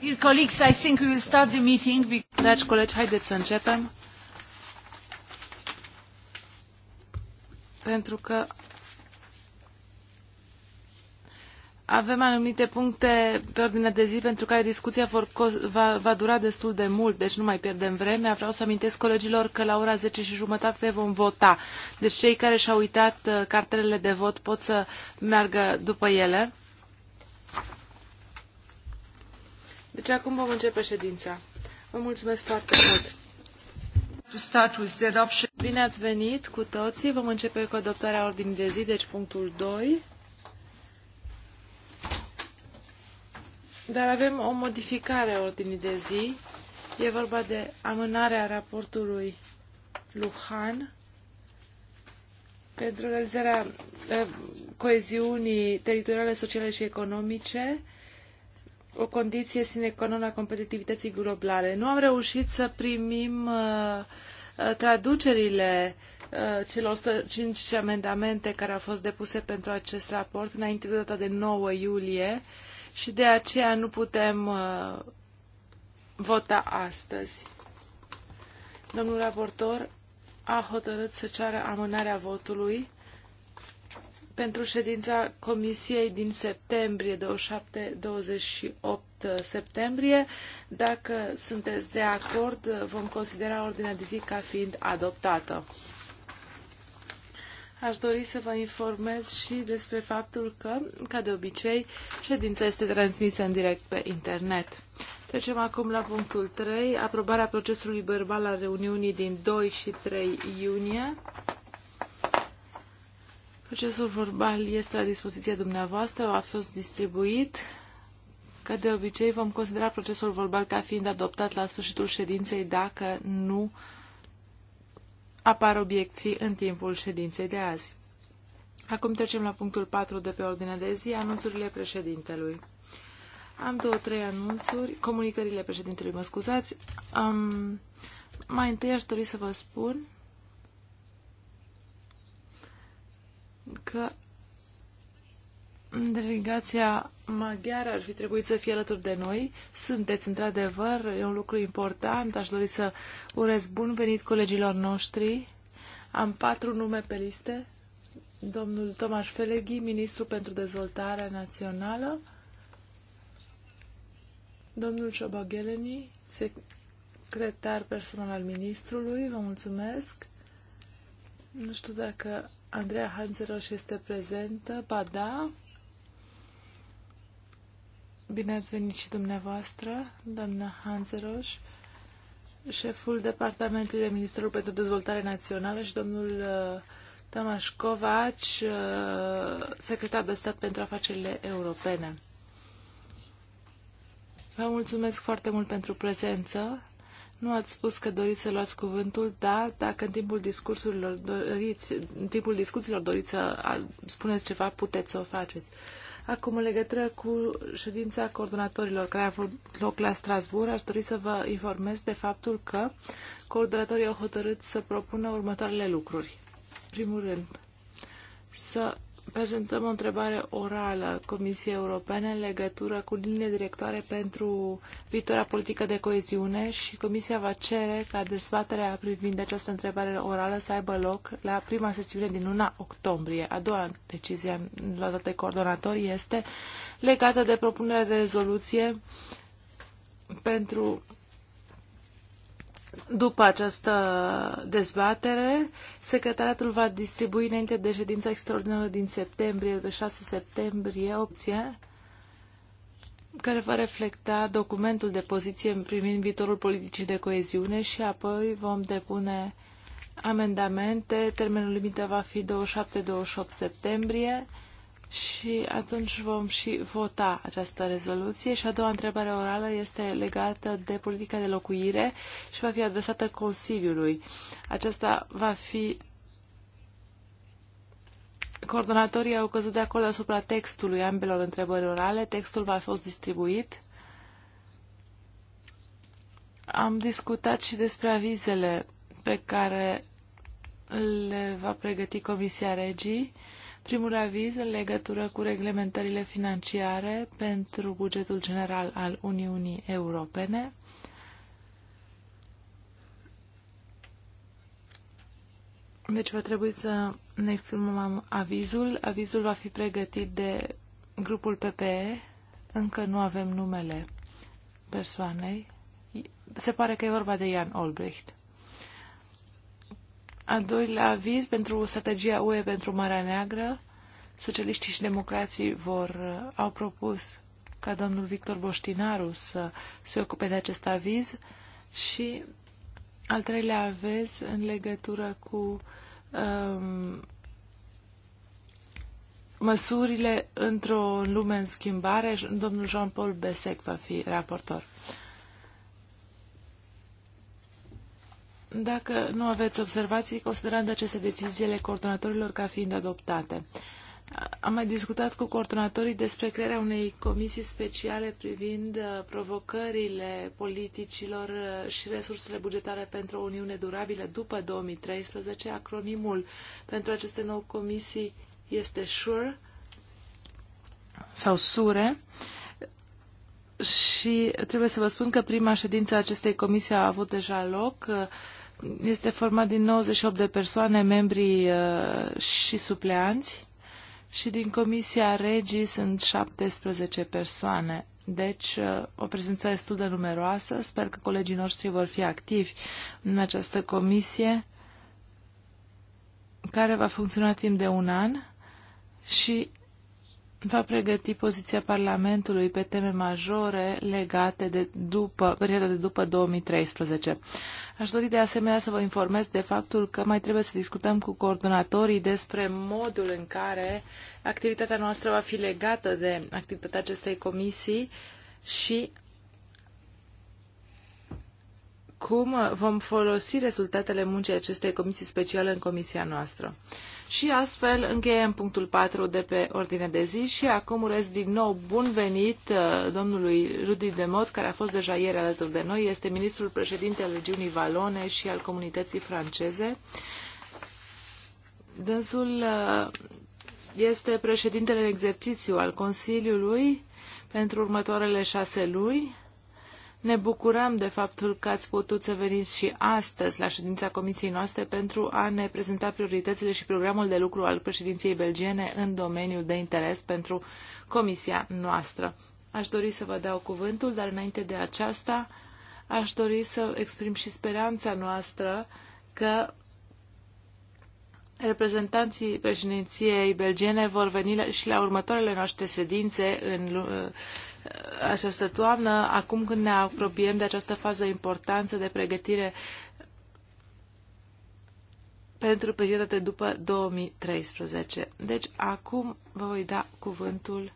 Dear colleagues, I think we will start the meeting. Dragi colegi, haideți să începem. Pentru că avem anumite puncte pe ordine de zi pentru care discuția vor, va, va dura destul de mult, deci nu mai pierdem vremea. Vreau să amintesc colegilor că la ora 10 și jumătate vom vota. Deci cei care și-au uitat uh, cartelele de vot pot să meargă după ele. Deci acum vom începe ședința. Vă mulțumesc foarte mult. Bine ați venit cu toții. Vom începe cu adoptarea ordinii de zi, deci punctul 2. Dar avem o modificare a ordinii de zi. E vorba de amânarea raportului Luhan pentru realizarea eh, coeziunii teritoriale, sociale și economice o condiție sine qua non a competitivității globale. Nu am reușit să primim uh, uh traducerile uh, celor 105 amendamente care au fost depuse pentru acest raport înainte de data de 9 iulie și de aceea nu putem uh, vota astăzi. Domnul raportor a hotărât să ceară amânarea votului pentru ședința Comisiei din septembrie, 27-28 septembrie. Dacă sunteți de acord, vom considera ordinea de zi ca fiind adoptată. Aș dori să vă informez și despre faptul că, ca de obicei, ședința este transmisă în direct pe internet. Trecem acum la punctul 3, aprobarea procesului verbal al reuniunii din 2 și 3 iunie. Procesul verbal este la dispoziția dumneavoastră, a fost distribuit. Ca de obicei, vom considera procesul verbal ca fiind adoptat la sfârșitul ședinței dacă nu apar obiecții în timpul ședinței de azi. Acum trecem la punctul 4 de pe ordinea de zi, anunțurile președintelui. Am două, trei anunțuri, comunicările președintelui, mă scuzați. Um, mai întâi aș dori să vă spun că delegația maghiară ar fi trebuit să fie alături de noi. Sunteți, într-adevăr, e un lucru important. Aș dori să urez bun venit colegilor noștri. Am patru nume pe liste. Domnul Tomaș Feleghi, ministru pentru dezvoltare națională. Domnul Ciobagheleni, secretar personal al ministrului, vă mulțumesc. Nu știu dacă Andreea Hanzeroș este prezentă. Ba da. Bine ați venit și dumneavoastră, doamna Hanzeroș, șeful Departamentului de Ministerul pentru Dezvoltare Națională și domnul uh, Tamaș Covaci, uh, secretar de stat pentru afacerile europene. Vă mulțumesc foarte mult pentru prezență. Nu ați spus că doriți să luați cuvântul, dar dacă în timpul discursurilor doriți, în timpul discuțiilor doriți să spuneți ceva, puteți să o faceți. Acum, în legătură cu ședința coordonatorilor care a avut loc la Strasbourg, aș dori să vă informez de faptul că coordonatorii au hotărât să propună următoarele lucruri. Primul rând, să prezentăm o întrebare orală Comisiei Europene în legătură cu linii directoare pentru viitoarea politică de coeziune și Comisia va cere ca dezbaterea privind această întrebare orală să aibă loc la prima sesiune din luna octombrie. A doua decizie luată de coordonatori este legată de propunerea de rezoluție pentru după această dezbatere, secretariatul va distribui înainte de ședința extraordinară din septembrie, de 6 septembrie, opție care va reflecta documentul de poziție privind viitorul politicii de coeziune și apoi vom depune amendamente. Termenul limită va fi 27-28 septembrie și atunci vom și vota această rezoluție. Și a doua întrebare orală este legată de politica de locuire și va fi adresată Consiliului. Aceasta va fi Coordonatorii au căzut de acord asupra textului ambelor întrebări orale. Textul va fi fost distribuit. Am discutat și despre avizele pe care le va pregăti Comisia Regii primul aviz în legătură cu reglementările financiare pentru bugetul general al Uniunii Europene. Deci va trebui să ne exprimăm avizul. Avizul va fi pregătit de grupul PPE. Încă nu avem numele persoanei. Se pare că e vorba de Ian Olbricht. Al doilea aviz pentru strategia UE pentru Marea Neagră. Socialiștii și democrații vor, uh, au propus ca domnul Victor Boștinaru să se ocupe de acest aviz și al treilea aviz în legătură cu um, măsurile într-o lume în schimbare, domnul Jean-Paul Besec va fi raportor. Dacă nu aveți observații, considerând aceste decizii ale coordonatorilor ca fiind adoptate. Am mai discutat cu coordonatorii despre crearea unei comisii speciale privind uh, provocările politicilor uh, și resursele bugetare pentru o Uniune durabilă după 2013. Acronimul pentru aceste nou comisii este SURE sau SURE. Uh, și trebuie să vă spun că prima ședință a acestei comisii a avut deja loc. Este format din 98 de persoane, membri uh, și supleanți și din Comisia Regii sunt 17 persoane. Deci, uh, o prezență destul de numeroasă. Sper că colegii noștri vor fi activi în această comisie care va funcționa timp de un an și va pregăti poziția Parlamentului pe teme majore legate de după, perioada de după 2013. Aș dori de asemenea să vă informez de faptul că mai trebuie să discutăm cu coordonatorii despre modul în care activitatea noastră va fi legată de activitatea acestei comisii și cum vom folosi rezultatele muncii acestei comisii speciale în comisia noastră. Și astfel încheiem punctul 4 de pe ordine de zi și acum urez din nou bun venit uh, domnului Rudi Demot, care a fost deja ieri alături de noi, este ministrul președinte al regiunii Valone și al comunității franceze. Dânsul uh, este președintele în exercițiu al Consiliului pentru următoarele șase luni ne bucurăm de faptul că ați putut să veniți și astăzi la ședința comisiei noastre pentru a ne prezenta prioritățile și programul de lucru al președinției belgiene în domeniul de interes pentru comisia noastră. Aș dori să vă dau cuvântul, dar înainte de aceasta aș dori să exprim și speranța noastră că Reprezentanții președinției belgiene vor veni și la următoarele noastre sedințe în această toamnă, acum când ne apropiem de această fază importanță de pregătire pentru perioada de după 2013. Deci, acum vă voi da cuvântul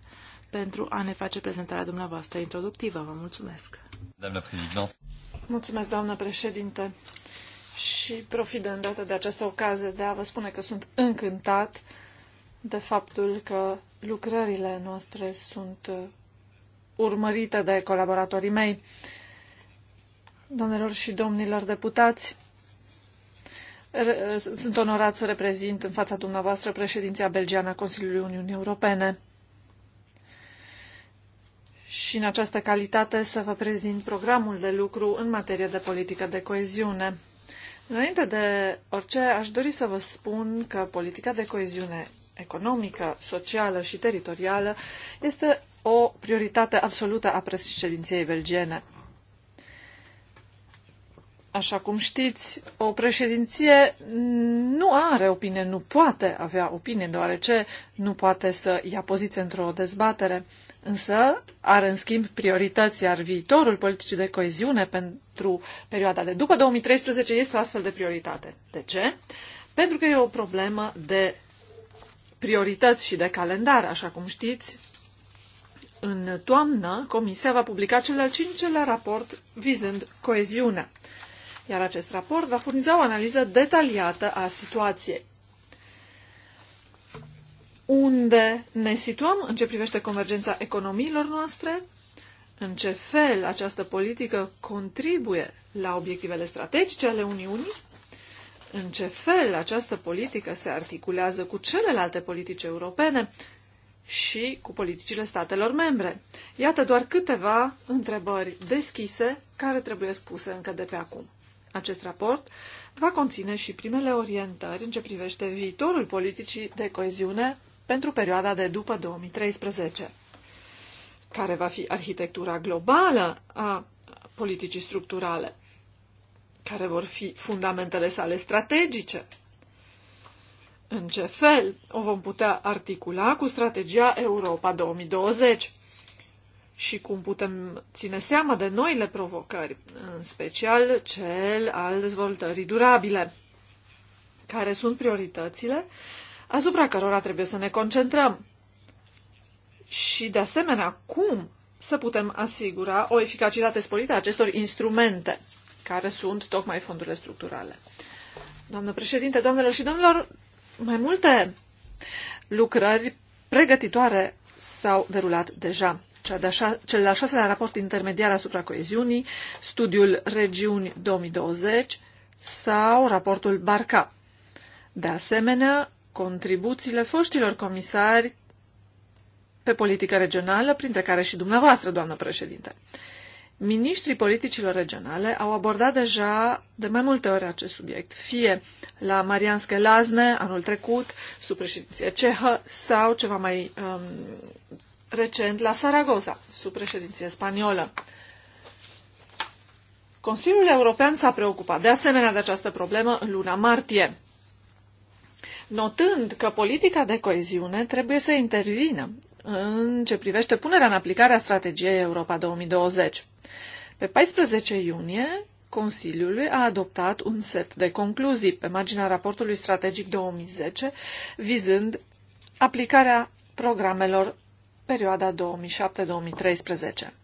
pentru a ne face prezentarea dumneavoastră introductivă. Vă mulțumesc! Doamna președinte. Mulțumesc, doamnă președinte! Și profit de îndată de această ocazie de a vă spune că sunt încântat de faptul că lucrările noastre sunt urmărită de colaboratorii mei. Domnilor și domnilor deputați, sunt onorat să reprezint în fața dumneavoastră președinția belgiană a Consiliului Uniunii Europene. Și în această calitate să vă prezint programul de lucru în materie de politică de coeziune. Înainte de orice, aș dori să vă spun că politica de coeziune economică, socială și teritorială este o prioritate absolută a președinției belgiene. Așa cum știți, o președinție nu are opinie, nu poate avea opinie, deoarece nu poate să ia poziție într-o dezbatere. Însă are în schimb priorități, iar viitorul politicii de coeziune pentru perioada de după 2013 este o astfel de prioritate. De ce? Pentru că e o problemă de priorități și de calendar, așa cum știți. În toamnă, Comisia va publica cel al cincelea raport vizând coeziunea, iar acest raport va furniza o analiză detaliată a situației. Unde ne situăm în ce privește convergența economiilor noastre, în ce fel această politică contribuie la obiectivele strategice ale Uniunii, în ce fel această politică se articulează cu celelalte politici europene și cu politicile statelor membre. Iată doar câteva întrebări deschise care trebuie spuse încă de pe acum. Acest raport va conține și primele orientări în ce privește viitorul politicii de coeziune pentru perioada de după 2013, care va fi arhitectura globală a politicii structurale, care vor fi fundamentele sale strategice, în ce fel o vom putea articula cu strategia Europa 2020 și cum putem ține seama de noile provocări, în special cel al dezvoltării durabile, care sunt prioritățile asupra cărora trebuie să ne concentrăm. Și, de asemenea, cum să putem asigura o eficacitate sporită a acestor instrumente, care sunt tocmai fondurile structurale. Doamnă președinte, doamnelor și domnilor, mai multe lucrări pregătitoare s-au derulat deja. Cea de șa- cel de-al șaselea raport intermediar asupra coeziunii, studiul Regiuni 2020 sau raportul Barca. De asemenea, contribuțiile foștilor comisari pe politică regională, printre care și dumneavoastră, doamnă președinte. Ministrii politicilor regionale au abordat deja de mai multe ori acest subiect, fie la Marianske Lazne anul trecut, sub președinție cehă, sau ceva mai um, recent la Saragoza, sub președinție spaniolă. Consiliul European s-a preocupat de asemenea de această problemă în luna martie, notând că politica de coeziune trebuie să intervină în ce privește punerea în aplicare a strategiei Europa 2020. Pe 14 iunie, Consiliul a adoptat un set de concluzii pe marginea raportului strategic 2010, vizând aplicarea programelor perioada 2007-2013.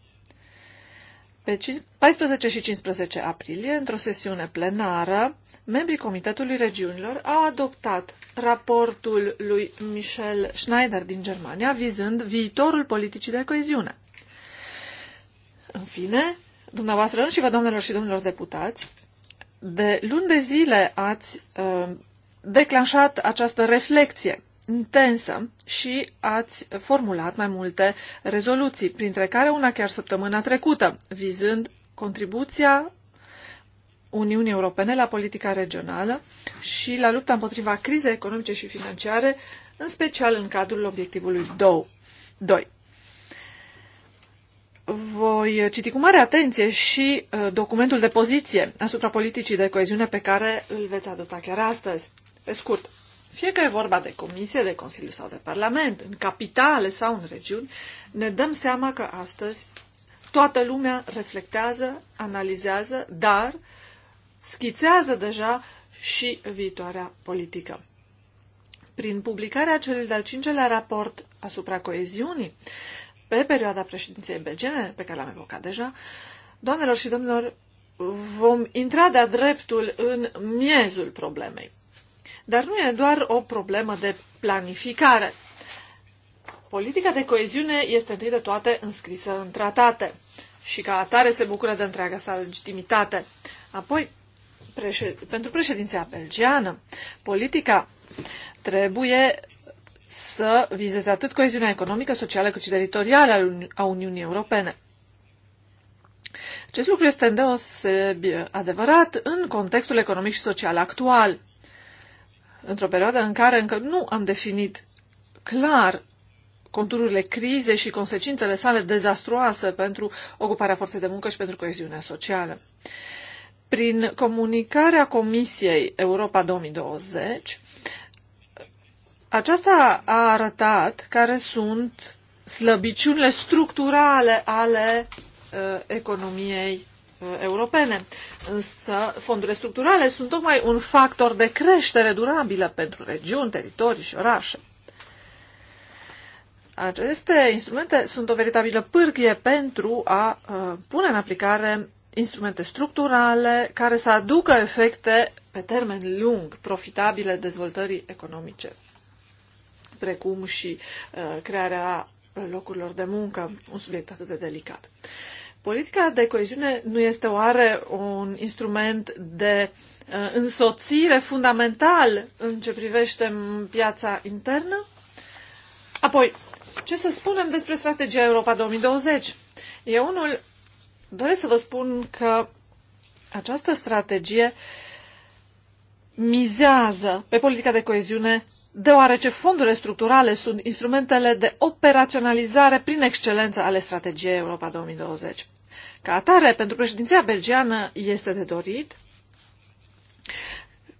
Pe 14 și 15 aprilie, într-o sesiune plenară, membrii Comitetului Regiunilor au adoptat raportul lui Michel Schneider din Germania vizând viitorul politicii de coeziune. În fine, dumneavoastră și vă, domnilor și domnilor deputați, de luni de zile ați uh, declanșat această reflexie intensă și ați formulat mai multe rezoluții, printre care una chiar săptămâna trecută, vizând contribuția Uniunii Europene la politica regională și la lupta împotriva crizei economice și financiare, în special în cadrul obiectivului 2. Voi citi cu mare atenție și uh, documentul de poziție asupra politicii de coeziune pe care îl veți adopta chiar astăzi. Pe scurt, fie că e vorba de comisie, de consiliu sau de parlament, în capitale sau în regiuni, ne dăm seama că astăzi toată lumea reflectează, analizează, dar schițează deja și viitoarea politică. Prin publicarea celui de-al cincelea raport asupra coeziunii, pe perioada președinției belgene, pe care l-am evocat deja, doamnelor și domnilor, vom intra de-a dreptul în miezul problemei. Dar nu e doar o problemă de planificare. Politica de coeziune este întâi de toate înscrisă în tratate și ca atare se bucură de întreaga sa legitimitate. Apoi, președ... pentru președinția belgiană, politica trebuie să vizeze atât coeziunea economică, socială, cât și teritorială a Uniunii Europene. Acest lucru este îndeosebit adevărat în contextul economic și social actual într-o perioadă în care încă nu am definit clar contururile crizei și consecințele sale dezastruoase pentru ocuparea forței de muncă și pentru coeziunea socială. Prin comunicarea Comisiei Europa 2020, aceasta a arătat care sunt slăbiciunile structurale ale uh, economiei Uh, europene. Însă fondurile structurale sunt tocmai un factor de creștere durabilă pentru regiuni, teritorii și orașe. Aceste instrumente sunt o veritabilă pârghie pentru a uh, pune în aplicare instrumente structurale care să aducă efecte pe termen lung profitabile dezvoltării economice, precum și uh, crearea locurilor de muncă, un subiect atât de delicat. Uh, Politica de coeziune nu este oare un instrument de uh, însoțire fundamental în ce privește piața internă? Apoi, ce să spunem despre strategia Europa 2020? Eu unul doresc să vă spun că această strategie mizează pe politica de coeziune deoarece fondurile structurale sunt instrumentele de operaționalizare prin excelență ale strategiei Europa 2020. Ca atare, pentru președinția belgiană este de dorit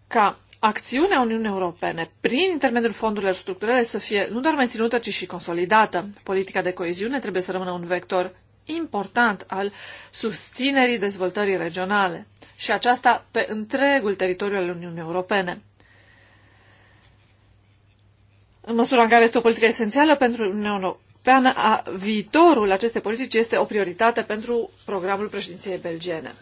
ca acțiunea Uniunii Europene prin intermediul fondurilor structurale să fie nu doar menținută, ci și consolidată. Politica de coeziune trebuie să rămână un vector important al susținerii dezvoltării regionale și aceasta pe întregul teritoriu al Uniunii Europene. În măsura în care este o politică esențială pentru Uniunea Europeană a viitorul acestei politici este o prioritate pentru programul președinției belgiene.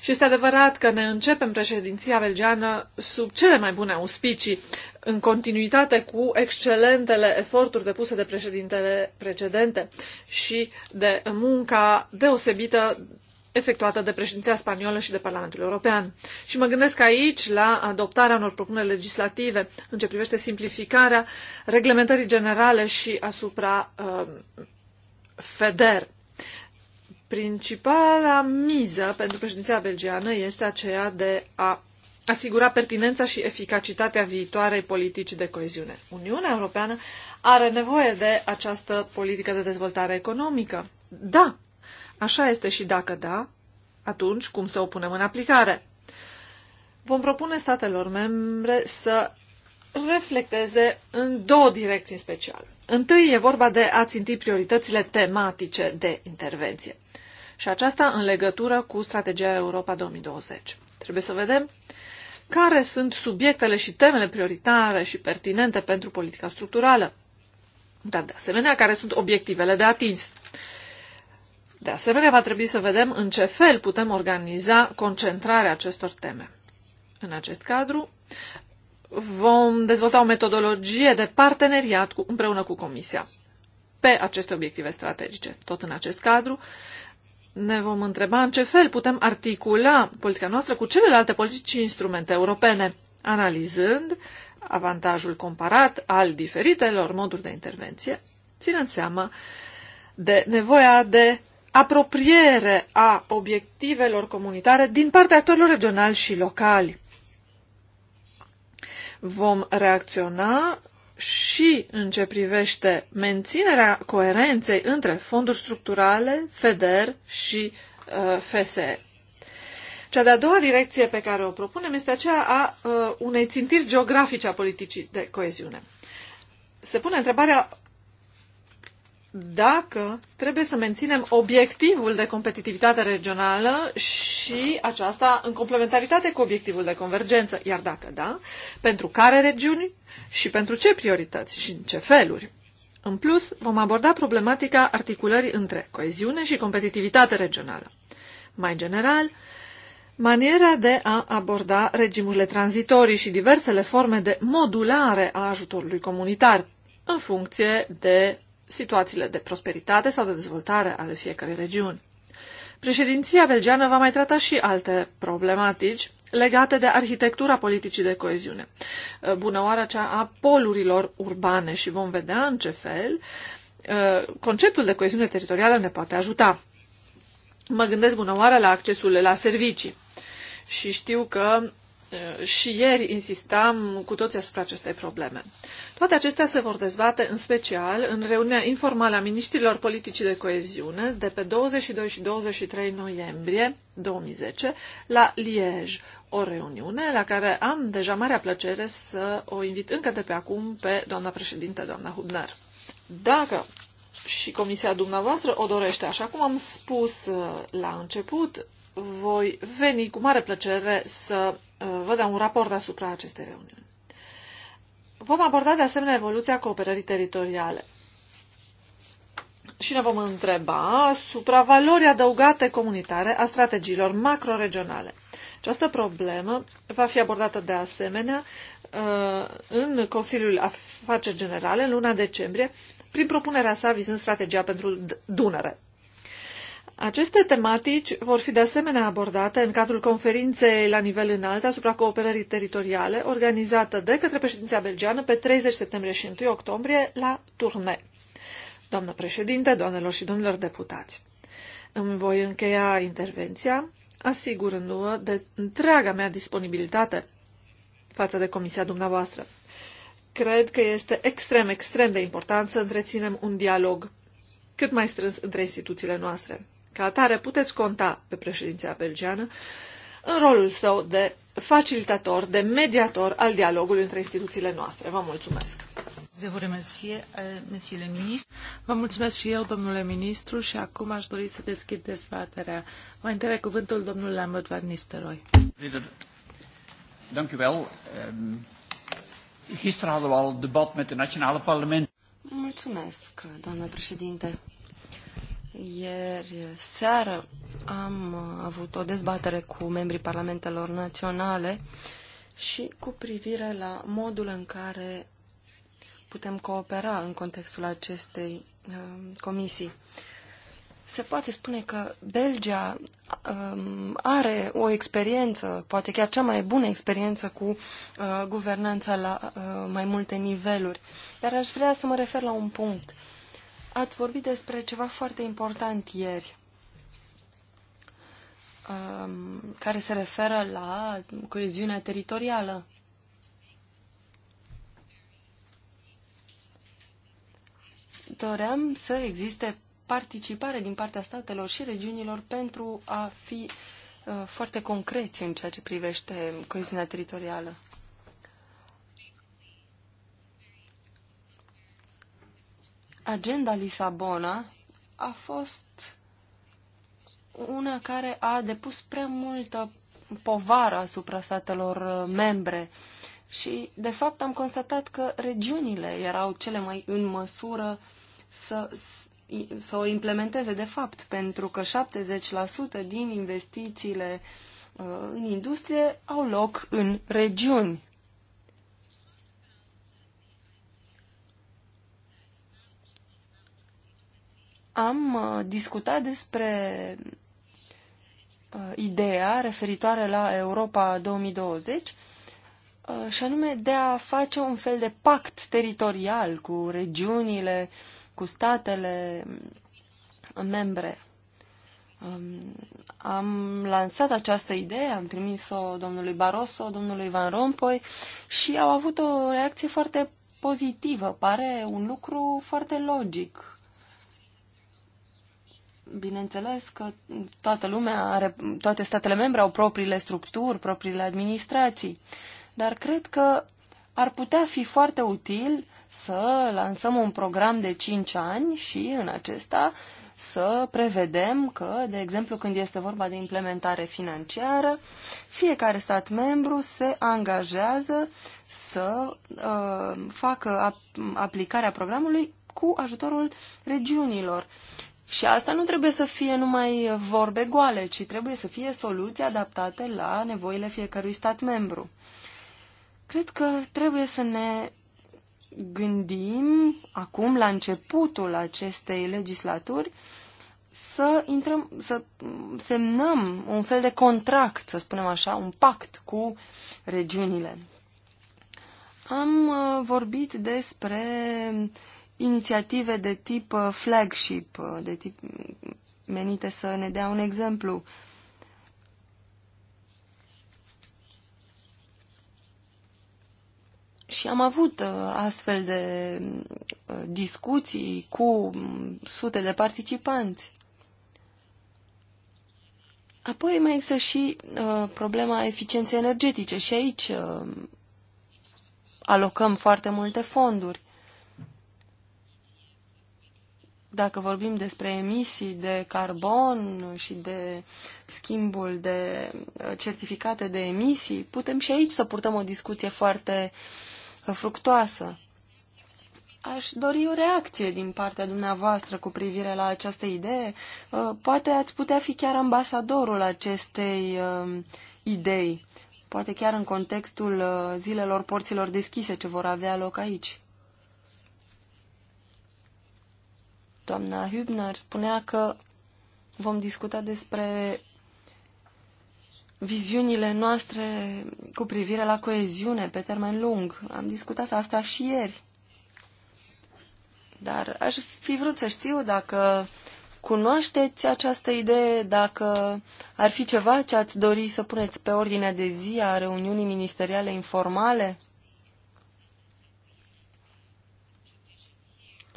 Și este adevărat că ne începem președinția belgiană sub cele mai bune auspicii, în continuitate cu excelentele eforturi depuse de președintele precedente și de munca deosebită efectuată de președinția spaniolă și de Parlamentul European. Și mă gândesc aici la adoptarea unor propuneri legislative în ce privește simplificarea reglementării generale și asupra uh, FEDER. Principala miză pentru președinția belgiană este aceea de a asigura pertinența și eficacitatea viitoarei politici de coeziune. Uniunea Europeană are nevoie de această politică de dezvoltare economică. Da, Așa este și dacă da, atunci cum să o punem în aplicare? Vom propune statelor membre să reflecteze în două direcții în special. Întâi e vorba de a ținti prioritățile tematice de intervenție. Și aceasta în legătură cu strategia Europa 2020. Trebuie să vedem care sunt subiectele și temele prioritare și pertinente pentru politica structurală, dar de asemenea care sunt obiectivele de atins. De asemenea, va trebui să vedem în ce fel putem organiza concentrarea acestor teme. În acest cadru, vom dezvolta o metodologie de parteneriat cu, împreună cu Comisia pe aceste obiective strategice. Tot în acest cadru, ne vom întreba în ce fel putem articula politica noastră cu celelalte politici și instrumente europene, analizând avantajul comparat al diferitelor moduri de intervenție, ținând seama de nevoia de apropiere a obiectivelor comunitare din partea actorilor regionali și locali. Vom reacționa și în ce privește menținerea coerenței între fonduri structurale, FEDER și uh, FSE. Cea de-a doua direcție pe care o propunem este aceea a uh, unei țintiri geografice a politicii de coeziune. Se pune întrebarea dacă trebuie să menținem obiectivul de competitivitate regională și aceasta în complementaritate cu obiectivul de convergență, iar dacă da, pentru care regiuni și pentru ce priorități și în ce feluri. În plus, vom aborda problematica articulării între coeziune și competitivitate regională. Mai general, maniera de a aborda regimurile tranzitorii și diversele forme de modulare a ajutorului comunitar, în funcție de situațiile de prosperitate sau de dezvoltare ale fiecărei regiuni. Președinția belgeană va mai trata și alte problematici legate de arhitectura politicii de coeziune. Bună oară cea a polurilor urbane și vom vedea în ce fel uh, conceptul de coeziune teritorială ne poate ajuta. Mă gândesc bună oară la accesul la servicii și știu că uh, și ieri insistam cu toții asupra acestei probleme. Toate acestea se vor dezbate în special în reuniunea informală a ministrilor politicii de coeziune de pe 22 și 23 noiembrie 2010 la Liege, o reuniune la care am deja marea plăcere să o invit încă de pe acum pe doamna președinte, doamna Hubner. Dacă și comisia dumneavoastră o dorește, așa cum am spus uh, la început, voi veni cu mare plăcere să uh, vă dau un raport asupra acestei reuniuni. Vom aborda de asemenea evoluția cooperării teritoriale. Și ne vom întreba asupra valorii adăugate comunitare a strategiilor macroregionale. Această problemă va fi abordată de asemenea uh, în Consiliul Afaceri Generale în luna decembrie prin propunerea sa vizând strategia pentru Dunăre. Aceste tematici vor fi de asemenea abordate în cadrul conferinței la nivel înalt asupra cooperării teritoriale, organizată de către președinția belgeană pe 30 septembrie și 1 octombrie la Turne. Doamnă președinte, doamnelor și domnilor deputați, îmi voi încheia intervenția asigurându-vă de întreaga mea disponibilitate față de comisia dumneavoastră. Cred că este extrem, extrem de important să întreținem un dialog cât mai strâns între instituțiile noastre. Ca atare, puteți conta pe președinția belgeană în rolul său de facilitator, de mediator al dialogului între instituțiile noastre. Vă mulțumesc! Euh, Vă mulțumesc și eu, domnule ministru, și acum aș dori să deschid dezbaterea. Mai întâi cuvântul domnul Lambert Van Nistelrooy. Ehm, mulțumesc, doamnă președinte. Ieri seară am avut o dezbatere cu membrii parlamentelor naționale și cu privire la modul în care putem coopera în contextul acestei um, comisii. Se poate spune că Belgia um, are o experiență, poate chiar cea mai bună experiență cu uh, guvernanța la uh, mai multe niveluri. Dar aș vrea să mă refer la un punct. Ați vorbit despre ceva foarte important ieri, um, care se referă la coeziunea teritorială. Doream să existe participare din partea statelor și regiunilor pentru a fi uh, foarte concreți în ceea ce privește coeziunea teritorială. agenda Lisabona a fost una care a depus prea multă povară asupra statelor uh, membre. Și, de fapt, am constatat că regiunile erau cele mai în măsură să, să o implementeze, de fapt, pentru că 70% din investițiile uh, în industrie au loc în regiuni. am uh, discutat despre uh, ideea referitoare la Europa 2020 uh, și anume de a face un fel de pact teritorial cu regiunile, cu statele mm, membre. Um, am lansat această idee, am trimis-o domnului Barroso, domnului Van Rompuy și au avut o reacție foarte pozitivă. Pare un lucru foarte logic bineînțeles că toată lumea are, toate statele membre au propriile structuri, propriile administrații, dar cred că ar putea fi foarte util să lansăm un program de 5 ani și în acesta să prevedem că, de exemplu, când este vorba de implementare financiară, fiecare stat membru se angajează să uh, facă ap- aplicarea programului cu ajutorul regiunilor. Și asta nu trebuie să fie numai vorbe goale, ci trebuie să fie soluții adaptate la nevoile fiecărui stat membru. Cred că trebuie să ne gândim acum, la începutul acestei legislaturi, să, intrăm, să semnăm un fel de contract, să spunem așa, un pact cu regiunile. Am uh, vorbit despre inițiative de tip uh, flagship, uh, de tip menite să ne dea un exemplu. Și am avut uh, astfel de discuții cu mm, sute de participanți. Apoi mai există și uh, problema eficienței energetice și aici uh, alocăm foarte multe fonduri. Dacă vorbim despre emisii de carbon și de schimbul de uh, certificate de emisii, putem și aici să purtăm o discuție foarte uh, fructoasă. Aș dori o reacție din partea dumneavoastră cu privire la această idee. Uh, poate ați putea fi chiar ambasadorul acestei idei, poate chiar în contextul zilelor porților deschise ce vor avea loc aici. Doamna Hübner spunea că vom discuta despre viziunile noastre cu privire la coeziune pe termen lung. Am discutat asta și ieri. Dar aș fi vrut să știu dacă cunoașteți această idee, dacă ar fi ceva ce ați dori să puneți pe ordinea de zi a reuniunii ministeriale informale?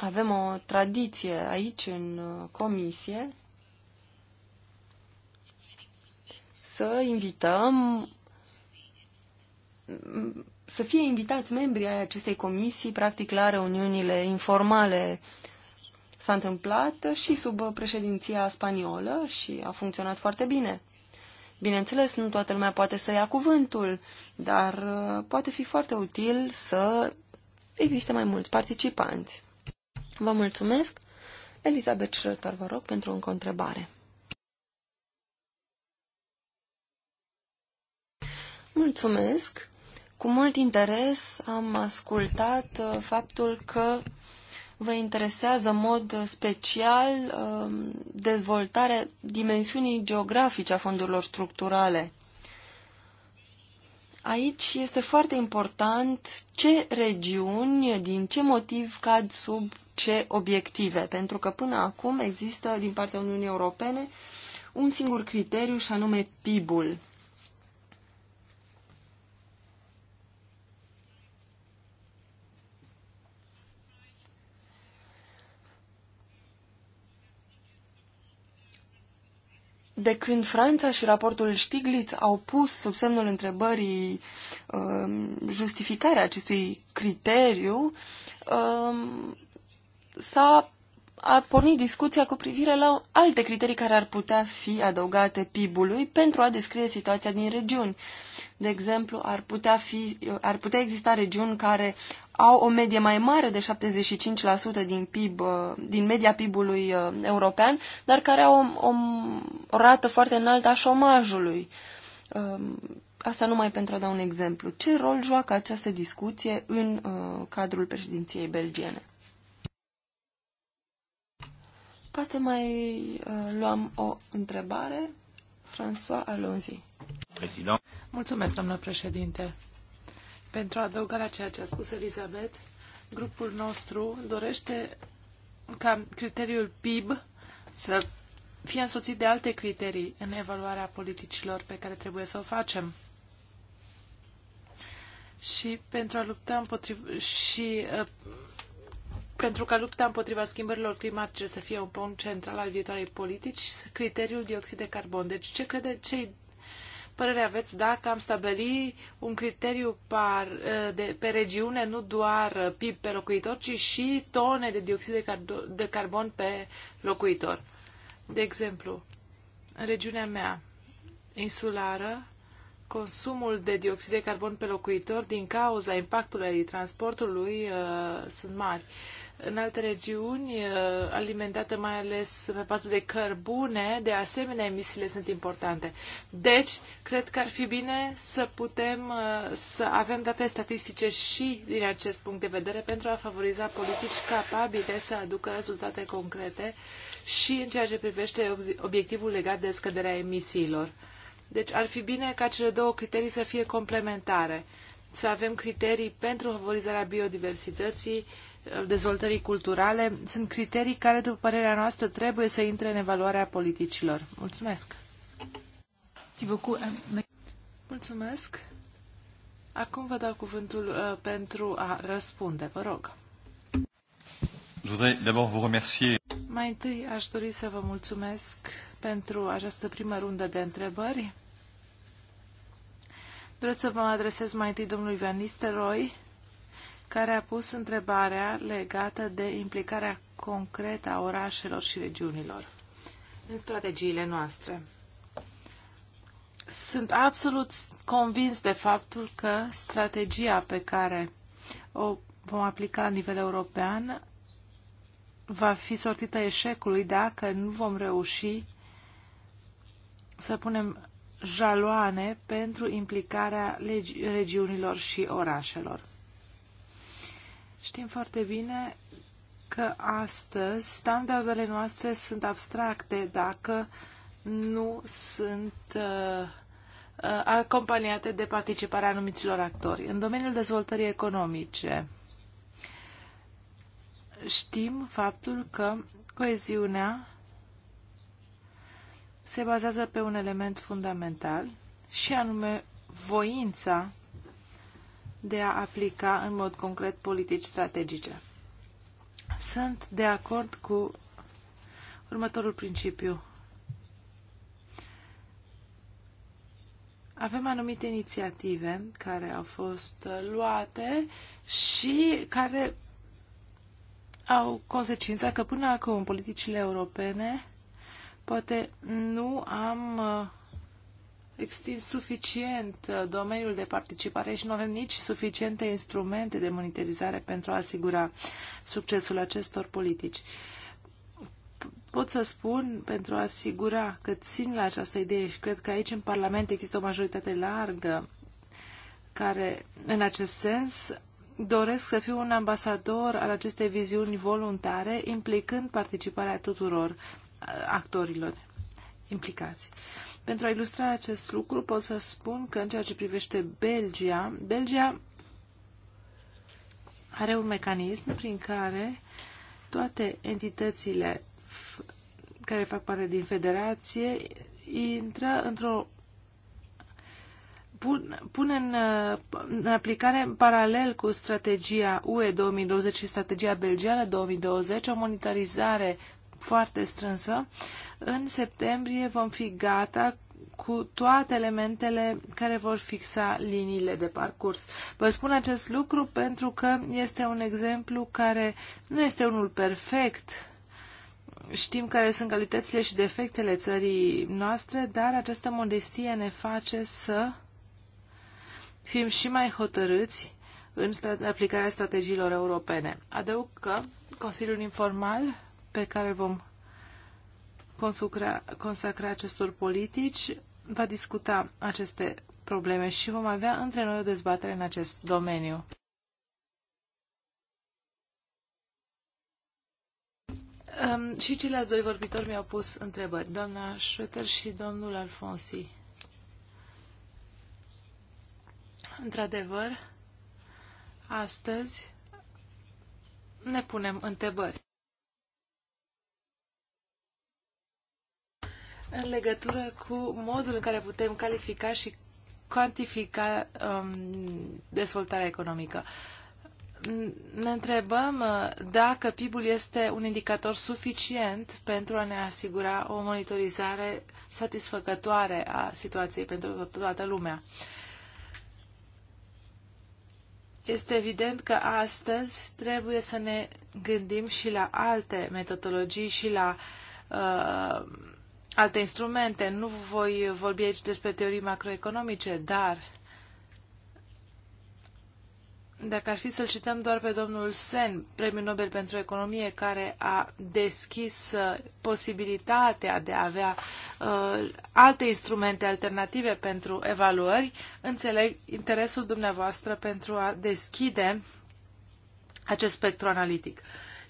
Avem o tradiție aici, în uh, comisie, să invităm mm, să fie invitați membrii ai acestei comisii, practic, la reuniunile informale. S-a întâmplat și sub președinția spaniolă și a funcționat foarte bine. Bineînțeles, nu toată lumea poate să ia cuvântul, dar uh, poate fi foarte util să existe mai mulți participanți. Vă mulțumesc. Elisabeth, Schröter, vă rog, pentru o întrebare. Mulțumesc. Cu mult interes am ascultat uh, faptul că vă interesează în mod special um, dezvoltarea dimensiunii geografice a fondurilor structurale. Aici este foarte important ce regiuni, din ce motiv cad sub ce obiective, pentru că până acum există din partea Uniunii Europene un singur criteriu și anume PIB-ul. de când Franța și raportul Stiglitz au pus sub semnul întrebării um, justificarea acestui criteriu, um, s-a a pornit discuția cu privire la alte criterii care ar putea fi adăugate PIB-ului pentru a descrie situația din regiuni. De exemplu, ar putea, fi, ar putea exista regiuni care au o medie mai mare de 75% din PIB, din media PIB-ului uh, european, dar care au o, o rată foarte înaltă a șomajului. Um, asta numai pentru a da un exemplu. Ce rol joacă această discuție în uh, cadrul președinției belgiene? Poate mai uh, luăm o întrebare. François Alonzi. President. Mulțumesc, doamnă președinte. Pentru a la ceea ce a spus Elizabeth, grupul nostru dorește ca criteriul PIB să fie însoțit de alte criterii în evaluarea politicilor pe care trebuie să o facem. Și pentru a lupta împotriva și uh, pentru ca lupta împotriva schimbărilor climatice să fie un punct central al viitoarei politici, criteriul dioxid de carbon. Deci ce crede, ce părere aveți dacă am stabili un criteriu par, ă, de, pe regiune, nu doar PIB pe locuitor, ci și tone de dioxid de, car- de carbon pe locuitor? De exemplu, în regiunea mea insulară, consumul de dioxid de carbon pe locuitor din cauza impactului transportului uh, sunt mari. Uh, în alte regiuni uh, alimentate mai ales pe bază de cărbune, de asemenea emisiile sunt importante. Deci, cred că ar fi bine să putem uh, să avem date statistice și din acest punct de vedere pentru a favoriza politici capabile să aducă rezultate concrete și în ceea ce privește obiectivul legat de scăderea emisiilor. Deci ar fi bine ca cele două criterii să fie complementare. Să avem criterii pentru favorizarea biodiversității, dezvoltării culturale sunt criterii care, după părerea noastră, trebuie să intre în evaluarea politicilor. Mulțumesc! Mulțumesc! Acum vă dau cuvântul uh, pentru a răspunde. Vă rog! Mai întâi aș dori să vă mulțumesc pentru această primă rundă de întrebări. Doresc să vă adresez mai întâi domnului Van Nistelrooy care a pus întrebarea legată de implicarea concretă a orașelor și regiunilor în strategiile noastre. Sunt absolut convins de faptul că strategia pe care o vom aplica la nivel european va fi sortită eșecului dacă nu vom reuși să punem jaloane pentru implicarea regiunilor și orașelor. Știm foarte bine că astăzi standardele noastre sunt abstracte dacă nu sunt uh, uh, acompaniate de participarea anumiților actori. În domeniul dezvoltării economice știm faptul că coeziunea se bazează pe un element fundamental și anume voința de a aplica în mod concret politici strategice. Sunt de acord cu următorul principiu. Avem anumite inițiative care au fost uh, luate și care au consecința că până acum politicile europene poate nu am uh, extins suficient uh, domeniul de participare și nu avem nici suficiente instrumente de monitorizare pentru a asigura succesul acestor politici. Pot să spun, pentru a asigura că țin la această idee și cred că aici în Parlament există o majoritate largă care, în acest sens, doresc să fiu un ambasador al acestei viziuni voluntare, implicând participarea tuturor uh, actorilor implicați. Pentru a ilustra acest lucru pot să spun că în ceea ce privește Belgia, Belgia are un mecanism prin care toate entitățile care fac parte din federație intră într-o pun, pun în, în aplicare în paralel cu strategia UE 2020 și strategia belgiană 2020 o monitorizare foarte strânsă în septembrie vom fi gata cu toate elementele care vor fixa liniile de parcurs. Vă spun acest lucru pentru că este un exemplu care nu este unul perfect. Știm care sunt calitățile și defectele țării noastre, dar această modestie ne face să fim și mai hotărâți în aplicarea strategiilor europene. Adăug că Consiliul Informal pe care vom consacra, consacra acestor politici va discuta aceste probleme și vom avea între noi o dezbatere în acest domeniu. Um, și ceilalți doi vorbitori mi-au pus întrebări, doamna Schroeter și domnul Alfonsi. Într-adevăr, astăzi ne punem întrebări. în legătură cu modul în care putem califica și cuantifica um, dezvoltarea economică. Ne întrebăm uh, dacă PIB-ul este un indicator suficient pentru a ne asigura o monitorizare satisfăcătoare a situației pentru toată lumea. Este evident că astăzi trebuie să ne gândim și la alte metodologii și la uh, alte instrumente. Nu voi vorbi aici despre teorii macroeconomice, dar dacă ar fi să-l cităm doar pe domnul Sen, premiul Nobel pentru economie, care a deschis uh, posibilitatea de a avea uh, alte instrumente alternative pentru evaluări, înțeleg interesul dumneavoastră pentru a deschide acest spectru analitic.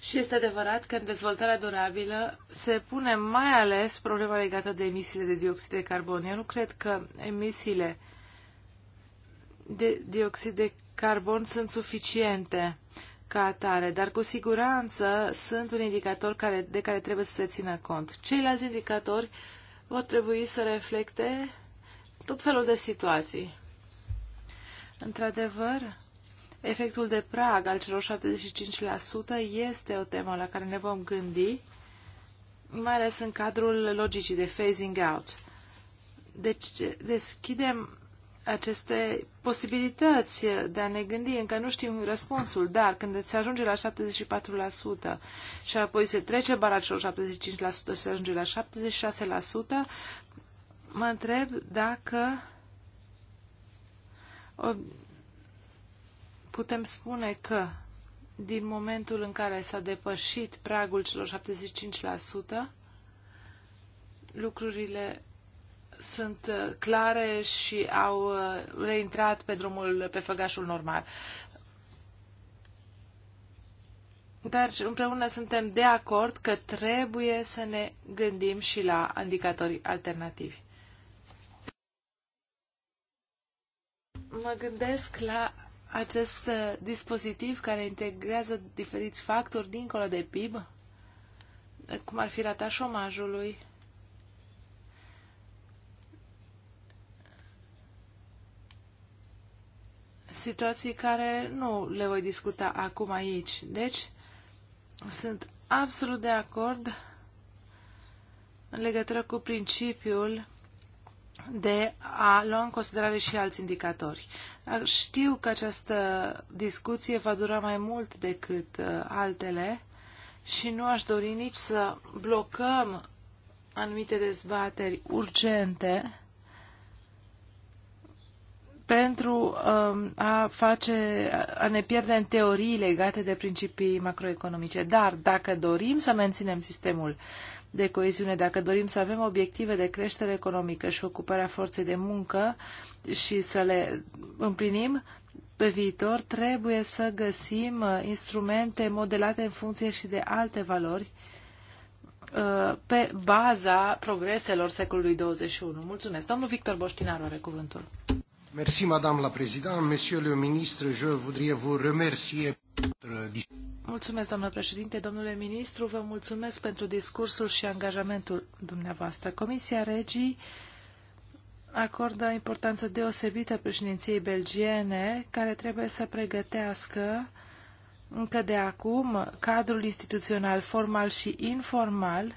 Și este adevărat că în dezvoltarea durabilă se pune mai ales problema legată de emisiile de dioxid de carbon. Eu nu cred că emisiile de dioxid de carbon sunt suficiente ca atare, dar cu siguranță sunt un indicator care, de care trebuie să se țină cont. Ceilalți indicatori vor trebui să reflecte tot felul de situații. Într-adevăr, Efectul de prag al celor 75% este o temă la care ne vom gândi, mai ales în cadrul logicii de phasing out. Deci deschidem aceste posibilități de a ne gândi, încă nu știm răspunsul, dar când se ajunge la 74% și apoi se trece bara celor 75% și se ajunge la 76%, mă întreb dacă putem spune că din momentul în care s-a depășit pragul celor 75%, lucrurile sunt uh, clare și au uh, reintrat pe drumul, pe făgașul normal. Dar împreună suntem de acord că trebuie să ne gândim și la indicatori alternativi. Mă gândesc la acest uh, dispozitiv care integrează diferiți factori dincolo de PIB, cum ar fi rata șomajului, situații care nu le voi discuta acum aici. Deci, sunt absolut de acord în legătură cu principiul de a lua în considerare și alți indicatori. Știu că această discuție va dura mai mult decât uh, altele și nu aș dori nici să blocăm anumite dezbateri urgente pentru um, a face, a ne pierde în teorii legate de principii macroeconomice. Dar dacă dorim să menținem sistemul de coeziune, dacă dorim să avem obiective de creștere economică și ocuparea forței de muncă și să le împlinim, pe viitor trebuie să găsim uh, instrumente modelate în funcție și de alte valori uh, pe baza progreselor secolului 21. Mulțumesc. Domnul Victor Boștinaru are cuvântul. Merci, madame la présidente. Monsieur le ministre, je voudrais vous remercier. Mulțumesc, doamnă președinte, domnule ministru, vă mulțumesc pentru discursul și angajamentul dumneavoastră. Comisia Regii acordă importanță deosebită președinției belgiene, care trebuie să pregătească încă de acum cadrul instituțional formal și informal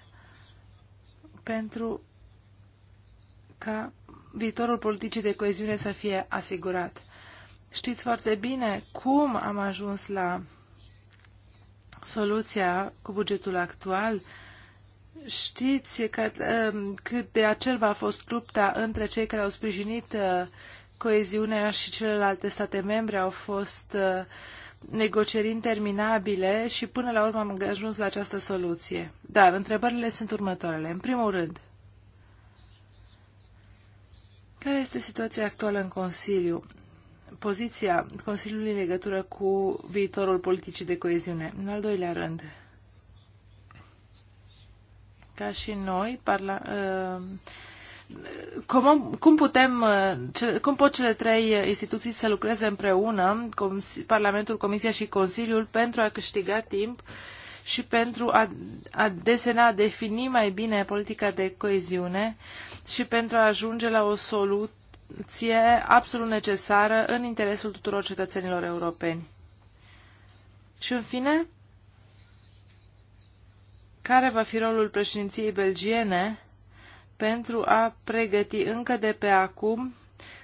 pentru ca viitorul politicii de coeziune să fie asigurat. Știți foarte bine cum am ajuns la soluția cu bugetul actual. Știți că, um, cât de acerba a fost lupta între cei care au sprijinit uh, coeziunea și celelalte state membre au fost uh, negocieri interminabile și până la urmă am ajuns la această soluție. Dar întrebările sunt următoarele. În primul rând, care este situația actuală în Consiliu? poziția Consiliului în legătură cu viitorul politicii de coeziune. În al doilea rând, ca și noi, parla, uh, cum, cum putem, uh, cum pot cele trei uh, instituții să lucreze împreună, Parlamentul, Comisia și Consiliul, pentru a câștiga timp și pentru a, a desena, a defini mai bine politica de coeziune și pentru a ajunge la o soluție soluție absolut necesară în interesul tuturor cetățenilor europeni. Și în fine, care va fi rolul președinției belgiene pentru a pregăti încă de pe acum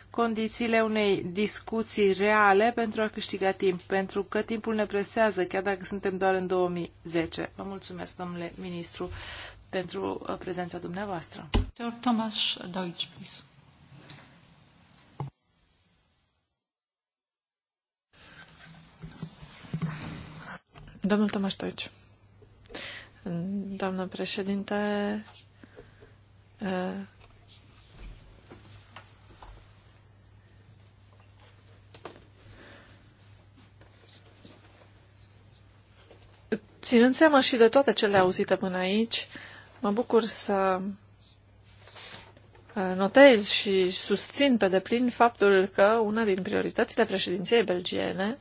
condițiile unei discuții reale pentru a câștiga timp, pentru că timpul ne presează, chiar dacă suntem doar în 2010. Vă mulțumesc, domnule ministru, pentru uh, prezența dumneavoastră. Thomas Deutsch, please. Domnul Tomaștoici. Doamnă președinte, eh, Ținând seama și de toate cele auzite până aici, mă bucur să eh, notez și susțin pe deplin faptul că una din prioritățile președinției belgiene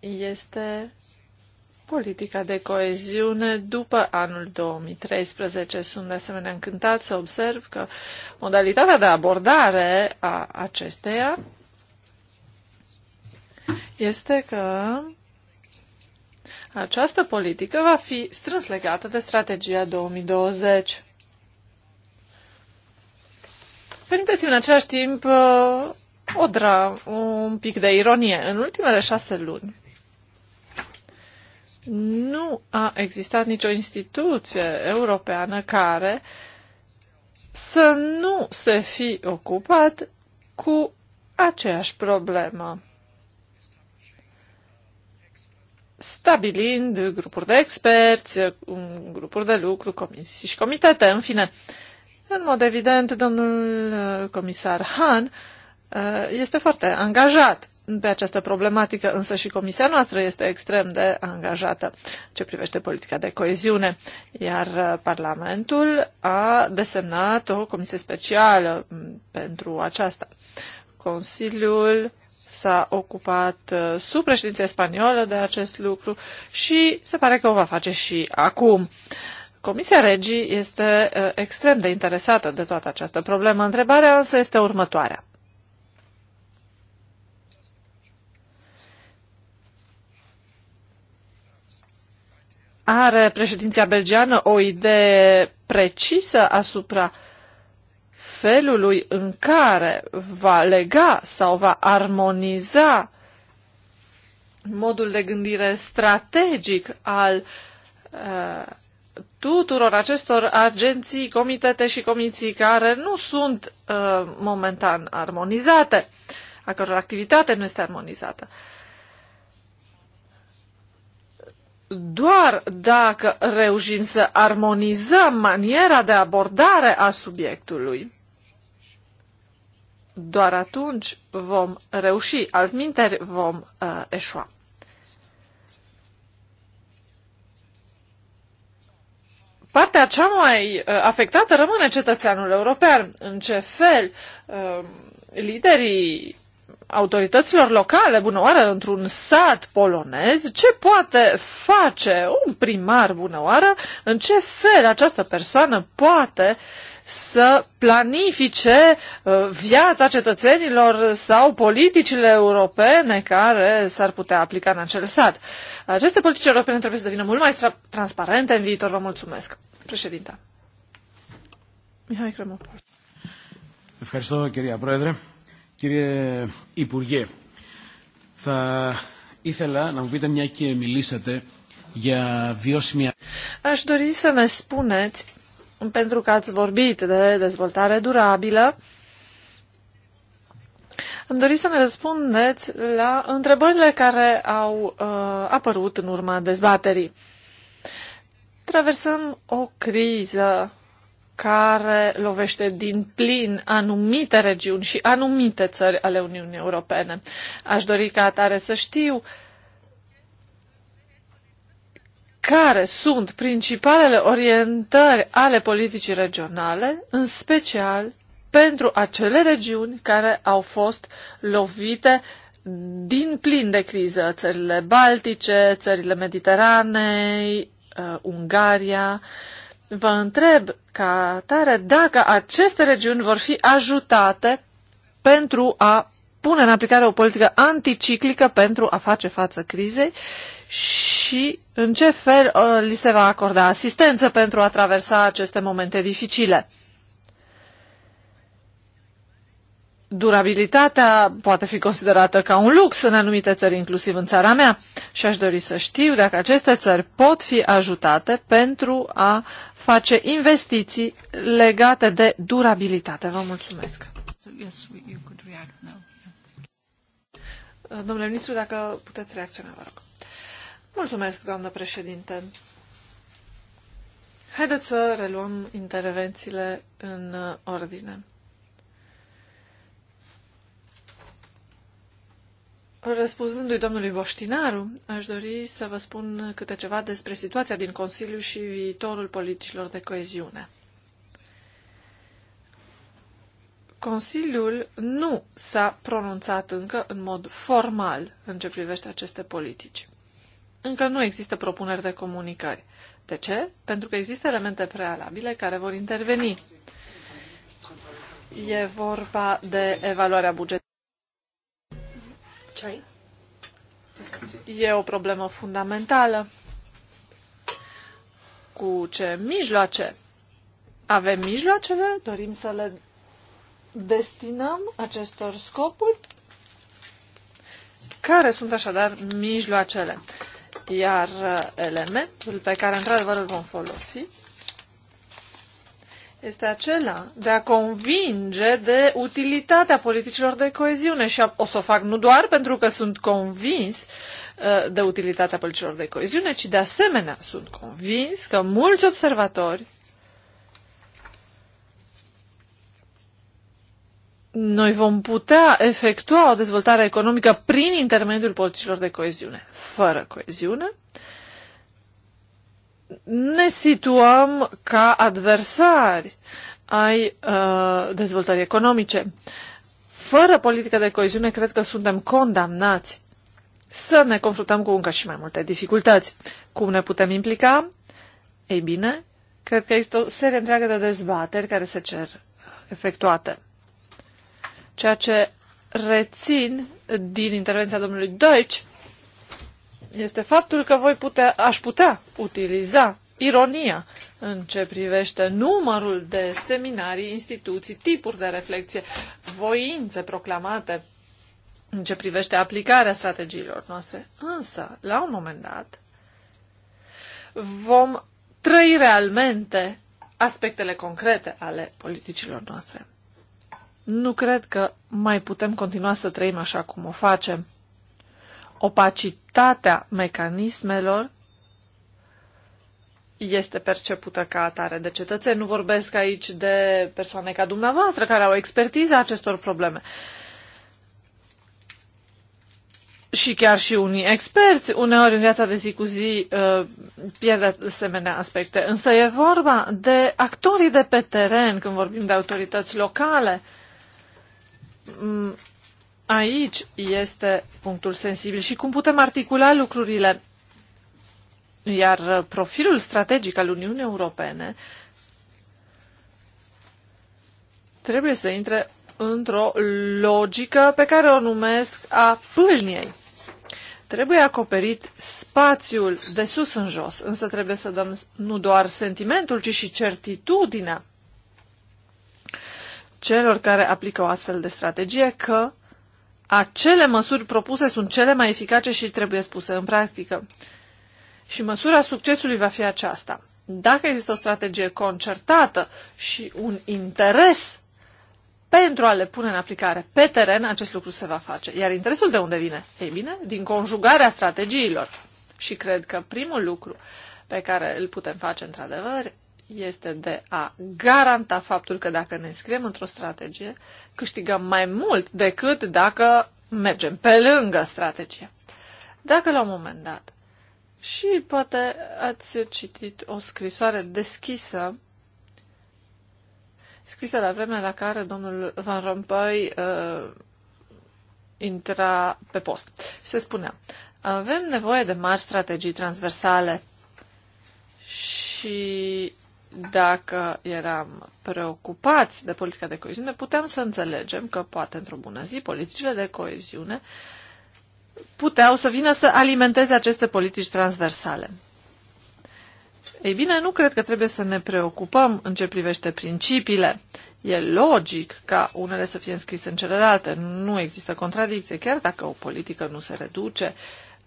este politica de coeziune după anul 2013. Sunt de asemenea încântat să observ că modalitatea de abordare a acesteia este că această politică va fi strâns legată de strategia 2020. Permiteți-mi în același timp uh, o dra- un pic de ironie. În ultimele șase luni, nu a existat nicio instituție europeană care să nu se fi ocupat cu aceeași problemă, stabilind grupuri de experți, grupuri de lucru, comisii și comitete, în fine. În mod evident, domnul uh, comisar Han uh, este foarte angajat pe această problematică, însă și comisia noastră este extrem de angajată ce privește politica de coeziune, iar uh, Parlamentul a desemnat o comisie specială mm, pentru aceasta. Consiliul s-a ocupat uh, sub președinția spaniolă de acest lucru și se pare că o va face și acum. Comisia Regii este uh, extrem de interesată de toată această problemă. Întrebarea însă este următoarea. Are președinția belgiană o idee precisă asupra felului în care va lega sau va armoniza modul de gândire strategic al uh, tuturor acestor agenții, comitete și comisii care nu sunt uh, momentan armonizate, a căror activitate nu este armonizată. Uh, doar dacă reușim să armonizăm maniera de abordare a subiectului. Doar atunci vom reuși, altminteri vom uh, eșua. Partea cea mai uh, afectată rămâne cetățeanul european. În ce fel uh, liderii autorităților locale, bună oară, într-un sat polonez, ce poate face un primar, bună oară, în ce fel această persoană poate să planifice uh, viața cetățenilor sau politicile europene care s-ar putea aplica în acel sat. Aceste politici europene trebuie să devină mult mai transparente în viitor. Vă mulțumesc. Președinta. Mihai Cremopol. Ευχαριστώ κυρία Πρόεδρε. Κύριε Υπουργέ, θα ήθελα να μου πείτε μια και μιλήσατε για βιώσιμη... Aș dori să ne spuneți, pentru că ați vorbit de dezvoltare durabilă, am dorit să ne răspundeți la întrebările care au uh, apărut în urma dezbaterii. Traversăm o criză care lovește din plin anumite regiuni și anumite țări ale Uniunii Europene. Aș dori ca atare să știu care sunt principalele orientări ale politicii regionale, în special pentru acele regiuni care au fost lovite din plin de criză, țările Baltice, țările Mediteranei, uh, Ungaria. Vă întreb ca atare dacă aceste regiuni vor fi ajutate pentru a pune în aplicare o politică anticiclică pentru a face față crizei și în ce fel uh, li se va acorda asistență pentru a traversa aceste momente dificile. durabilitatea poate fi considerată ca un lux în anumite țări, inclusiv în țara mea, și aș dori să știu dacă aceste țări pot fi ajutate pentru a face investiții legate de durabilitate. Vă mulțumesc. Uh, domnule ministru, dacă puteți reacționa, vă rog. Mulțumesc, doamnă președinte. Haideți să reluăm intervențiile în uh, ordine. Răspunzându-i domnului Boștinaru, aș dori să vă spun câte ceva despre situația din Consiliu și viitorul politicilor de coeziune. Consiliul nu s-a pronunțat încă în mod formal în ce privește aceste politici. Încă nu există propuneri de comunicări. De ce? Pentru că există elemente prealabile care vor interveni. E vorba de evaluarea bugetului E o problemă fundamentală. Cu ce mijloace? Avem mijloacele? Dorim să le destinăm acestor scopuri? Care sunt așadar mijloacele? Iar uh, elementul pe care într-adevăr îl vom folosi este acela de a convinge de utilitatea politicilor de coeziune și o să o fac nu doar pentru că sunt convins uh, de utilitatea politicilor de coeziune, ci de asemenea sunt convins că mulți observatori noi vom putea efectua o dezvoltare economică prin intermediul politicilor de coeziune. Fără coeziune, uh, ne situăm ca adversari ai uh, dezvoltării economice. Fără politică de coeziune, cred că suntem condamnați să ne confruntăm cu încă și mai multe dificultăți. Cum ne putem implica? Ei bine, cred că există o serie întreagă de dezbateri care se cer uh, efectuate. Ceea ce rețin din intervenția domnului Deutsch este faptul că voi putea, aș putea utiliza ironia în ce privește numărul de seminarii, instituții, tipuri de reflexie, voințe proclamate în ce privește aplicarea strategiilor noastre. Însă, la un moment dat, vom trăi realmente aspectele concrete ale politicilor noastre. Nu cred că mai putem continua să trăim așa cum o facem opacitatea mecanismelor este percepută ca atare de cetățeni. Nu vorbesc aici de persoane ca dumneavoastră care au expertiza acestor probleme. Și chiar și unii experți, uneori în viața de zi cu zi, ă, pierde asemenea aspecte. Însă e vorba de actorii de pe teren, când vorbim de autorități locale, mm, Aici este punctul sensibil și cum putem articula lucrurile. Iar profilul strategic al Uniunii Europene trebuie să intre într-o logică pe care o numesc a pâlniei. Trebuie acoperit spațiul de sus în jos, însă trebuie să dăm nu doar sentimentul, ci și certitudinea celor care aplică o astfel de strategie că acele măsuri propuse sunt cele mai eficace și trebuie spuse în practică. Și măsura succesului va fi aceasta. Dacă există o strategie concertată și un interes pentru a le pune în aplicare pe teren, acest lucru se va face. Iar interesul de unde vine? Ei bine, din conjugarea strategiilor. Și cred că primul lucru pe care îl putem face într-adevăr este de a garanta faptul că dacă ne înscriem într-o strategie, câștigăm mai mult decât dacă mergem pe lângă strategie. Dacă la un moment dat și poate ați citit o scrisoare deschisă scrisă la vremea la care domnul Van Rompuy uh, intra pe post. Și se spunea, avem nevoie de mari strategii transversale și dacă eram preocupați de politica de coeziune, puteam să înțelegem că poate într-o bună zi politicile de coeziune puteau să vină să alimenteze aceste politici transversale. Ei bine, nu cred că trebuie să ne preocupăm în ce privește principiile. E logic ca unele să fie înscrise în celelalte, nu există contradicție, chiar dacă o politică nu se reduce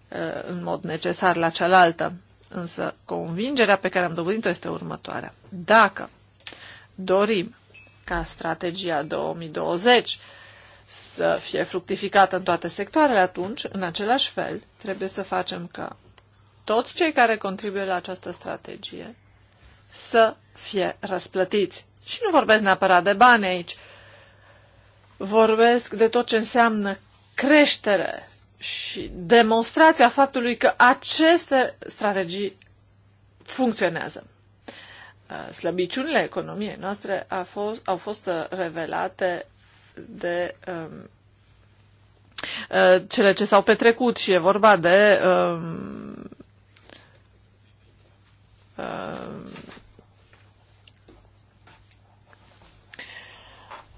uh, în mod necesar la cealaltă. Însă convingerea pe care am dobândit o este următoarea. Dacă dorim ca strategia 2020 să fie fructificată în toate sectoarele, atunci, în același fel, trebuie să facem ca toți cei care contribuie la această strategie să fie răsplătiți. Și nu vorbesc neapărat de bani aici, vorbesc de tot ce înseamnă creștere și demonstrația faptului că aceste strategii funcționează. Uh, slăbiciunile economiei noastre a fost, au fost uh, revelate de um, uh, cele ce s-au petrecut și e vorba de um, um,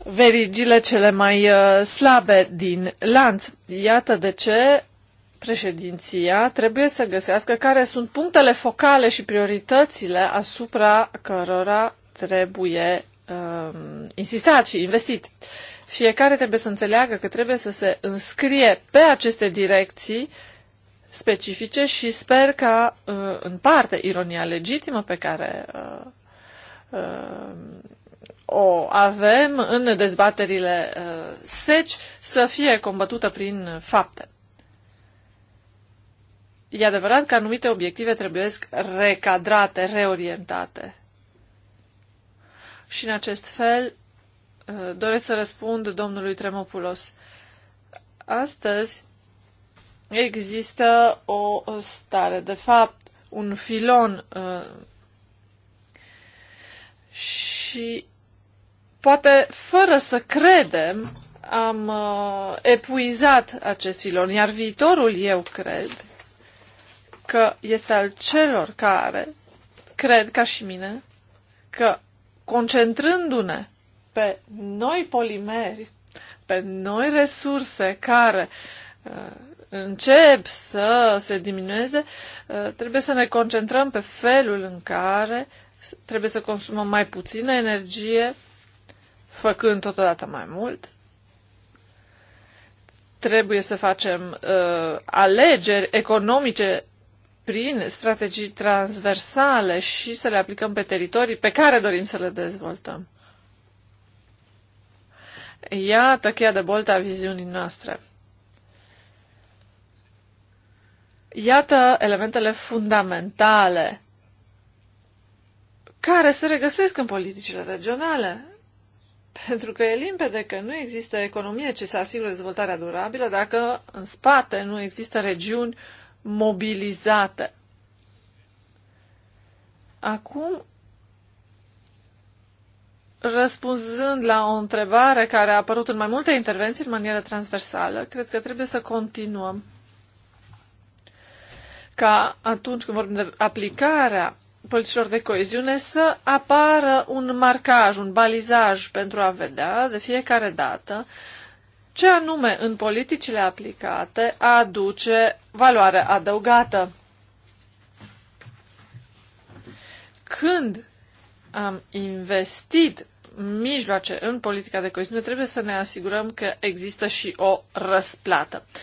verigile cele mai uh, slabe din lanț. Iată de ce președinția trebuie să găsească care sunt punctele focale și prioritățile asupra cărora trebuie um, insistat și investit. Fiecare trebuie să înțeleagă că trebuie să se înscrie pe aceste direcții specifice și sper că, uh, în parte, ironia legitimă pe care uh, o avem în dezbaterile uh, seci să fie combătută prin fapte. E adevărat că anumite obiective trebuie recadrate, reorientate. Și în acest fel uh, doresc să răspund domnului Tremopulos. Astăzi există o stare, de fapt, un filon uh, și Poate fără să credem am uh, epuizat acest filon, iar viitorul, eu cred, că este al celor care cred, ca și mine, că concentrându-ne pe noi polimeri, pe noi resurse care uh, încep să se diminueze, uh, trebuie să ne concentrăm pe felul în care trebuie să consumăm mai puțină energie, făcând totodată mai mult. Trebuie să facem uh, alegeri economice prin strategii transversale și să le aplicăm pe teritorii pe care dorim să le dezvoltăm. Iată cheia de boltă a viziunii noastre. Iată elementele fundamentale care se regăsesc în politicile regionale. Pentru că e limpede că nu există economie ce să asigure dezvoltarea durabilă dacă în spate nu există regiuni mobilizate. Acum, răspunzând la o întrebare care a apărut în mai multe intervenții în manieră transversală, cred că trebuie să continuăm ca atunci când vorbim de aplicarea politicilor de coeziune să apară un marcaj, un balizaj pentru a vedea de fiecare dată ce anume în politicile aplicate aduce valoare adăugată. Când am investit mijloace în politica de coeziune, trebuie să ne asigurăm că există și o răsplată. Uh,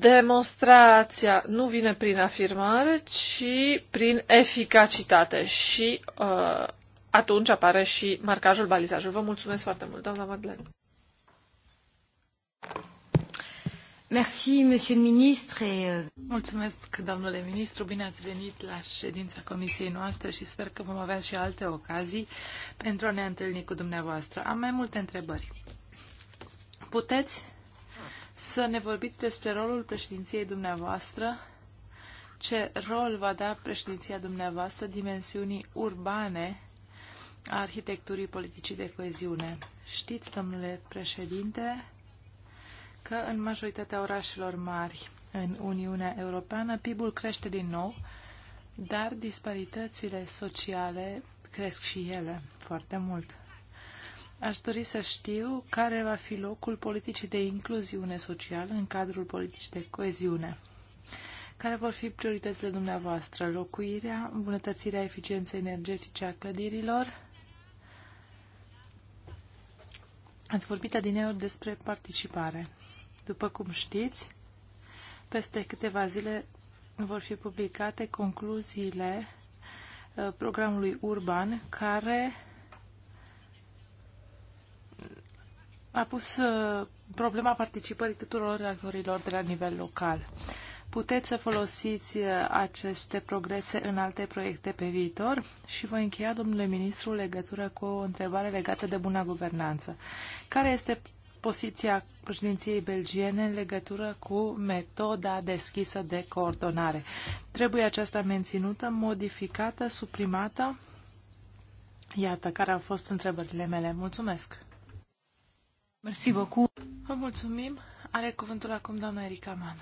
demonstrația nu vine prin afirmare, ci prin eficacitate și uh, atunci apare și marcajul, balizajul. Vă mulțumesc foarte mult, doamna Madeleine. Merci, monsieur le ministre. Et... Euh, mulțumesc, domnule ministru. Bine ați venit la ședința comisiei noastre și sper că vom avea și alte ocazii pentru a ne întâlni cu dumneavoastră. Am mai multe întrebări. Puteți să ne vorbiți despre rolul președinției dumneavoastră, ce rol va da președinția dumneavoastră dimensiunii urbane a arhitecturii politicii de coeziune. Știți, domnule președinte, că în majoritatea orașelor mari în Uniunea Europeană PIB-ul crește din nou, dar disparitățile sociale cresc și ele foarte mult. Aș dori să știu care va fi locul politicii de incluziune socială în cadrul politicii de coeziune. Care vor fi prioritățile dumneavoastră? Locuirea, îmbunătățirea eficienței energetice a clădirilor? Ați vorbit adineori despre participare. După cum știți, peste câteva zile vor fi publicate concluziile uh, programului urban care a pus uh, problema participării tuturor actorilor de la nivel local. Puteți să folosiți uh, aceste progrese în alte proiecte pe viitor? Și voi încheia, domnule ministru, legătură cu o întrebare legată de buna guvernanță. Care este poziția președinției belgiene în legătură cu metoda deschisă de coordonare? Trebuie aceasta menținută, modificată, suprimată? Iată, care au fost întrebările mele. Mulțumesc! Mersi beaucoup. Vă mulțumim. Are cuvântul acum doamna Erika Mann.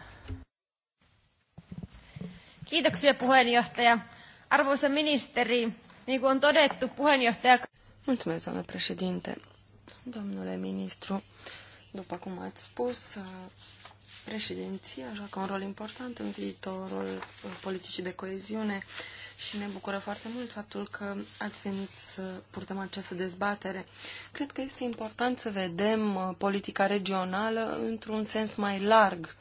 Kiitoksia puheenjohtaja. Arvoisa ministeri, niin kuin on todettu, puheenjohtaja... Mulțumesc, doamnă președinte. Domnule ministru, după cum ați spus, președinția joacă un rol important în viitorul politicii de coeziune și ne bucură foarte mult faptul că ați venit să purtăm această dezbatere. Cred că este important să vedem uh, politica regională într-un sens mai larg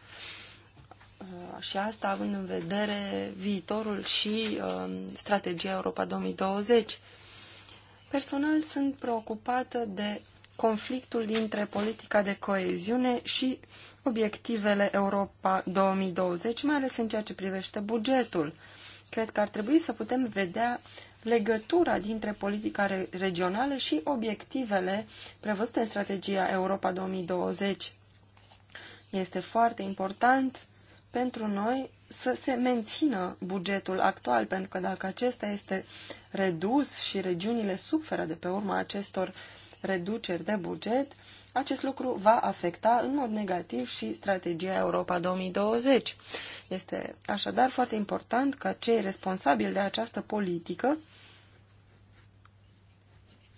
uh, și asta având în vedere viitorul și uh, strategia Europa 2020. Personal sunt preocupată de conflictul dintre politica de coeziune și obiectivele Europa 2020, mai ales în ceea ce privește bugetul. Cred că ar trebui să putem vedea legătura dintre politica regională și obiectivele prevăzute în strategia Europa 2020. Este foarte important pentru noi să se mențină bugetul actual, pentru că dacă acesta este redus și regiunile suferă de pe urma acestor reduceri de buget, acest lucru va afecta în mod negativ și strategia Europa 2020. Este așadar foarte important ca cei responsabili de această politică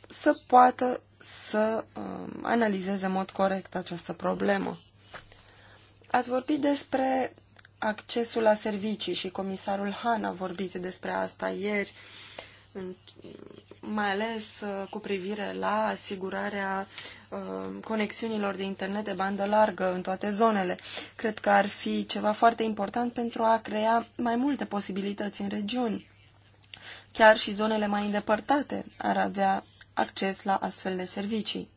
să poată să um, analizeze în mod corect această problemă. Ați vorbit despre accesul la servicii și comisarul Han a vorbit despre asta ieri în, mai ales uh, cu privire la asigurarea uh, conexiunilor de internet de bandă largă în toate zonele. Cred că ar fi ceva foarte important pentru a crea mai multe posibilități în regiuni. Chiar și zonele mai îndepărtate ar avea acces la astfel de servicii.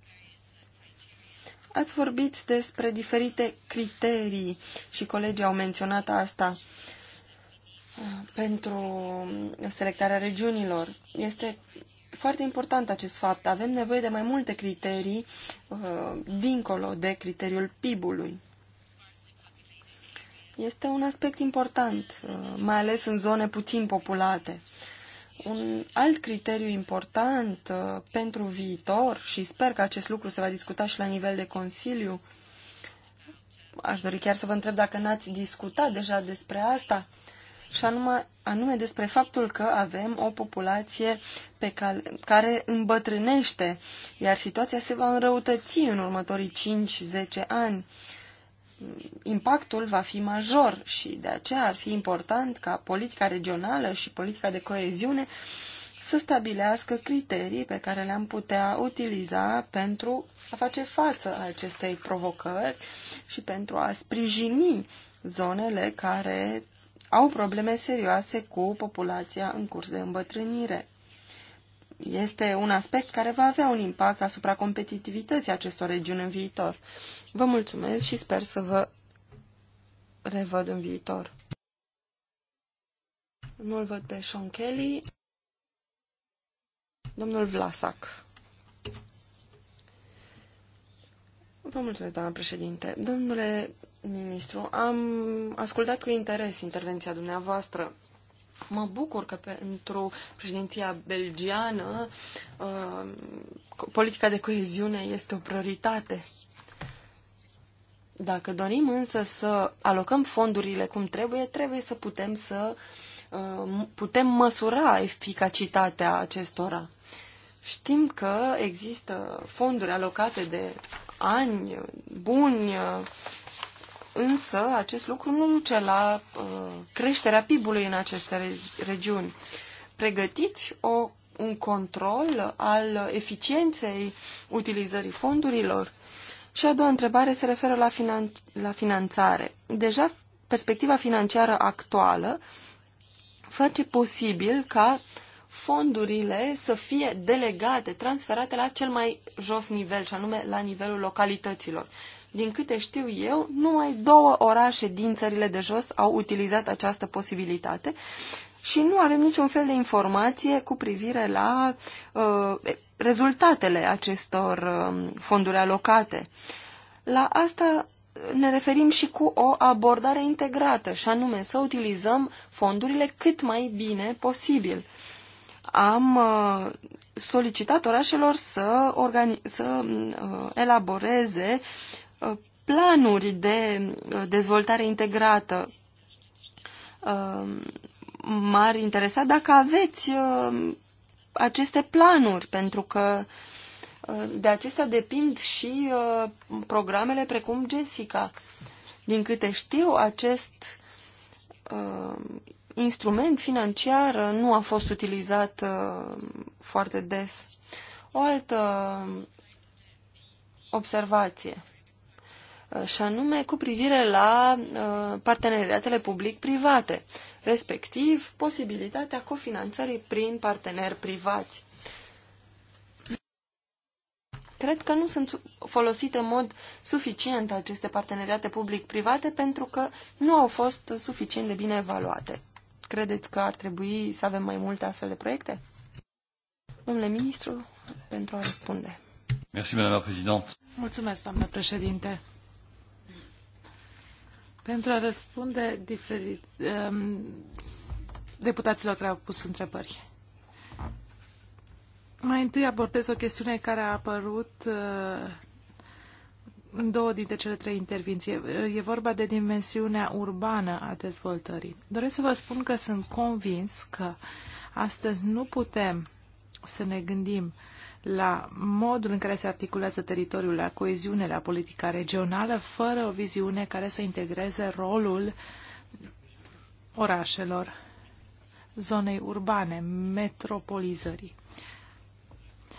Ați vorbit despre diferite criterii și colegii au menționat asta uh, pentru selectarea regiunilor. Este foarte important acest fapt. Avem nevoie de mai multe criterii uh, dincolo de criteriul PIB-ului. Este un aspect important, uh, mai ales în zone puțin populate. Un alt criteriu important uh, pentru viitor, și sper că acest lucru se va discuta și la nivel de Consiliu, aș dori chiar să vă întreb dacă n-ați discutat deja despre asta, și anume, anume despre faptul că avem o populație pe cal, care îmbătrânește, iar situația se va înrăutăți în următorii 5-10 ani. Impactul va fi major și de aceea ar fi important ca politica regională și politica de coeziune să stabilească criterii pe care le-am putea utiliza pentru a face față acestei provocări și pentru a sprijini zonele care au probleme serioase cu populația în curs de îmbătrânire. Este un aspect care va avea un impact asupra competitivității acestor regiuni în viitor. Vă mulțumesc și sper să vă revăd în viitor. Nu-l văd pe Sean Kelly. Domnul Vlasac. Vă mulțumesc, doamna președinte. Domnule ministru. Am ascultat cu interes intervenția dumneavoastră. Mă bucur că pentru președinția belgiană uh, politica de coeziune este o prioritate. Dacă dorim însă să alocăm fondurile cum trebuie, trebuie să putem să uh, putem măsura eficacitatea acestora. Știm că există fonduri alocate de ani buni uh, însă acest lucru nu duce la uh, creșterea PIB-ului în aceste regiuni. Pregătiți o, un control al eficienței utilizării fondurilor? Și a doua întrebare se referă la, finan- la finanțare. Deja perspectiva financiară actuală face posibil ca fondurile să fie delegate, transferate la cel mai jos nivel, și anume la nivelul localităților. Din câte știu eu, numai două orașe din țările de jos au utilizat această posibilitate și nu avem niciun fel de informație cu privire la uh, rezultatele acestor uh, fonduri alocate. La asta ne referim și cu o abordare integrată, și anume să utilizăm fondurile cât mai bine posibil. Am uh, solicitat orașelor să, organi- să uh, elaboreze Uh, planuri de uh, dezvoltare integrată. Uh, M-ar interesa dacă aveți aceste planuri, pentru că de acestea depind și programele precum Jessica. Din câte știu, acest instrument financiar nu a fost utilizat foarte des. O altă observație și anume cu privire la uh, parteneriatele public-private, respectiv posibilitatea cofinanțării prin parteneri privați. Cred că nu sunt folosite în mod suficient aceste parteneriate public-private pentru că nu au fost suficient de bine evaluate. Credeți că ar trebui să avem mai multe astfel de proiecte? Domnule ministru, pentru a răspunde. Mulțumesc, doamnă președinte pentru a răspunde diferit, um, deputaților care au pus întrebări. Mai întâi abordez o chestiune care a apărut uh, în două dintre cele trei intervenții. E vorba de dimensiunea urbană a dezvoltării. Doresc să vă spun că sunt convins că astăzi nu putem să ne gândim uh, la modul în care se articulează teritoriul, la coeziune, la politica regională, fără o viziune care să integreze rolul orașelor, zonei urbane, metropolizării.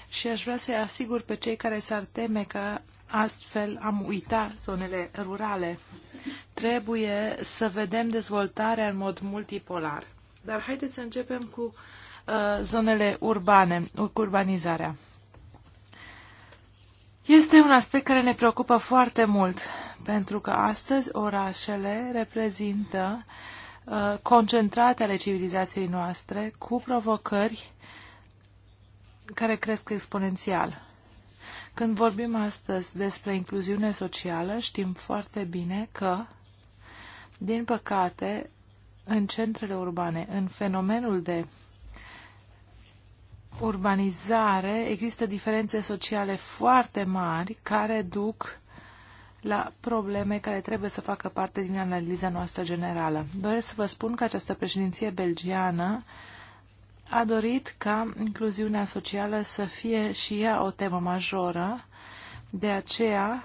Și aș vrea să-i asigur pe cei care s-ar teme că astfel am uitat zonele rurale. Trebuie să vedem dezvoltarea în mod multipolar. Dar haideți să începem cu uh, zonele urbane, cu urbanizarea. Este un aspect care ne preocupă foarte mult, pentru că astăzi orașele reprezintă uh, concentrate ale civilizației noastre cu provocări care cresc exponențial. Când vorbim astăzi despre incluziune socială, știm foarte bine că, din păcate, în centrele urbane, în fenomenul de urbanizare există diferențe sociale foarte mari care duc la probleme care trebuie să facă parte din analiza noastră generală. Doresc să vă spun că această președinție belgiană a dorit ca incluziunea socială să fie și ea o temă majoră, de aceea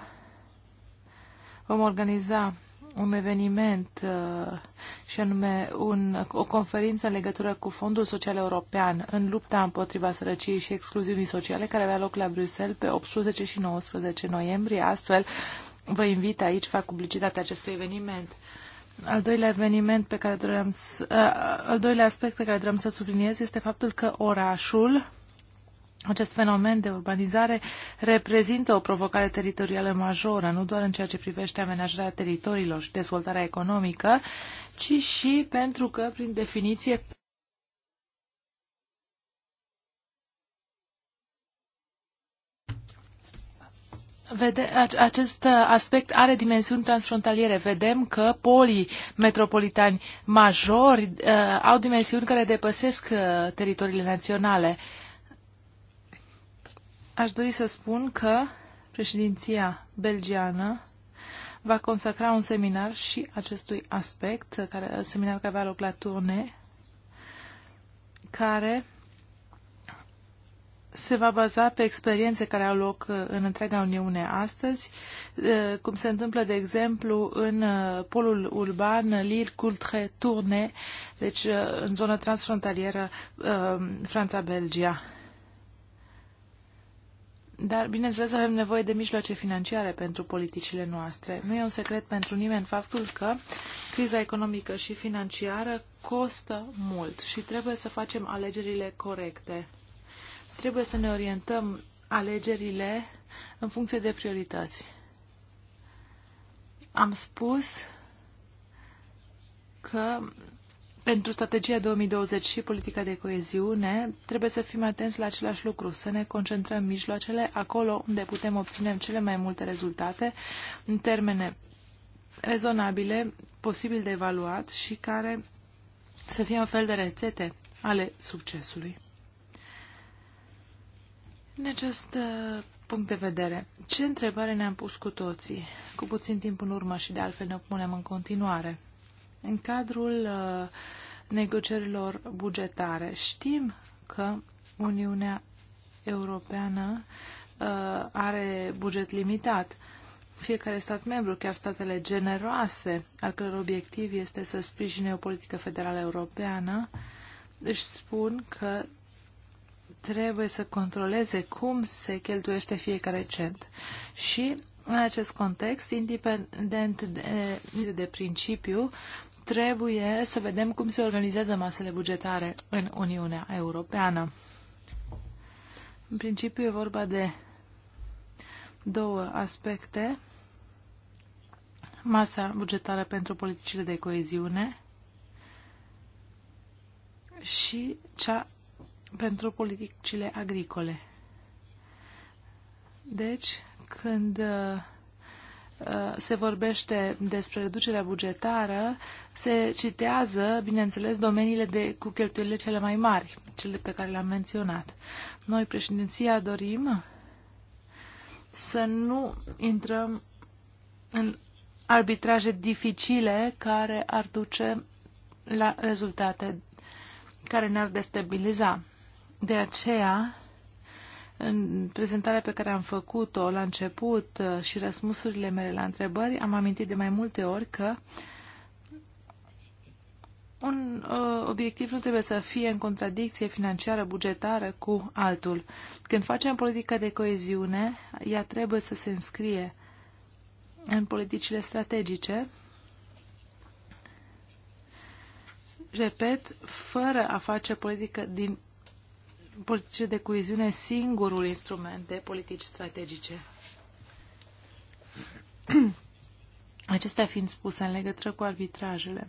vom organiza un eveniment uh, și anume un, o conferință în legătură cu Fondul Social European în lupta împotriva sărăciei și excluziunii sociale care avea loc la Bruxelles pe 18 și 19 noiembrie. Astfel, vă invit aici, fac publicitatea acestui eveniment. Al doilea eveniment pe care doream să, uh, al doilea aspect pe care vreau să subliniez este faptul că orașul acest fenomen de urbanizare reprezintă o provocare teritorială majoră, nu doar în ceea ce privește amenajarea teritoriilor și dezvoltarea economică, ci și pentru că, prin definiție, Vede, acest aspect are dimensiuni transfrontaliere. Vedem că polii metropolitani majori uh, au dimensiuni care depăsesc uh, teritoriile naționale. Uh, Aș dori să spun că președinția belgiană va consacra un seminar și acestui aspect, care, seminar care avea loc la Turne, care se va baza pe experiențe care au loc uh, în întreaga Uniune astăzi, uh, cum se întâmplă, de exemplu, în uh, polul urban Lille, Coultre, Tourne, deci în zona transfrontalieră Franța-Belgia. Dar, bineînțeles, avem nevoie de mijloace financiare pentru politicile noastre. Nu e un secret pentru nimeni faptul că criza economică și financiară costă mult și trebuie să facem alegerile corecte. Trebuie să ne orientăm alegerile în funcție de priorități. Am spus că pentru strategia 2020 și politica de coeziune, trebuie să fim atenți la același lucru, să ne concentrăm mijloacele acolo unde putem obține cele mai multe rezultate în termene rezonabile, posibil de evaluat și care să fie un fel de rețete ale succesului. În acest uh, punct de vedere, ce întrebare ne-am pus cu toții, cu puțin timp în urmă și de altfel ne punem în continuare – în cadrul uh, negocierilor bugetare. Știm că Uniunea Europeană uh, are buget limitat. Fiecare stat membru, chiar statele generoase, al căror obiectiv este să sprijine o politică federală europeană, își spun că trebuie să controleze cum se cheltuiește fiecare cent. Și în acest context, independent de, de principiu, trebuie să vedem cum se organizează masele bugetare în Uniunea Europeană. În principiu e vorba de două aspecte. Masa bugetară pentru politicile de coeziune și cea pentru politicile agricole. Deci, când uh, Uh, se vorbește despre reducerea bugetară, se citează, bineînțeles, domeniile de, cu cheltuielile cele mai mari, cele pe care le-am menționat. Noi, președinția, dorim să nu intrăm în arbitraje dificile care ar duce la rezultate care ne-ar destabiliza. De aceea, în prezentarea pe care am făcut-o la început uh, și răspunsurile mele la întrebări, am amintit de mai multe ori că un uh, obiectiv nu trebuie să fie în contradicție financiară, bugetară cu altul. Când facem politică de coeziune, ea trebuie să se înscrie în politicile strategice, repet, fără a face politică din politice de coeziune singurul instrument de politici strategice. Acestea fiind spuse în legătură cu arbitrajele.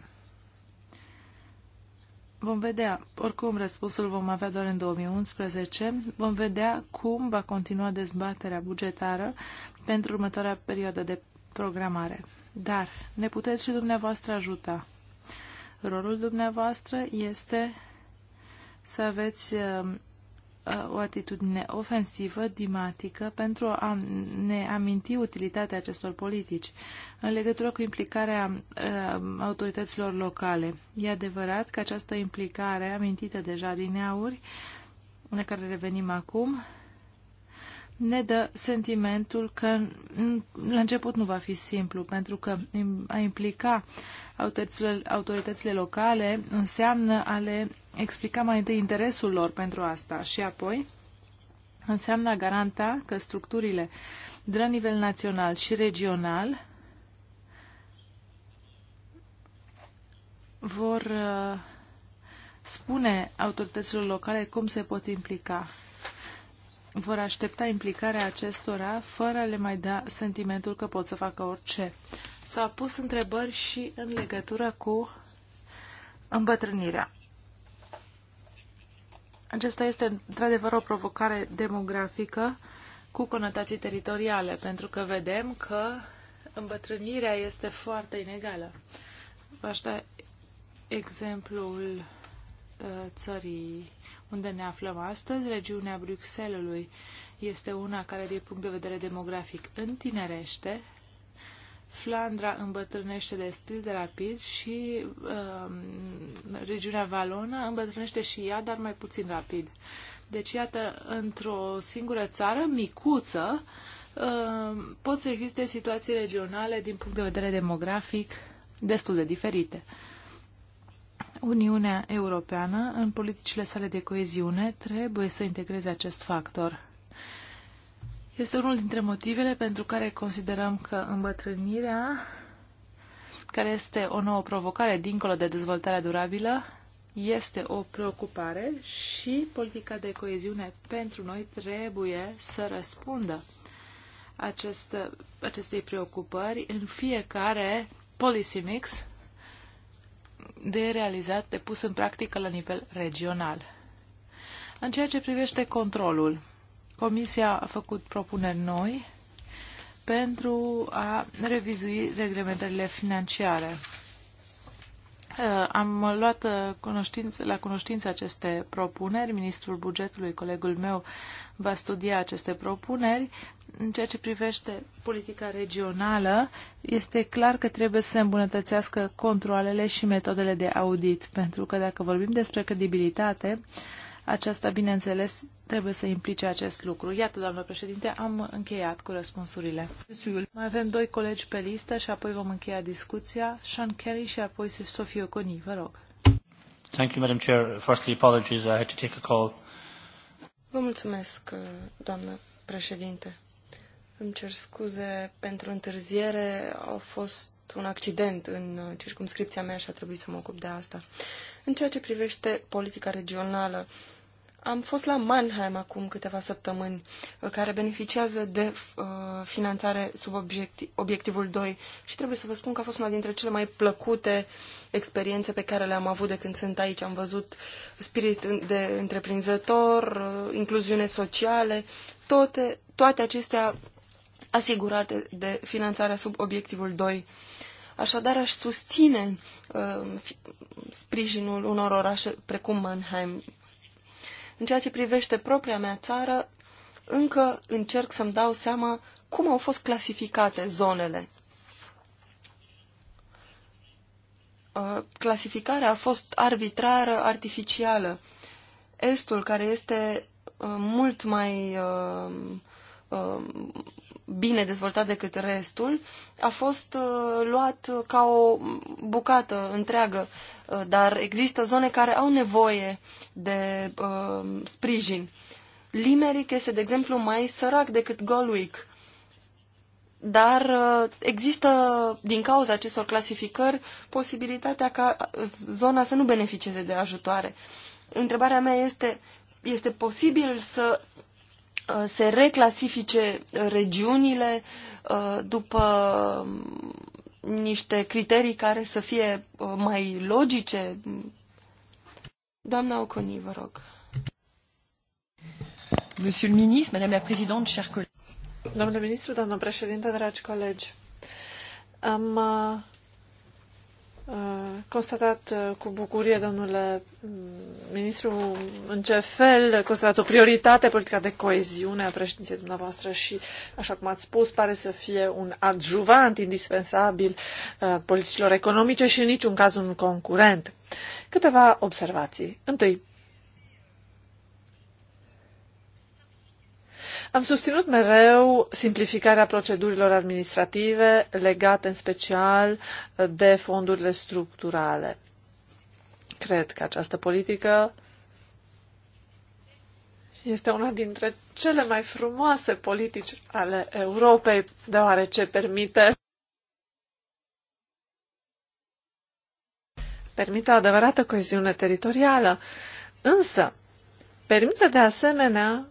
Vom vedea, oricum răspunsul vom avea doar în 2011, vom vedea cum va continua dezbaterea bugetară pentru următoarea perioadă de programare. Dar ne puteți și dumneavoastră ajuta. Rolul dumneavoastră este să aveți uh, o atitudine ofensivă, dimatică, pentru a ne aminti utilitatea acestor politici în legătură cu implicarea uh, autorităților locale. E adevărat că această implicare, amintită deja din auri, la care revenim acum, ne dă sentimentul că la început nu va fi simplu, pentru că a implica autoritățile, autoritățile locale înseamnă a le explica mai întâi interesul lor pentru asta și apoi înseamnă a garanta că structurile de la nivel național și regional vor uh, spune autorităților locale cum se pot implica. Vor aștepta implicarea acestora fără a le mai da sentimentul că pot să facă orice. S-au pus întrebări și în legătură cu îmbătrânirea. Acesta este într-adevăr o provocare demografică cu conotații teritoriale, pentru că vedem că îmbătrânirea este foarte inegală. Vă aș da exemplul uh, țării unde ne aflăm astăzi, regiunea Bruxellesului este una care, din punct de vedere demografic, întinerește, Flandra îmbătrânește destul de rapid și uh, regiunea Valona îmbătrânește și ea, dar mai puțin rapid. Deci, iată, într-o singură țară micuță uh, pot să existe situații regionale din punct de vedere demografic destul de diferite. Uniunea Europeană, în politicile sale de coeziune, trebuie să integreze acest factor este unul dintre motivele pentru care considerăm că îmbătrânirea, care este o nouă provocare dincolo de dezvoltarea durabilă, este o preocupare și politica de coeziune pentru noi trebuie să răspundă acest, acestei preocupări în fiecare policy mix de realizat, de pus în practică la nivel regional. În ceea ce privește controlul, Comisia a făcut propuneri noi pentru a revizui reglementările financiare. Uh, am luat uh, cunoștință, la cunoștință aceste propuneri. Ministrul bugetului, colegul meu, va studia aceste propuneri. În ceea ce privește politica regională, este clar că trebuie să se îmbunătățească controlele și metodele de audit, pentru că dacă vorbim despre credibilitate, uh, aceasta, bineînțeles, trebuie să implice acest lucru. Iată, doamnă președinte, am încheiat cu răspunsurile. Mai avem doi colegi pe listă și apoi vom încheia discuția. Sean Kelly și apoi Sofie Oconi, vă rog. Thank you, Madam Chair. Firstly, apologies, I had to take a call. Vă mulțumesc, doamnă președinte. Îmi cer scuze pentru întârziere. A fost un accident în circumscripția mea și a trebuit să mă ocup de asta. În ceea ce privește politica regională, am fost la Mannheim acum câteva săptămâni, uh, care beneficiază de uh, finanțare sub obiecti- obiectivul 2 și trebuie să vă spun că a fost una dintre cele mai plăcute experiențe pe care le-am avut de când sunt aici. Am văzut spirit de întreprinzător, uh, incluziune sociale, toate, toate acestea asigurate de finanțarea sub obiectivul 2. Așadar, aș susține uh, sprijinul unor orașe precum Mannheim. În ceea ce privește propria mea țară, încă încerc să-mi dau seama cum au fost clasificate zonele. Uh, clasificarea a fost arbitrară, artificială. Estul, care este uh, mult mai uh, uh, bine dezvoltat decât restul, a fost uh, luat ca o bucată întreagă, uh, dar există zone care au nevoie de uh, sprijin. Limerick este, de exemplu, mai sărac decât Galwick, dar uh, există, din cauza acestor clasificări, posibilitatea ca zona să nu beneficieze de ajutoare. Întrebarea mea este, este posibil să Uh, se reclasifice regiunile uh, după um, niște criterii care să fie uh, mai logice. Doamna Oconi, vă rog. Monsieur le ministre, Madame la Présidente, chers collègues. Domnule ministru, doamnă președinte, dragi colegi, am constatat cu bucurie, domnule ministru, în ce fel constatat o prioritate politica de coeziune a președinției dumneavoastră și, așa cum ați spus, pare să fie un adjuvant indispensabil politicilor economice și în niciun caz un concurent. Câteva observații. Întâi, Am susținut mereu simplificarea procedurilor administrative legate în special de fondurile structurale. Cred că această politică este una dintre cele mai frumoase politici ale Europei, deoarece permite permite o adevărată coeziune teritorială, însă permite de asemenea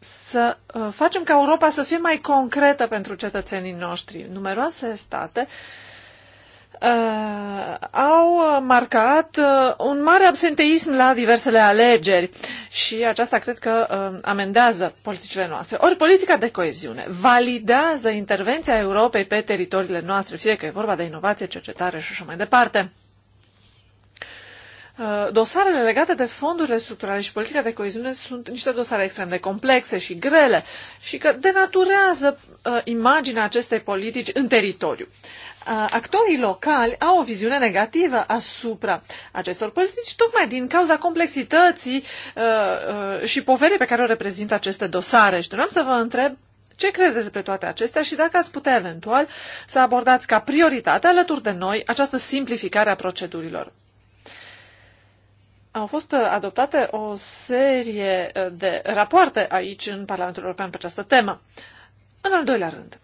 să uh, facem ca Europa să fie mai concretă pentru cetățenii noștri. Numeroase state uh, au marcat uh, un mare absenteism la diversele alegeri și aceasta cred că uh, amendează politicile noastre. Ori politica de coeziune validează intervenția Europei pe teritoriile noastre, fie că e vorba de inovație, cercetare și așa mai departe. Uh, dosarele legate de fondurile structurale și politica de coeziune sunt niște dosare extrem de complexe și grele și că denaturează uh, imaginea acestei politici în teritoriu. Uh, actorii locali au o viziune negativă asupra acestor politici, tocmai din cauza complexității uh, uh și poverii pe care o reprezintă aceste dosare. Și doream să vă întreb ce credeți despre toate acestea și dacă ați putea eventual să abordați ca prioritate alături de noi această simplificare a procedurilor? Au fost uh, adoptate o serie uh, de rapoarte aici în Parlamentul European pe această temă. În al doilea rând,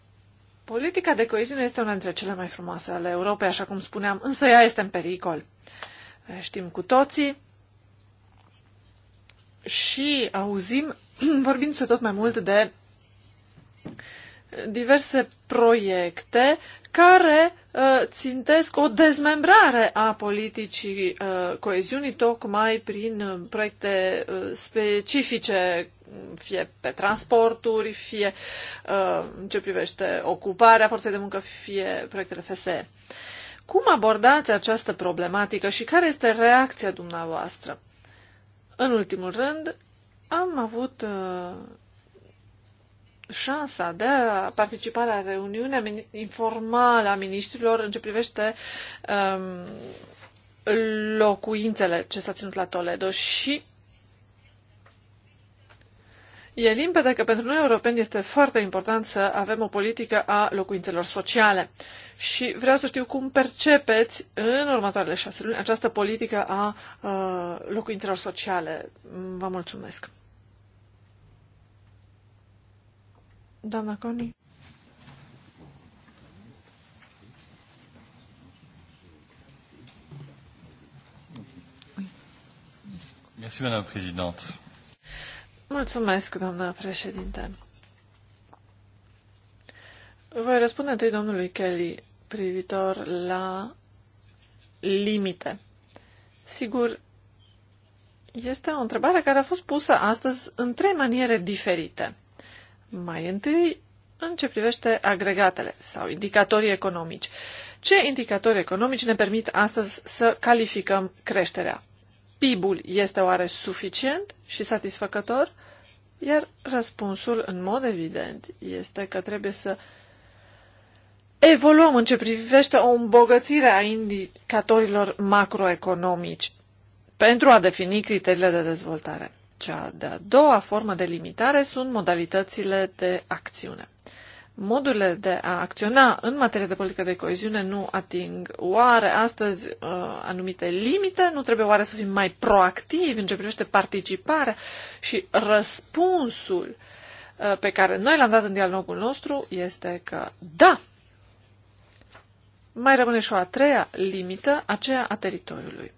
politica de coeziune este una dintre cele mai frumoase ale Europei, așa cum spuneam, însă ea este în pericol. Știm cu toții și auzim, vorbindu-se tot mai mult de diverse proiecte care uh, țintesc o dezmembrare a politicii uh, coeziunii tocmai prin uh, proiecte specifice, fie pe transporturi, fie în ce privește ocuparea forței de muncă, fie proiectele FSE. Cum abordați această problematică și care este reacția dumneavoastră? În ultimul rând, am avut șansa de a participa la reuniunea informală a ministrilor în ce privește um, locuințele ce s-a ținut la Toledo și e limpede că pentru noi europeni este foarte important să avem o politică a locuințelor sociale și vreau să știu cum percepeți în următoarele șase luni această politică a uh, locuințelor sociale. Vă mulțumesc! Doamna Coni. Merci, doamna președinte. Mulțumesc, doamna președinte. Voi răspunde întâi domnului Kelly privitor la limite. Sigur, este o întrebare care a fost pusă astăzi în trei maniere diferite. Mai întâi, în ce privește agregatele sau indicatorii economici. Ce indicatori economici ne permit astăzi să calificăm creșterea? PIB-ul este oare suficient și satisfăcător? Iar răspunsul, în mod evident, este că trebuie să evoluăm în ce privește o îmbogățire a indicatorilor macroeconomici pentru a defini criteriile de dezvoltare. Cea de-a doua formă de limitare sunt modalitățile de acțiune. Modurile de a acționa în materie de politică de coeziune nu ating oare astăzi uh, anumite limite? Nu trebuie oare să fim mai proactivi în ce privește participarea și răspunsul uh, pe care noi l-am dat în dialogul nostru este că da, mai rămâne și o a treia limită, aceea a teritoriului.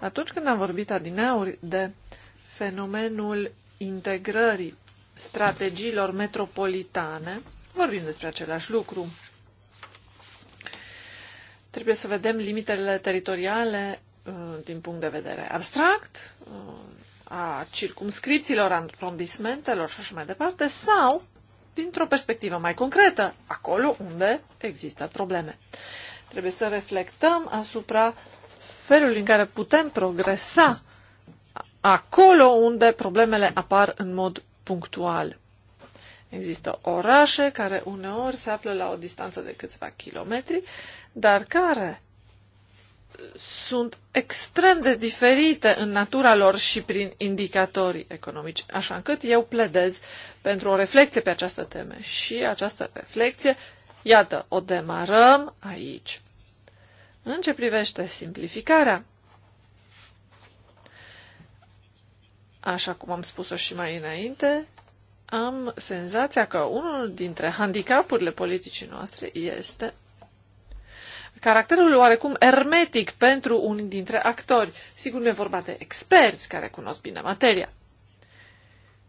Atunci când am vorbit adineauri de uh, fenomenul integrării strategiilor metropolitane, vorbim despre același lucru. Trebuie să vedem limitele teritoriale uh, din punct de vedere abstract, uh, a circumscripțiilor, arrondismentelor și așa mai departe, sau dintr-o perspectivă mai concretă, acolo unde există probleme. Trebuie să reflectăm asupra felului în care putem progresa acolo unde problemele apar în mod punctual. Există orașe care uneori se află la o distanță de câțiva kilometri, dar care sunt extrem de diferite în natura lor și prin indicatorii economici, așa încât eu pledez pentru o reflecție pe această teme și această reflecție, iată, o demarăm aici. În ce privește simplificarea, Așa cum am spus-o și mai înainte, am senzația că unul dintre handicapurile politicii noastre este caracterul oarecum ermetic pentru unii dintre actori. Sigur, nu e vorba de experți care cunosc bine materia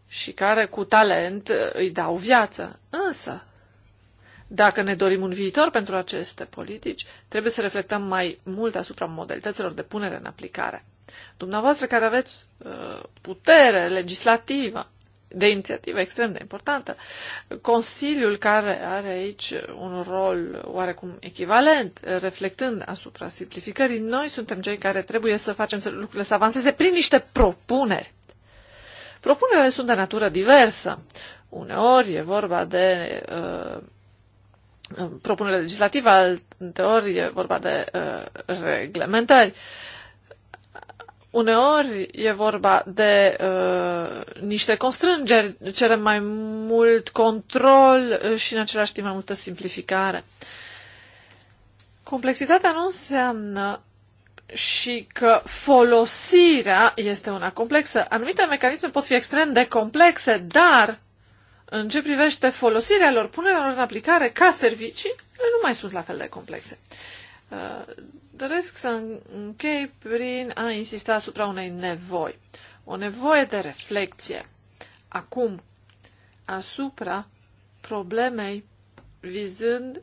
și care cu talent uh, îi dau viață. Însă, dacă ne dorim un viitor pentru aceste politici, trebuie să reflectăm mai mult asupra modalităților de punere în aplicare. Dumneavoastră care aveți uh, putere legislativă de inițiativă extrem de importantă, Consiliul care are aici un rol oarecum echivalent, reflectând asupra simplificării, noi suntem cei care trebuie să facem să lucrurile să avanseze prin niște propuneri. Propunerile sunt de natură diversă. Uneori e vorba de uh, propunere legislativă, alteori e vorba de uh, reglementări. Uh, Uneori e vorba de uh, niște constrângeri, cerem mai mult control uh, și în același timp mai multă simplificare. Complexitatea nu înseamnă și că folosirea este una complexă. Anumite mecanisme pot fi extrem de complexe, dar în ce privește folosirea lor, punerea lor în aplicare ca servicii, nu mai sunt la fel de complexe. Uh, Doresc să închei prin a insista asupra unei nevoi. O nevoie de reflexie. Acum, asupra problemei vizând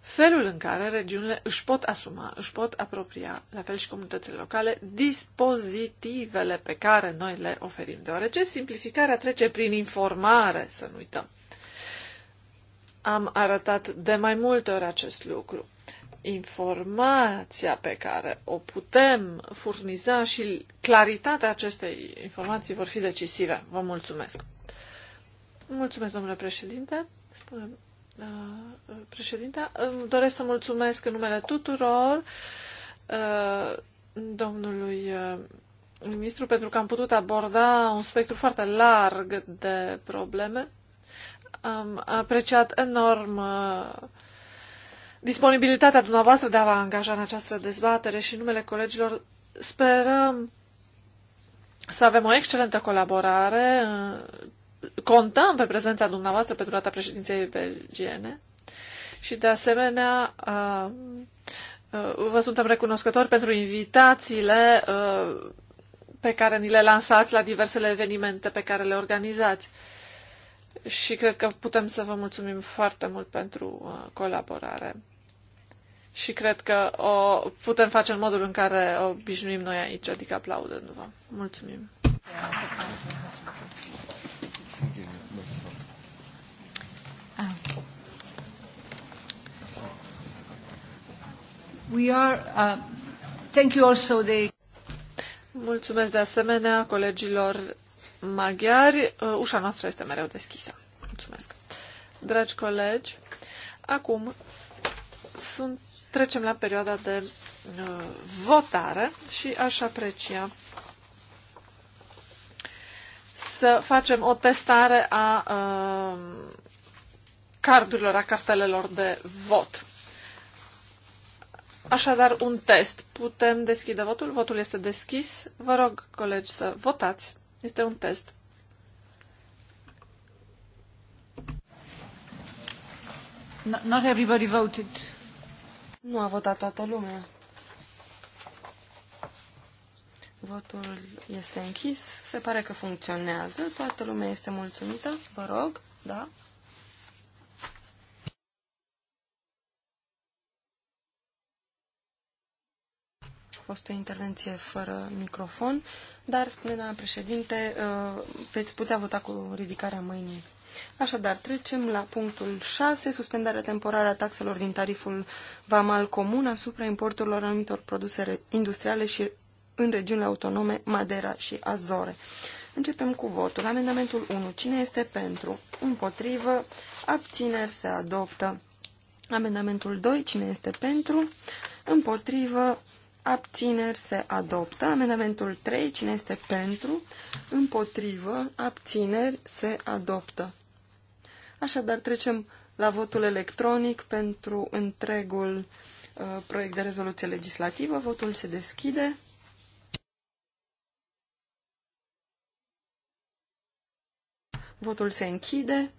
felul în care regiunile își pot asuma, își pot apropia, la fel și comunitățile locale, dispozitivele pe care noi le oferim, deoarece simplificarea trece prin informare, să nu uităm. Am arătat de mai multe ori acest lucru. Informația pe care o putem furniza și claritatea acestei informații vor fi decisive. Vă mulțumesc. Mulțumesc, domnule președinte. Spune, uh, președinte, doresc să mulțumesc în numele tuturor uh, domnului uh, ministru pentru că am putut aborda un spectru foarte larg de probleme am apreciat enorm uh, disponibilitatea dumneavoastră de a vă angaja în această dezbatere și în numele colegilor sperăm să avem o excelentă colaborare. Uh, contăm pe prezența dumneavoastră pe durata președinției belgiene și, de asemenea, uh, vă suntem recunoscători pentru invitațiile pe care ni le lansați la diversele evenimente pe care le organizați și cred că putem să vă mulțumim foarte mult pentru uh, colaborare. Și cred că o putem face în modul în care o obișnuim noi aici, adică aplaudându-vă. Mulțumim! We are, uh, thank you also the... Mulțumesc de asemenea colegilor maghiari, uh, ușa noastră este mereu deschisă. Mulțumesc. Dragi colegi, acum sunt, trecem la perioada de uh, votare și aș aprecia să facem o testare a uh, cardurilor, a cartelelor de vot. Așadar, un test. Putem deschide votul. Votul este deschis. Vă rog, colegi, să votați. Este un test. No, not everybody voted. Nu a votat toată lumea. Votul este închis. Se pare că funcționează. Toată lumea este mulțumită. Vă rog, da? A fost o intervenție fără microfon dar, spune doamna președinte, uh, veți putea vota cu ridicarea mâinii. Așadar, trecem la punctul 6, suspendarea temporară a taxelor din tariful vamal comun asupra importurilor anumitor produse industriale și în regiunile autonome Madeira și Azore. Începem cu votul. Amendamentul 1. Cine este pentru? Împotrivă. Abțineri se adoptă. Amendamentul 2. Cine este pentru? Împotrivă abțineri se adoptă. Amendamentul 3, cine este pentru, împotrivă, abțineri se adoptă. Așadar, trecem la votul electronic pentru întregul uh, proiect de rezoluție legislativă. Votul se deschide. Votul se închide.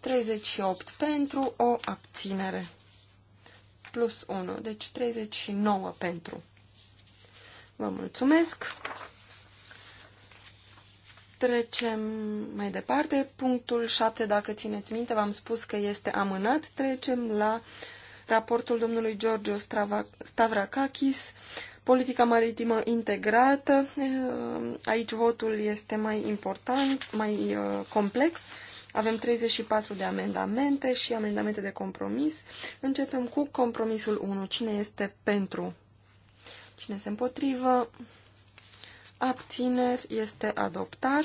38 pentru o abținere. Plus 1, deci 39 pentru. Vă mulțumesc. Trecem mai departe. Punctul 7, dacă țineți minte, v-am spus că este amânat. Trecem la raportul domnului Giorgio Stavrakakis, politica maritimă integrată. Aici votul este mai important, mai uh, complex. Avem 34 de amendamente și amendamente de compromis. Începem cu compromisul 1. Cine este pentru? Cine se împotrivă? Abțineri este adoptat.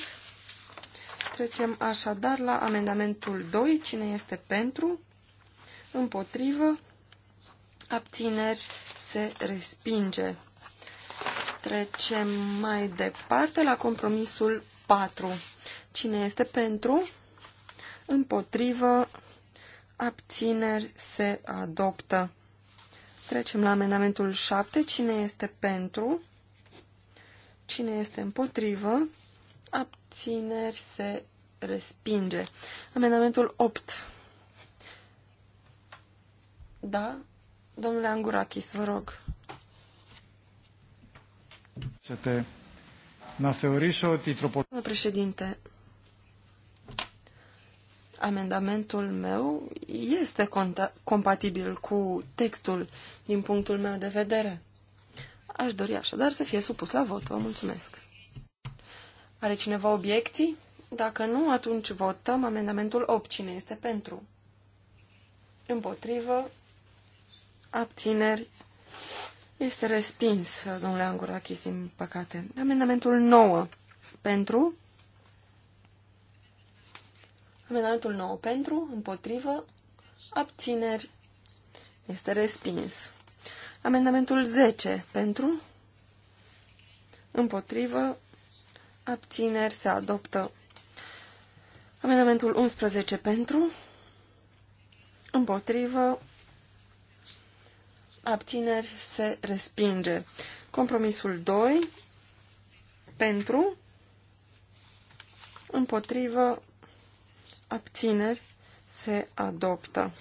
Trecem așadar la amendamentul 2. Cine este pentru? Împotrivă? Abțineri se respinge. Trecem mai departe la compromisul 4. Cine este pentru? Împotrivă? Abțineri se adoptă. Trecem la amendamentul 7. Cine este pentru? Cine este împotrivă? Abțineri se respinge. Amendamentul 8. Da? Domnule Angurakis, vă rog. Domnule președinte, amendamentul meu este compatibil cu textul din punctul meu de vedere. Aș dori așadar să fie supus la vot. Vă mulțumesc. Are cineva obiecții? Dacă nu, atunci votăm amendamentul 8. Cine este pentru? Împotrivă? Abțineri? Este respins, domnule Angurachis, din păcate. Amendamentul 9. Pentru? Amendamentul 9 pentru, împotrivă, abțineri, este respins. Amendamentul 10 pentru, împotrivă, abțineri, se adoptă. Amendamentul 11 pentru, împotrivă, abțineri, se respinge. Compromisul 2 pentru, împotrivă, abțineri, se adoptă.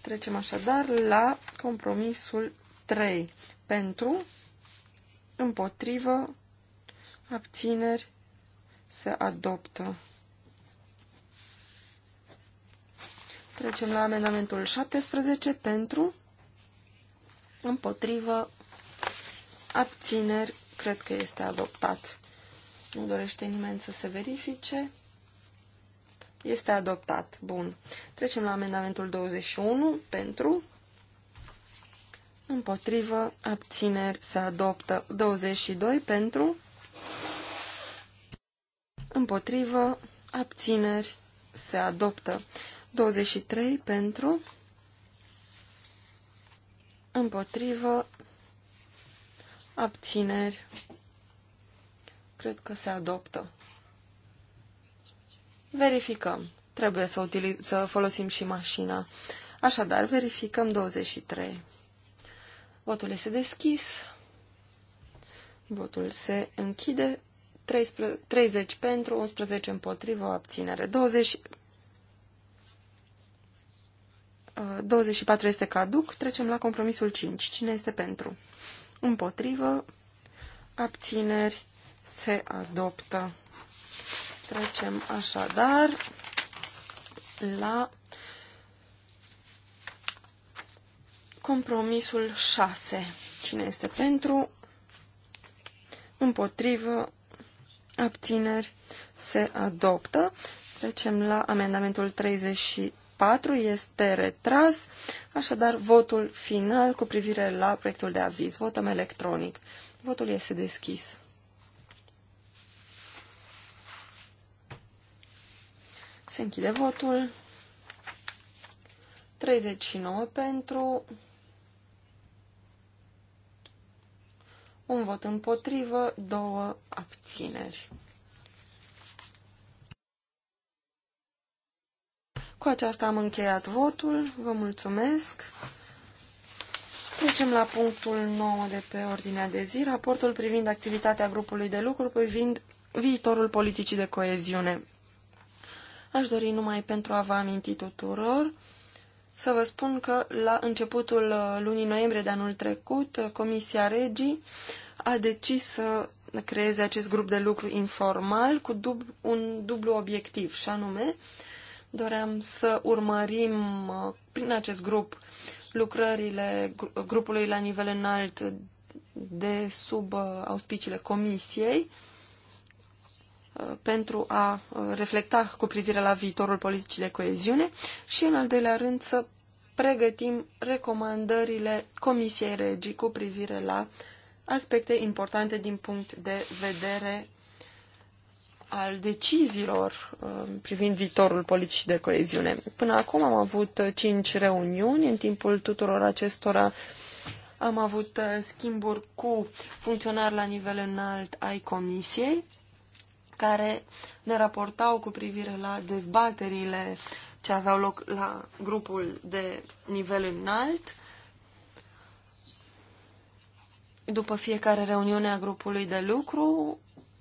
Trecem așadar la compromisul 3. Pentru, împotrivă, abțineri, se adoptă. Trecem la amendamentul 17 pentru, împotrivă, abțineri, cred că este adoptat. Nu dorește nimeni să se verifice. Este adoptat. Bun. Trecem la amendamentul 21. Pentru. Împotrivă. Abțineri. Se adoptă. 22. Pentru. Împotrivă. Abțineri. Se adoptă. 23. Pentru. Împotrivă. Abțineri. Cred că se adoptă. Verificăm. Trebuie să, utiliz- să folosim și mașina. Așadar, verificăm 23. Votul este deschis. Votul se închide. 30 pentru, 11 împotrivă, o abținere. 20... 24 uh, este caduc. Trecem la compromisul 5. Cine este pentru? Împotrivă, abțineri, se adoptă. Trecem așadar la compromisul 6. Cine este pentru? Împotrivă? Abțineri? Se adoptă. Trecem la amendamentul 34. Este retras. Așadar, votul final cu privire la proiectul de aviz. Votăm electronic. Votul este deschis. Se închide votul. 39 pentru. Un vot împotrivă, două abțineri. Cu aceasta am încheiat votul. Vă mulțumesc. Trecem la punctul 9 de pe ordinea de zi, raportul privind activitatea grupului de lucru privind viitorul politicii de coeziune. Aș dori numai pentru a vă aminti tuturor să vă spun că la începutul uh, lunii noiembrie de anul trecut, uh, Comisia Regii a decis să creeze acest grup de lucru informal cu dub- un dublu obiectiv, și anume doream să urmărim uh, prin acest grup lucrările grupului la nivel înalt de sub auspiciile Comisiei, Uh, pentru a uh, reflecta cu privire la viitorul politicii de coeziune și, în al doilea rând, să pregătim recomandările Comisiei Regii cu privire la aspecte importante din punct de vedere al deciziilor uh, privind viitorul politicii de coeziune. Până acum am avut cinci reuniuni, în timpul tuturor acestora am avut schimburi cu funcționari la nivel înalt ai Comisiei, care ne raportau cu privire la dezbaterile ce aveau loc la grupul de nivel înalt. După fiecare reuniune a grupului de lucru,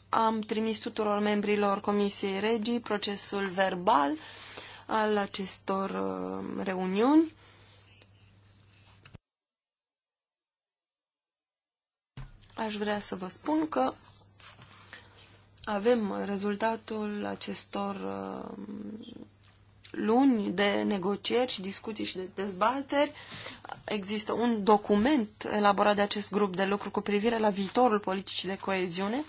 am trimis tuturor membrilor Comisiei Regii procesul verbal al acestor uh, reuniuni. Aș vrea să vă spun că avem rezultatul acestor uh, luni de negocieri și discuții și de dezbateri. Există un document elaborat de acest grup de lucru cu privire la viitorul politicii de coeziune.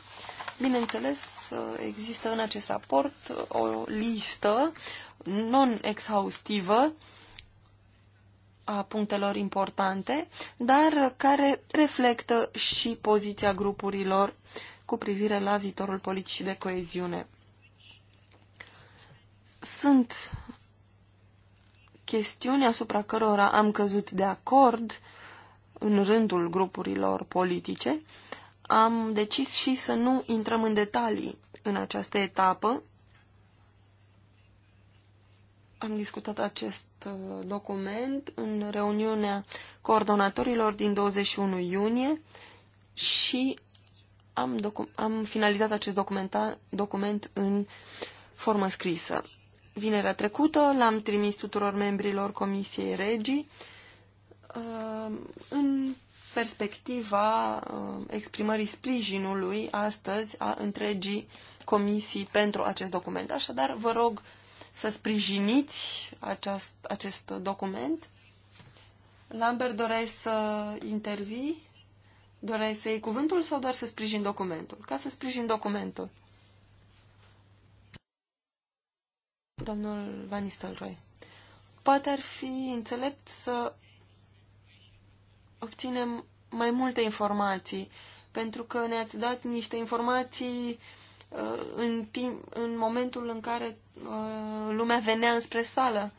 Bineînțeles, uh, există în acest raport uh, o listă non-exhaustivă a punctelor importante, dar care reflectă și poziția grupurilor uh, cu privire la viitorul politicii de coeziune. Sunt chestiuni asupra cărora am căzut de acord în rândul grupurilor politice, am decis și să nu intrăm în detalii în această etapă. Am discutat acest uh, document în reuniunea coordonatorilor din 21 iunie și am, am finalizat acest document în formă scrisă. Vinerea trecută l-am trimis tuturor membrilor Comisiei Regii uh, în perspectiva uh, exprimării sprijinului astăzi a întregii comisii pentru acest document. Așadar, vă rog să sprijiniți aceast, acest document. Lambert, doresc să intervii? Doreai să iei cuvântul sau doar să sprijin documentul? Ca să sprijin documentul. Domnul Van Nistelrooy. Poate ar fi înțelept să obținem mai multe informații, pentru că ne-ați dat niște informații uh, în, timp, în momentul în care uh, lumea venea înspre sală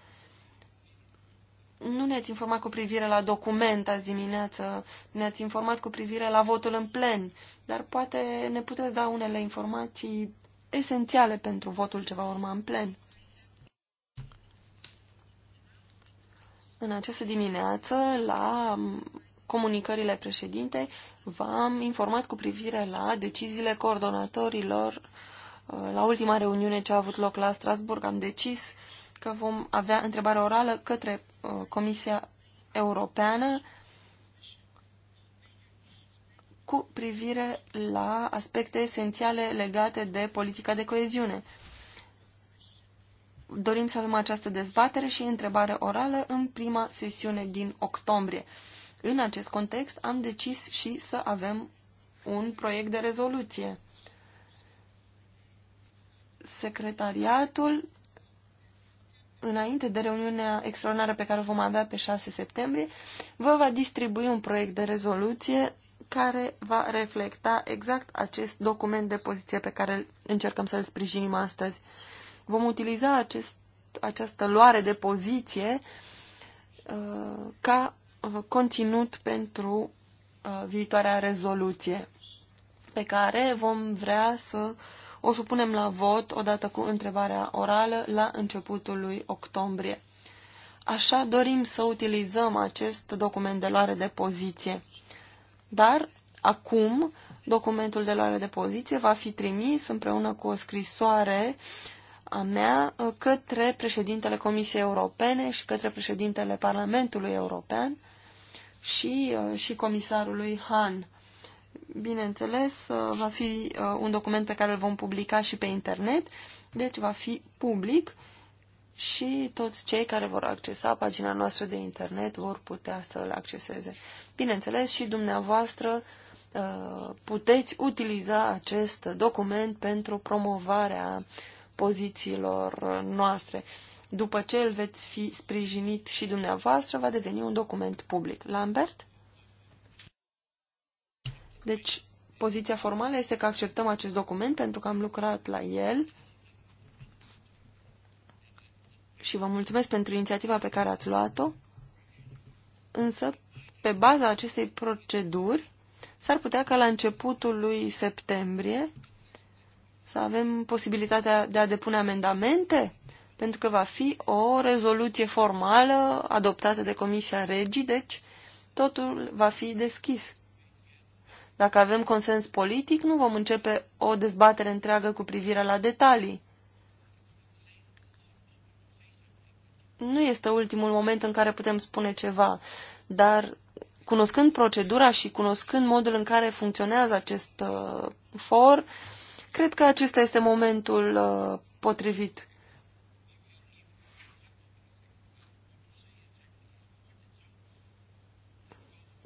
nu ne-ați informat cu privire la document azi dimineață, ne-ați informat cu privire la votul în plen, dar poate ne puteți da unele informații esențiale pentru votul ce va urma în plen. În această dimineață, la comunicările președinte, v-am informat cu privire la deciziile coordonatorilor uh, la ultima reuniune ce a avut loc la Strasburg. Am decis uh, că vom avea întrebare orală către uh, Comisia Europeană cu privire la aspecte esențiale legate de politica de coeziune. Dorim să avem această dezbatere și întrebare orală în prima sesiune din octombrie. În acest context am decis și să avem un proiect de rezoluție. Secretariatul înainte de reuniunea extraordinară pe care o vom avea pe 6 septembrie, vă va distribui un proiect de rezoluție care va reflecta exact acest document de poziție pe care încercăm să-l sprijinim astăzi. Vom utiliza acest, această luare de poziție uh, ca uh, conținut pentru uh, viitoarea rezoluție pe care vom vrea să uh, o supunem la vot odată cu întrebarea orală la începutul lui octombrie. Așa dorim să utilizăm acest document de luare de poziție. Dar acum documentul de luare de poziție va fi trimis împreună cu o scrisoare a mea uh, către președintele Comisiei Europene și către președintele Parlamentului European și, uh, și comisarului Han bineînțeles, uh, va fi uh, un document pe care îl vom publica și pe internet, deci va fi public și toți cei care vor accesa pagina noastră de internet vor putea să îl acceseze. Bineînțeles, și dumneavoastră uh, puteți utiliza acest document pentru promovarea pozițiilor noastre. După ce îl veți fi sprijinit și dumneavoastră, va deveni un document public. Lambert? Deci, poziția formală este că acceptăm acest document pentru că am lucrat la el și vă mulțumesc pentru inițiativa pe care ați luat-o, însă, pe baza acestei proceduri, s-ar putea ca la începutul lui septembrie să avem posibilitatea de a depune amendamente, pentru că va fi o rezoluție formală adoptată de Comisia Regii, deci totul va fi deschis. Dacă avem consens politic, nu vom începe o dezbatere întreagă cu privire la detalii. Nu este ultimul moment în care putem spune ceva, dar cunoscând procedura și cunoscând modul în care funcționează acest uh, for, cred că acesta este momentul uh, potrivit.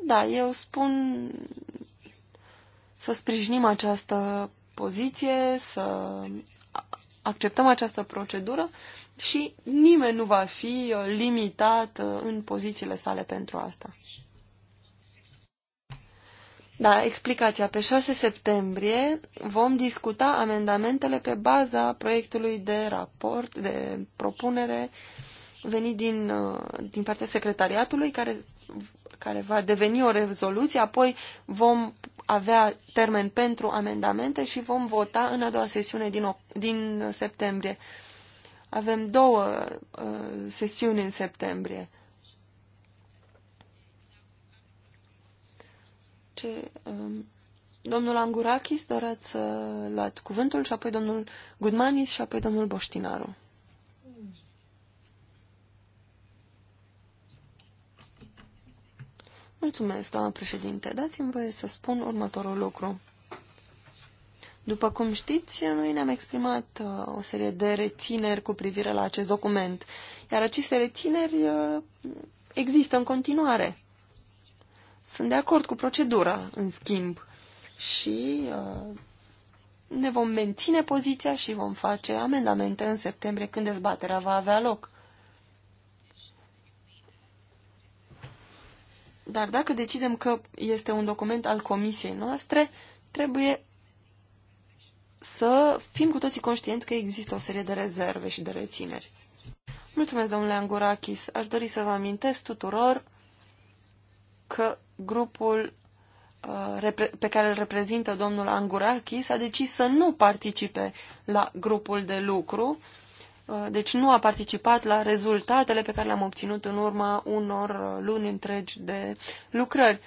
Da, eu spun să sprijinim această poziție, să acceptăm această procedură și nimeni nu va fi uh, limitat uh, în pozițiile sale pentru asta. Da, explicația. Pe 6 septembrie vom discuta amendamentele pe baza proiectului de raport, de propunere venit din, uh, din partea secretariatului, care care va deveni o rezoluție, apoi vom avea termen pentru amendamente și vom vota în a doua sesiune din, din septembrie. Avem două uh, sesiuni în septembrie. Ce, um, domnul Angurakis, doreați să luați cuvântul și apoi domnul Gudmanis și apoi domnul Boștinaru. Mulțumesc, doamna președinte. Dați-mi voie să spun următorul lucru. După cum știți, noi ne-am exprimat uh, o serie de rețineri cu privire la acest document, iar aceste rețineri uh, există în continuare. Sunt de acord cu procedura, în schimb, și uh, ne vom menține poziția și vom face amendamente în septembrie când dezbaterea va avea loc. Dar dacă decidem că este un document al comisiei noastre, trebuie să fim cu toții conștienți că există o serie de rezerve și de rețineri. Mulțumesc, domnule Angurakis. Aș dori să vă amintesc tuturor că grupul uh, pe care îl reprezintă domnul Angurakis a decis să nu participe la grupul de lucru Uh, deci nu a participat la rezultatele pe care le-am obținut în urma unor uh, luni întregi de lucrări.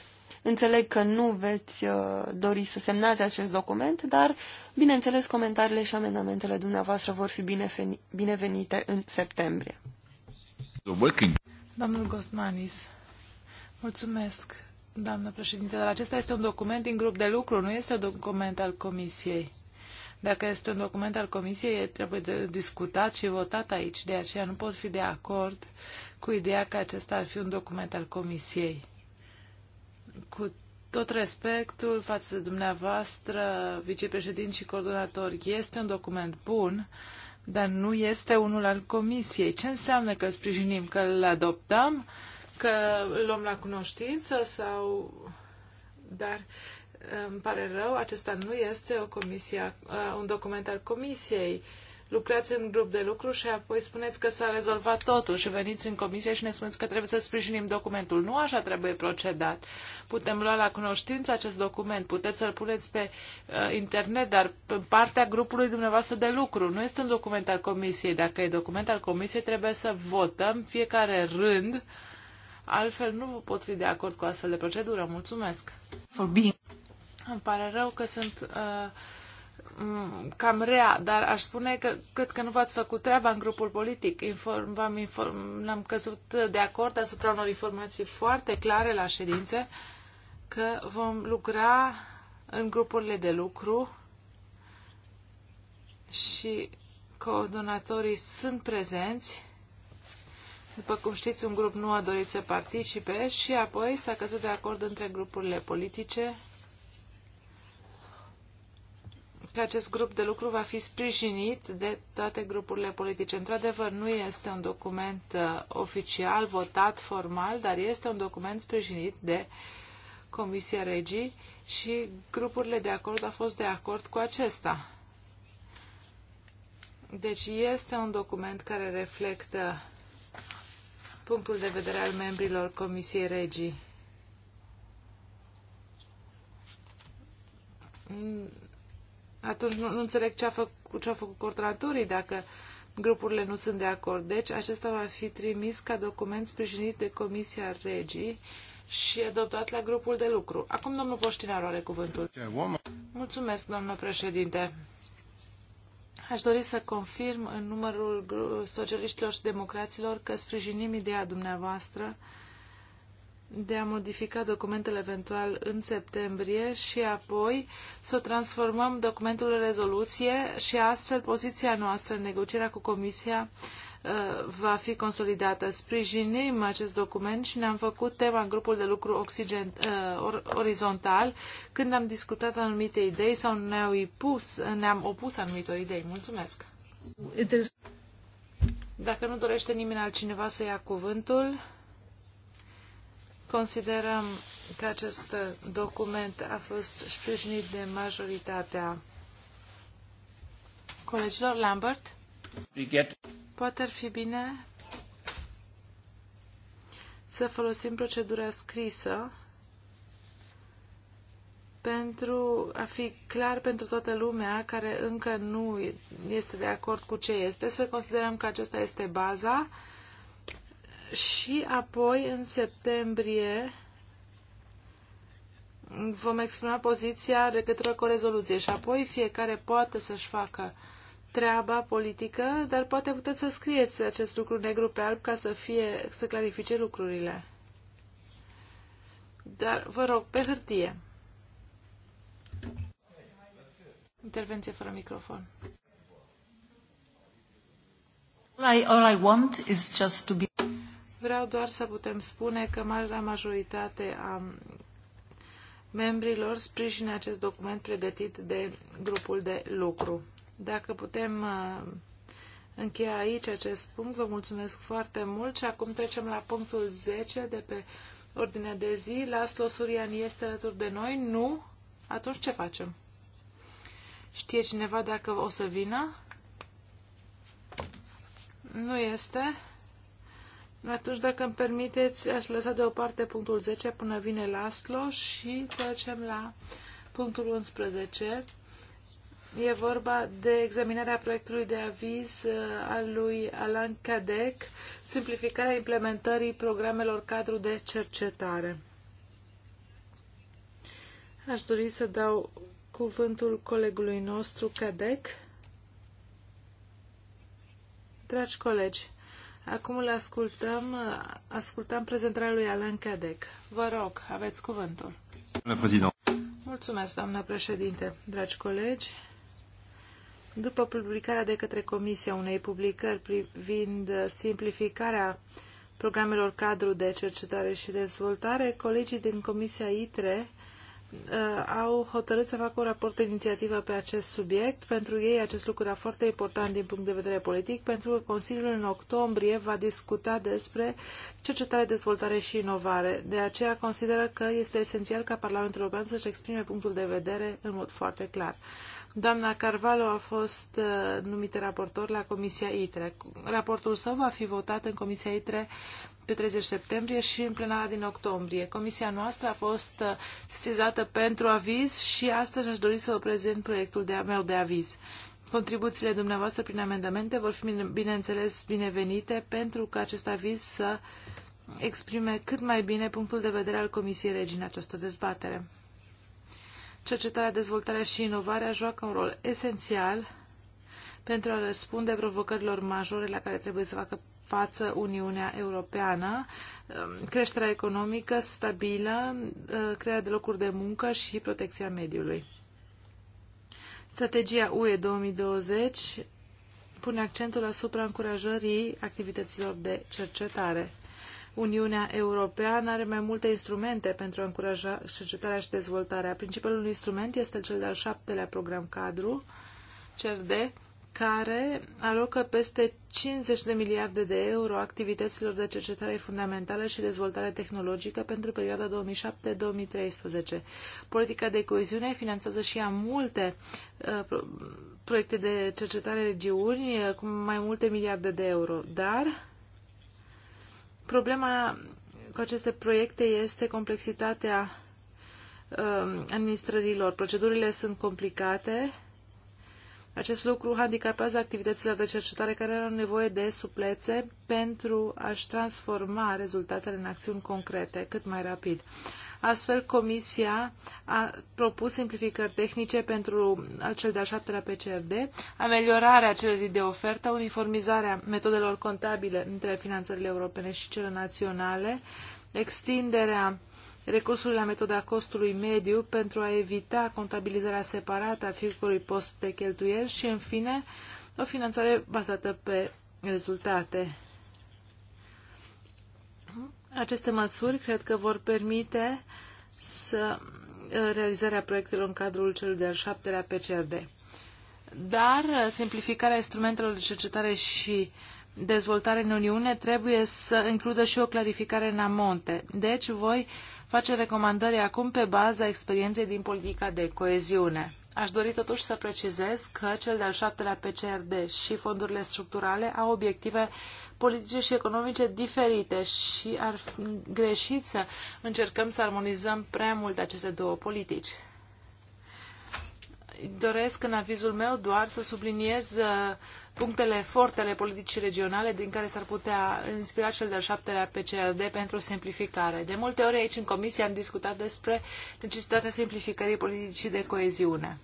Înțeleg că nu veți uh, dori să semnați acest document, dar, bineînțeles, comentariile și amendamentele dumneavoastră vor fi binevenite în septembrie. Domnul Gostmanis, mulțumesc, doamnă președinte, dar acesta este un document din grup de lucru, nu este un document al Comisiei. Dacă este un document al Comisiei, trebuie de discutat și votat aici. De aceea nu pot fi de acord cu ideea că acesta ar fi un document al Comisiei. Cu tot respectul față de dumneavoastră, vicepreședinți și coordonatori, este un document bun, dar nu este unul al Comisiei. Ce înseamnă că îl sprijinim, că îl adoptăm, că îl luăm la cunoștință sau... Dar îmi pare rău, acesta nu este o comisia, uh, un document al comisiei. Lucrați în grup de lucru și apoi spuneți că s-a rezolvat totul și veniți în comisie și ne spuneți că trebuie să sprijinim documentul. Nu așa trebuie procedat. Putem lua la cunoștință acest document, puteți să-l puneți pe uh, internet, dar în partea grupului dumneavoastră de lucru. Nu este un document al comisiei. Dacă e document al comisiei, trebuie să votăm fiecare rând. Altfel nu pot fi de acord cu astfel de procedură. Mulțumesc! For being... Îmi pare rău că sunt uh, cam rea, dar aș spune că cât că nu v-ați făcut treaba în grupul politic. Inform, v-am inform, am căzut de acord asupra unor informații foarte clare la ședințe că vom lucra în grupurile de lucru și coordonatorii sunt prezenți. După cum știți, un grup nu a dorit să participe și apoi s-a căzut de acord între grupurile politice pe acest grup de lucru va fi sprijinit de toate grupurile politice. Într-adevăr, nu este un document uh, oficial, votat formal, dar este un document sprijinit de Comisia Regii și grupurile de acord au fost de acord cu acesta. Deci este un document care reflectă punctul de vedere al membrilor Comisiei Regii atunci nu, nu înțeleg ce, a făcut, ce a făcut coordonatorii dacă grupurile nu sunt de acord. Deci acesta va fi trimis ca document sprijinit de Comisia Regii și adoptat la grupul de lucru. Acum domnul Voștinaru are cuvântul. Mulțumesc, domnul președinte. Aș dori să confirm în numărul socialiștilor și democraților că sprijinim ideea dumneavoastră de a modifica documentul eventual în septembrie și apoi să transformăm documentul în rezoluție și astfel poziția noastră în negocierea cu Comisia uh, va fi consolidată. Sprijinim acest document și ne-am făcut tema în grupul de lucru oxigen, uh, orizontal când am discutat anumite idei sau ne-am opus, ne opus anumitor idei. Mulțumesc! Dacă nu dorește nimeni altcineva să ia cuvântul, Considerăm că acest document a fost sprijinit de majoritatea colegilor. Lambert? Poate ar fi bine să folosim procedura scrisă pentru a fi clar pentru toată lumea care încă nu este de acord cu ce este, să considerăm că acesta este baza și apoi, în septembrie, vom exprima poziția legătură cu o rezoluție și apoi fiecare poate să-și facă treaba politică, dar poate puteți să scrieți acest lucru negru pe alb ca să, fie, să clarifice lucrurile. Dar vă rog, pe hârtie. Intervenție fără microfon. All I, all I want is just to be... Vreau doar să putem spune că marea majoritate a membrilor sprijină acest document pregătit de grupul de lucru. Dacă putem uh, încheia aici acest punct, vă mulțumesc foarte mult și acum trecem la punctul 10 de pe ordinea de zi. Laslo Surian este alături de noi? Nu? Atunci ce facem? Știe cineva dacă o să vină? Nu este. Atunci, dacă îmi permiteți, aș lăsa deoparte punctul 10 până vine Laslo și trecem la punctul 11. E vorba de examinarea proiectului de aviz uh, al lui Alan Cadec, simplificarea implementării programelor cadru de cercetare. Aș dori să dau cuvântul colegului nostru, Cadec. Dragi colegi, Acum îl ascultăm, ascultăm prezentarea lui Alan Cadec. Vă rog, aveți cuvântul. Mulțumesc, doamnă președinte, dragi colegi. După publicarea de către Comisia unei publicări privind simplificarea programelor cadru de cercetare și dezvoltare, colegii din Comisia ITRE Uh, au hotărât să facă un raport de inițiativă pe acest subiect. Pentru ei acest lucru era foarte important din punct de vedere politic, pentru că Consiliul în octombrie va discuta despre cercetare, dezvoltare și inovare. De aceea consideră că este esențial ca Parlamentul European să-și exprime punctul de vedere în mod foarte clar. Doamna Carvalho a fost uh, numită raportor la Comisia ITRE. Raportul său va fi votat în Comisia ITRE pe 30 septembrie și în plenara din octombrie. Comisia noastră a fost uh, sesizată pentru aviz și astăzi aș dori să vă prezint proiectul de, meu de aviz. Contribuțiile dumneavoastră prin amendamente vor fi, bineînțeles, binevenite pentru că acest aviz să exprime cât mai bine punctul de vedere al Comisiei Regii în această dezbatere. Cercetarea, dezvoltarea și inovarea joacă un rol esențial pentru a răspunde provocărilor majore la care trebuie să facă față Uniunea Europeană, ehm, creșterea economică stabilă, ehm, crearea de locuri de muncă și protecția mediului. Strategia UE 2020 pune accentul asupra încurajării activităților de cercetare. Uniunea Europeană are mai multe instrumente pentru a încuraja cercetarea și dezvoltarea. Principalul instrument este cel de-al șaptelea program cadru, CERD, care alocă peste 50 de miliarde de euro activităților de cercetare fundamentală și dezvoltare tehnologică pentru perioada 2007-2013. Politica de coeziune finanțează și ea multe uh, proiecte de cercetare regiuni uh, cu mai multe miliarde de euro, dar problema cu aceste proiecte este complexitatea uh, administrărilor. Procedurile sunt complicate, acest lucru handicapează activitățile de cercetare care au nevoie de suplețe pentru a-și transforma rezultatele în acțiuni concrete cât mai rapid. Astfel, Comisia a propus simplificări tehnice pentru cel de-al șaptelea PCRD, ameliorarea celei de ofertă, uniformizarea metodelor contabile între finanțările europene și cele naționale, extinderea recursul la metoda costului mediu pentru a evita contabilizarea separată a fiecărui post de cheltuieli și, în fine, o finanțare bazată pe rezultate. Aceste măsuri cred că vor permite să uh, realizarea proiectelor în cadrul celui de-al șaptelea PCRD. Dar uh, simplificarea instrumentelor de cercetare și dezvoltare în Uniune trebuie să includă și o clarificare în amonte. Deci voi uh, face recomandări acum pe baza experienței din politica de coeziune. Aș dori totuși să precizez că cel de-al șaptelea PCRD și fondurile structurale au obiective politice și economice diferite și ar fi greșit să încercăm să armonizăm prea mult aceste două politici. Doresc în avizul meu doar să subliniez uh, punctele forte ale politicii regionale din care s-ar putea inspira cel de-al șaptelea PCRD pentru simplificare. De multe ori aici în comisie am discutat despre necesitatea simplificării politicii de coeziune.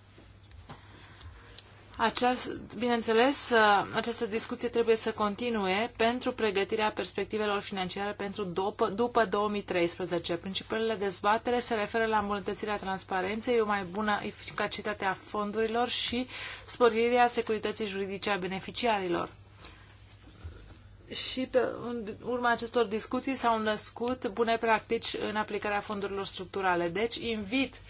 Aceast, bineînțeles, ă, această discuție trebuie să continue pentru pregătirea perspectivelor financiare pentru după, după 2013. Principalele dezbatere se referă la îmbunătățirea transparenței, o mai bună eficacitate a fondurilor și sporirea securității juridice a beneficiarilor. Și pe urma acestor discuții s-au născut bune practici în aplicarea fondurilor structurale. Deci invit uh,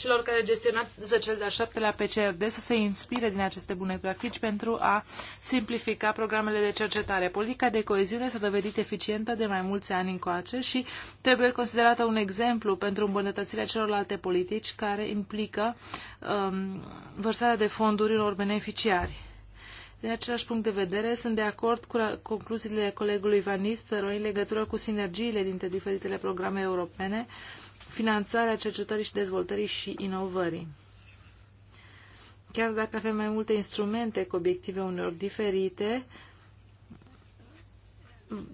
celor care gestionează cel de-al șaptelea PCRD să se inspire din aceste bune practici pentru a simplifica programele de cercetare. Politica de coeziune s-a dovedit eficientă de mai mulți ani încoace și trebuie considerată un exemplu pentru îmbunătățirea celorlalte politici care implică um, vărsarea de fonduri unor beneficiari. Din același punct de vedere, sunt de acord cu concluziile colegului Van Nistelrooy în legătură cu sinergiile dintre diferitele programe europene, uh, finanțarea cercetării și dezvoltării și inovării. Chiar dacă avem mai multe instrumente cu obiective unor diferite,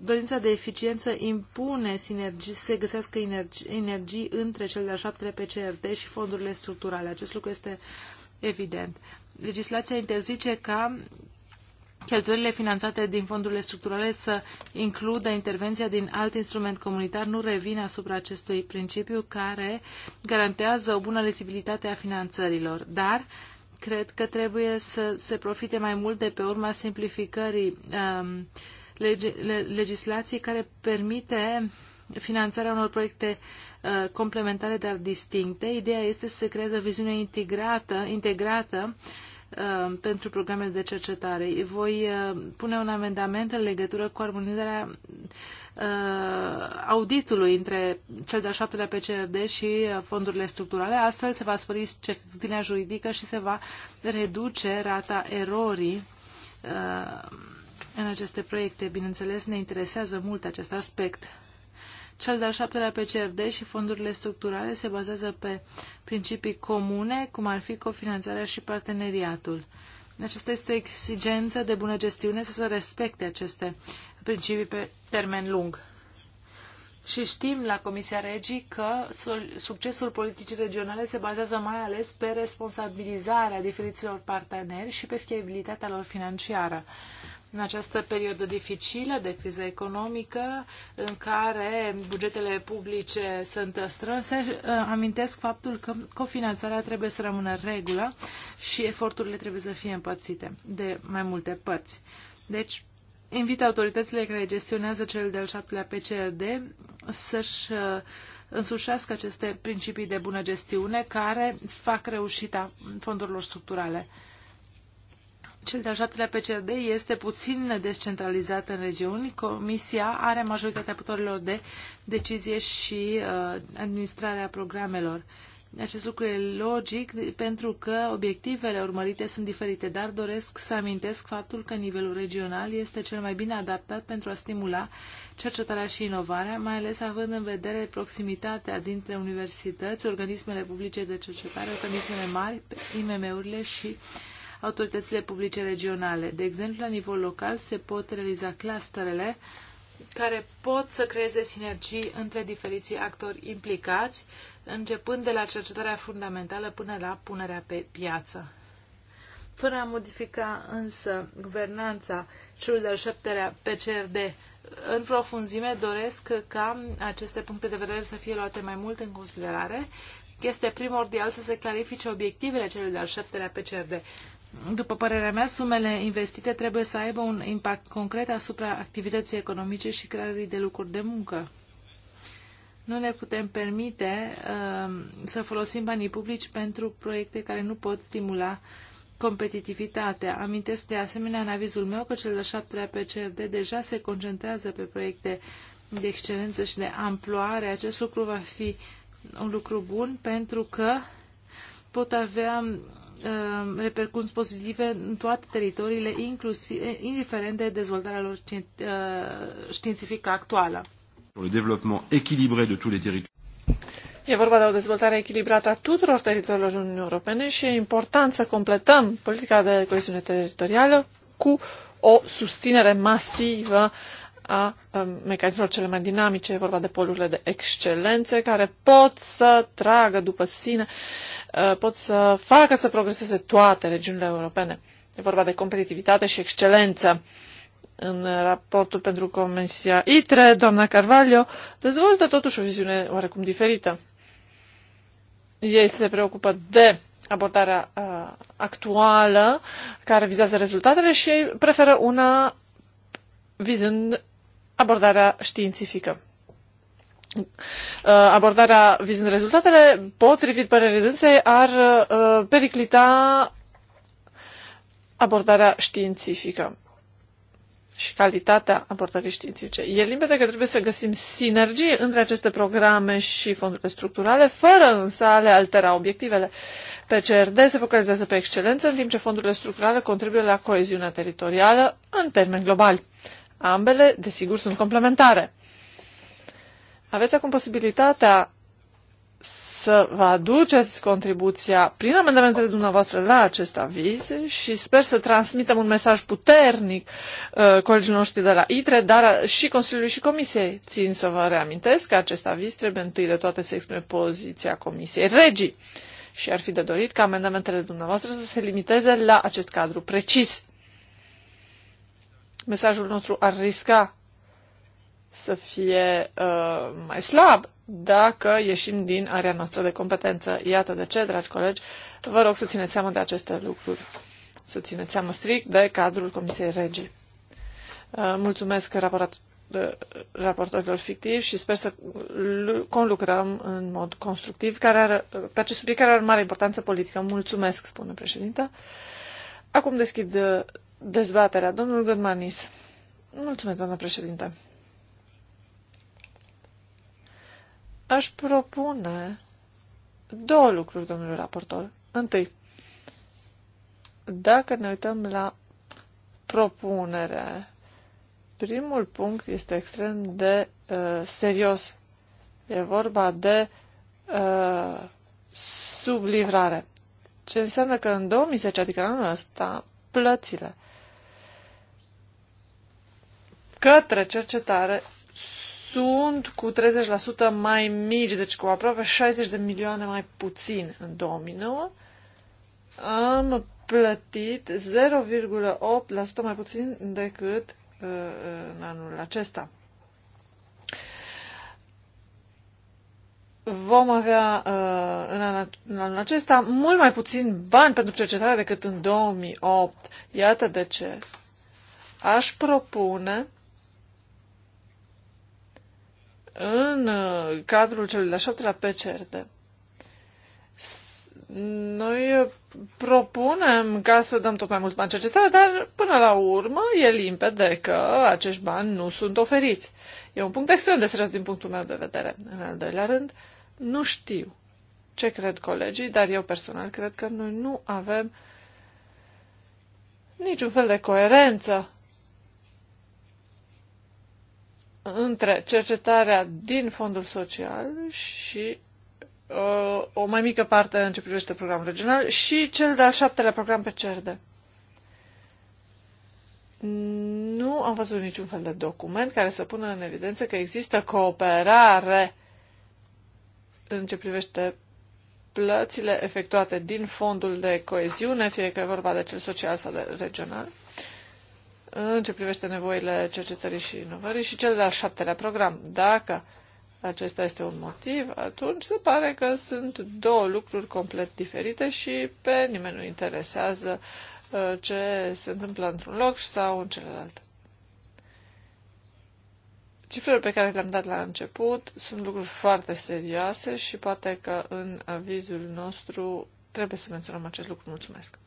dorința de eficiență impune sinergii, se găsească energii, energii între cel de-al șaptele PCRD și fondurile structurale. Acest lucru este evident. Legislația interzice ca cheltuielile finanțate din fondurile structurale să includă intervenția din alt instrument comunitar nu revine asupra acestui principiu care garantează o bună lizibilitate a finanțărilor, dar cred că trebuie să se profite mai mult de pe urma simplificării um, lege, le, legislației care permite finanțarea unor proiecte uh, complementare, dar distincte. Ideea este să se creeze o viziune integrată, integrată uh, Uh, pentru programele de cercetare. Voi uh, pune un amendament în legătură cu armonizarea uh, auditului între cel de-al șaptelea PCRD și fondurile structurale. Astfel se va spări certitudinea juridică și se va reduce rata erorii în aceste proiecte. Bineînțeles, ne interesează mult acest aspect. Cel de-al șaptelea PCRD și fondurile structurale se bazează pe principii comune, cum ar fi cofinanțarea și parteneriatul. Aceasta este o exigență de bună gestiune să se respecte aceste principii pe termen lung. Și știm la Comisia Regii că succesul politicii regionale se bazează mai ales pe responsabilizarea diferiților parteneri și pe fiabilitatea lor financiară în această perioadă dificilă de criză economică, în care bugetele publice sunt strânse, uh, amintesc faptul că cofinanțarea trebuie să rămână regulă și eforturile trebuie să fie împărțite de mai multe părți. Deci, invit autoritățile care gestionează cel de-al șaptelea PCRD să-și uh, însușească aceste principii de bună gestiune care fac reușita fondurilor structurale. Cel de-al șaptelea PCRD este puțin descentralizat în regiuni. Comisia are majoritatea puterilor de decizie și uh, administrarea programelor. Acest lucru e logic pentru că obiectivele urmărite sunt diferite, dar doresc să amintesc faptul că nivelul regional este cel mai bine adaptat pentru a stimula cercetarea și inovarea, mai ales având în vedere proximitatea dintre universități, organismele publice de cercetare, organismele mari, IMM-urile și uh, autoritățile publice regionale. De exemplu, la nivel local se pot realiza clusterele care pot să creeze sinergii între diferiții actori implicați, începând de la cercetarea fundamentală până la punerea pe piață. Fără a modifica însă guvernanța celui de-al șaptelea PCRD în profunzime, doresc ca aceste puncte de vedere să fie luate mai mult în considerare. Este primordial să se clarifice obiectivele celui de-al șaptelea PCRD. După părerea mea, sumele investite trebuie să aibă un impact concret asupra activității economice și creării de lucruri de muncă. Nu ne putem permite uh, să folosim banii publici pentru proiecte care nu pot stimula competitivitatea. Amintesc de asemenea în avizul meu că cel de-al șaptelea PCRD deja se concentrează pe proiecte de excelență și de amploare. Acest lucru va fi un lucru bun pentru că pot avea Um, repercunți pozitive în toate teritoriile, inclusiv, eh, indiferent de dezvoltarea lor uh, științifică actuală. de E vorba de o dezvoltare echilibrată a tuturor teritoriilor Uniunii Europene și e important să completăm politica de coeziune teritorială cu o susținere masivă a um, mecanismelor cele mai dinamice, e vorba de polurile de excelențe, care pot să tragă după sine, uh, pot să facă să progreseze toate regiunile europene. E vorba de competitivitate și excelență. În raportul pentru Comisia ITRE, doamna Carvalho dezvoltă totuși o viziune oarecum diferită. Ei se preocupă de abordarea uh, actuală care vizează rezultatele și ei preferă una vizând abordarea științifică. Uh, abordarea vizând rezultatele, potrivit părerii dânsei, ar uh, periclita abordarea științifică și calitatea abordării științifice. E limpede că trebuie să găsim sinergii între aceste programe și fondurile structurale, fără însă a le altera obiectivele. PCRD se focalizează pe excelență, în timp ce fondurile structurale contribuie la coeziunea teritorială în termeni globali. Ambele, desigur, sunt complementare. Aveți acum posibilitatea să vă aduceți contribuția prin amendamentele dumneavoastră la acest aviz și sper să transmitem un mesaj puternic uh, colegilor noștri de la ITRE, dar uh, și Consiliului și Comisiei. Țin să vă reamintesc că acest aviz trebuie întâi de toate să exprime poziția Comisiei Regii și ar fi de dorit ca amendamentele dumneavoastră să se limiteze la acest cadru precis mesajul nostru ar risca să fie uh, mai slab dacă ieșim din area noastră de competență. Iată de ce, dragi colegi, vă rog să țineți seama de aceste lucruri. Să țineți seama strict de cadrul Comisiei regi. Uh, mulțumesc uh, raportorilor fictivi și sper să conlucrăm în mod constructiv care are, pe acest subiect care are mare importanță politică. Mulțumesc, spune președinta. Acum deschid uh, dezbaterea. Domnul Godmanis. Mulțumesc, doamnă președinte. Aș propune două lucruri, domnule raportor. Întâi, dacă ne uităm la propunere, primul punct este extrem de uh, serios. E vorba de uh, sublivrare. Ce înseamnă că în 2010, adică anul ăsta, plățile către cercetare sunt cu 30% mai mici, deci cu aproape 60 de milioane mai puțin în 2009. Am plătit 0,8% mai puțin decât uh, în anul acesta. Vom avea uh, în anul acesta mult mai puțin bani pentru cercetare decât în 2008. Iată de ce aș propune în uh, cadrul celui de-al șaptelea PCRD. Noi uh, propunem ca să dăm tot mai mult bani cercetare, dar până la urmă e limpede că acești bani nu sunt oferiți. E un punct extrem de serios din punctul meu de vedere. În al doilea rând, nu știu ce cred colegii, dar eu personal cred că noi nu avem niciun fel de coerență între cercetarea din fondul social și uh, o mai mică parte în ce privește programul regional și cel de-al șaptelea program pe CERDE. Nu am văzut niciun fel de document care să pună în evidență că există cooperare în ce privește plățile efectuate din fondul de coeziune, fie că e vorba de cel social sau de regional, în ce privește nevoile cercetării și inovării și cel de-al șaptelea program. Dacă acesta este un motiv, atunci se pare că sunt două lucruri complet diferite și pe nimeni nu interesează uh, ce se întâmplă într-un loc sau în celălalt. Cifrele pe care le-am dat la început sunt lucruri foarte serioase și poate că în avizul nostru trebuie să menționăm acest lucru. Mulțumesc!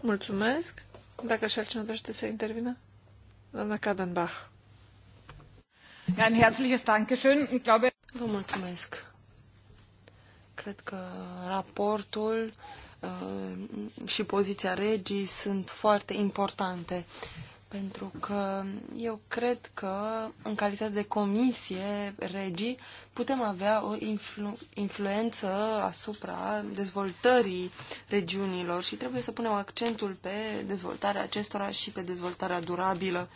Mulțumesc! Dacă și altcineva dorește să intervină? Doamna Kadenbach. Ja, ein herzliches Dankeschön. Ich glaube... Vă mulțumesc. Cred că raportul uh, și poziția regii sunt foarte importante. Uh, pentru că eu cred că, în calitate de comisie regii, putem avea o influ- influență asupra dezvoltării regiunilor și trebuie să punem accentul pe dezvoltarea acestora și pe dezvoltarea durabilă.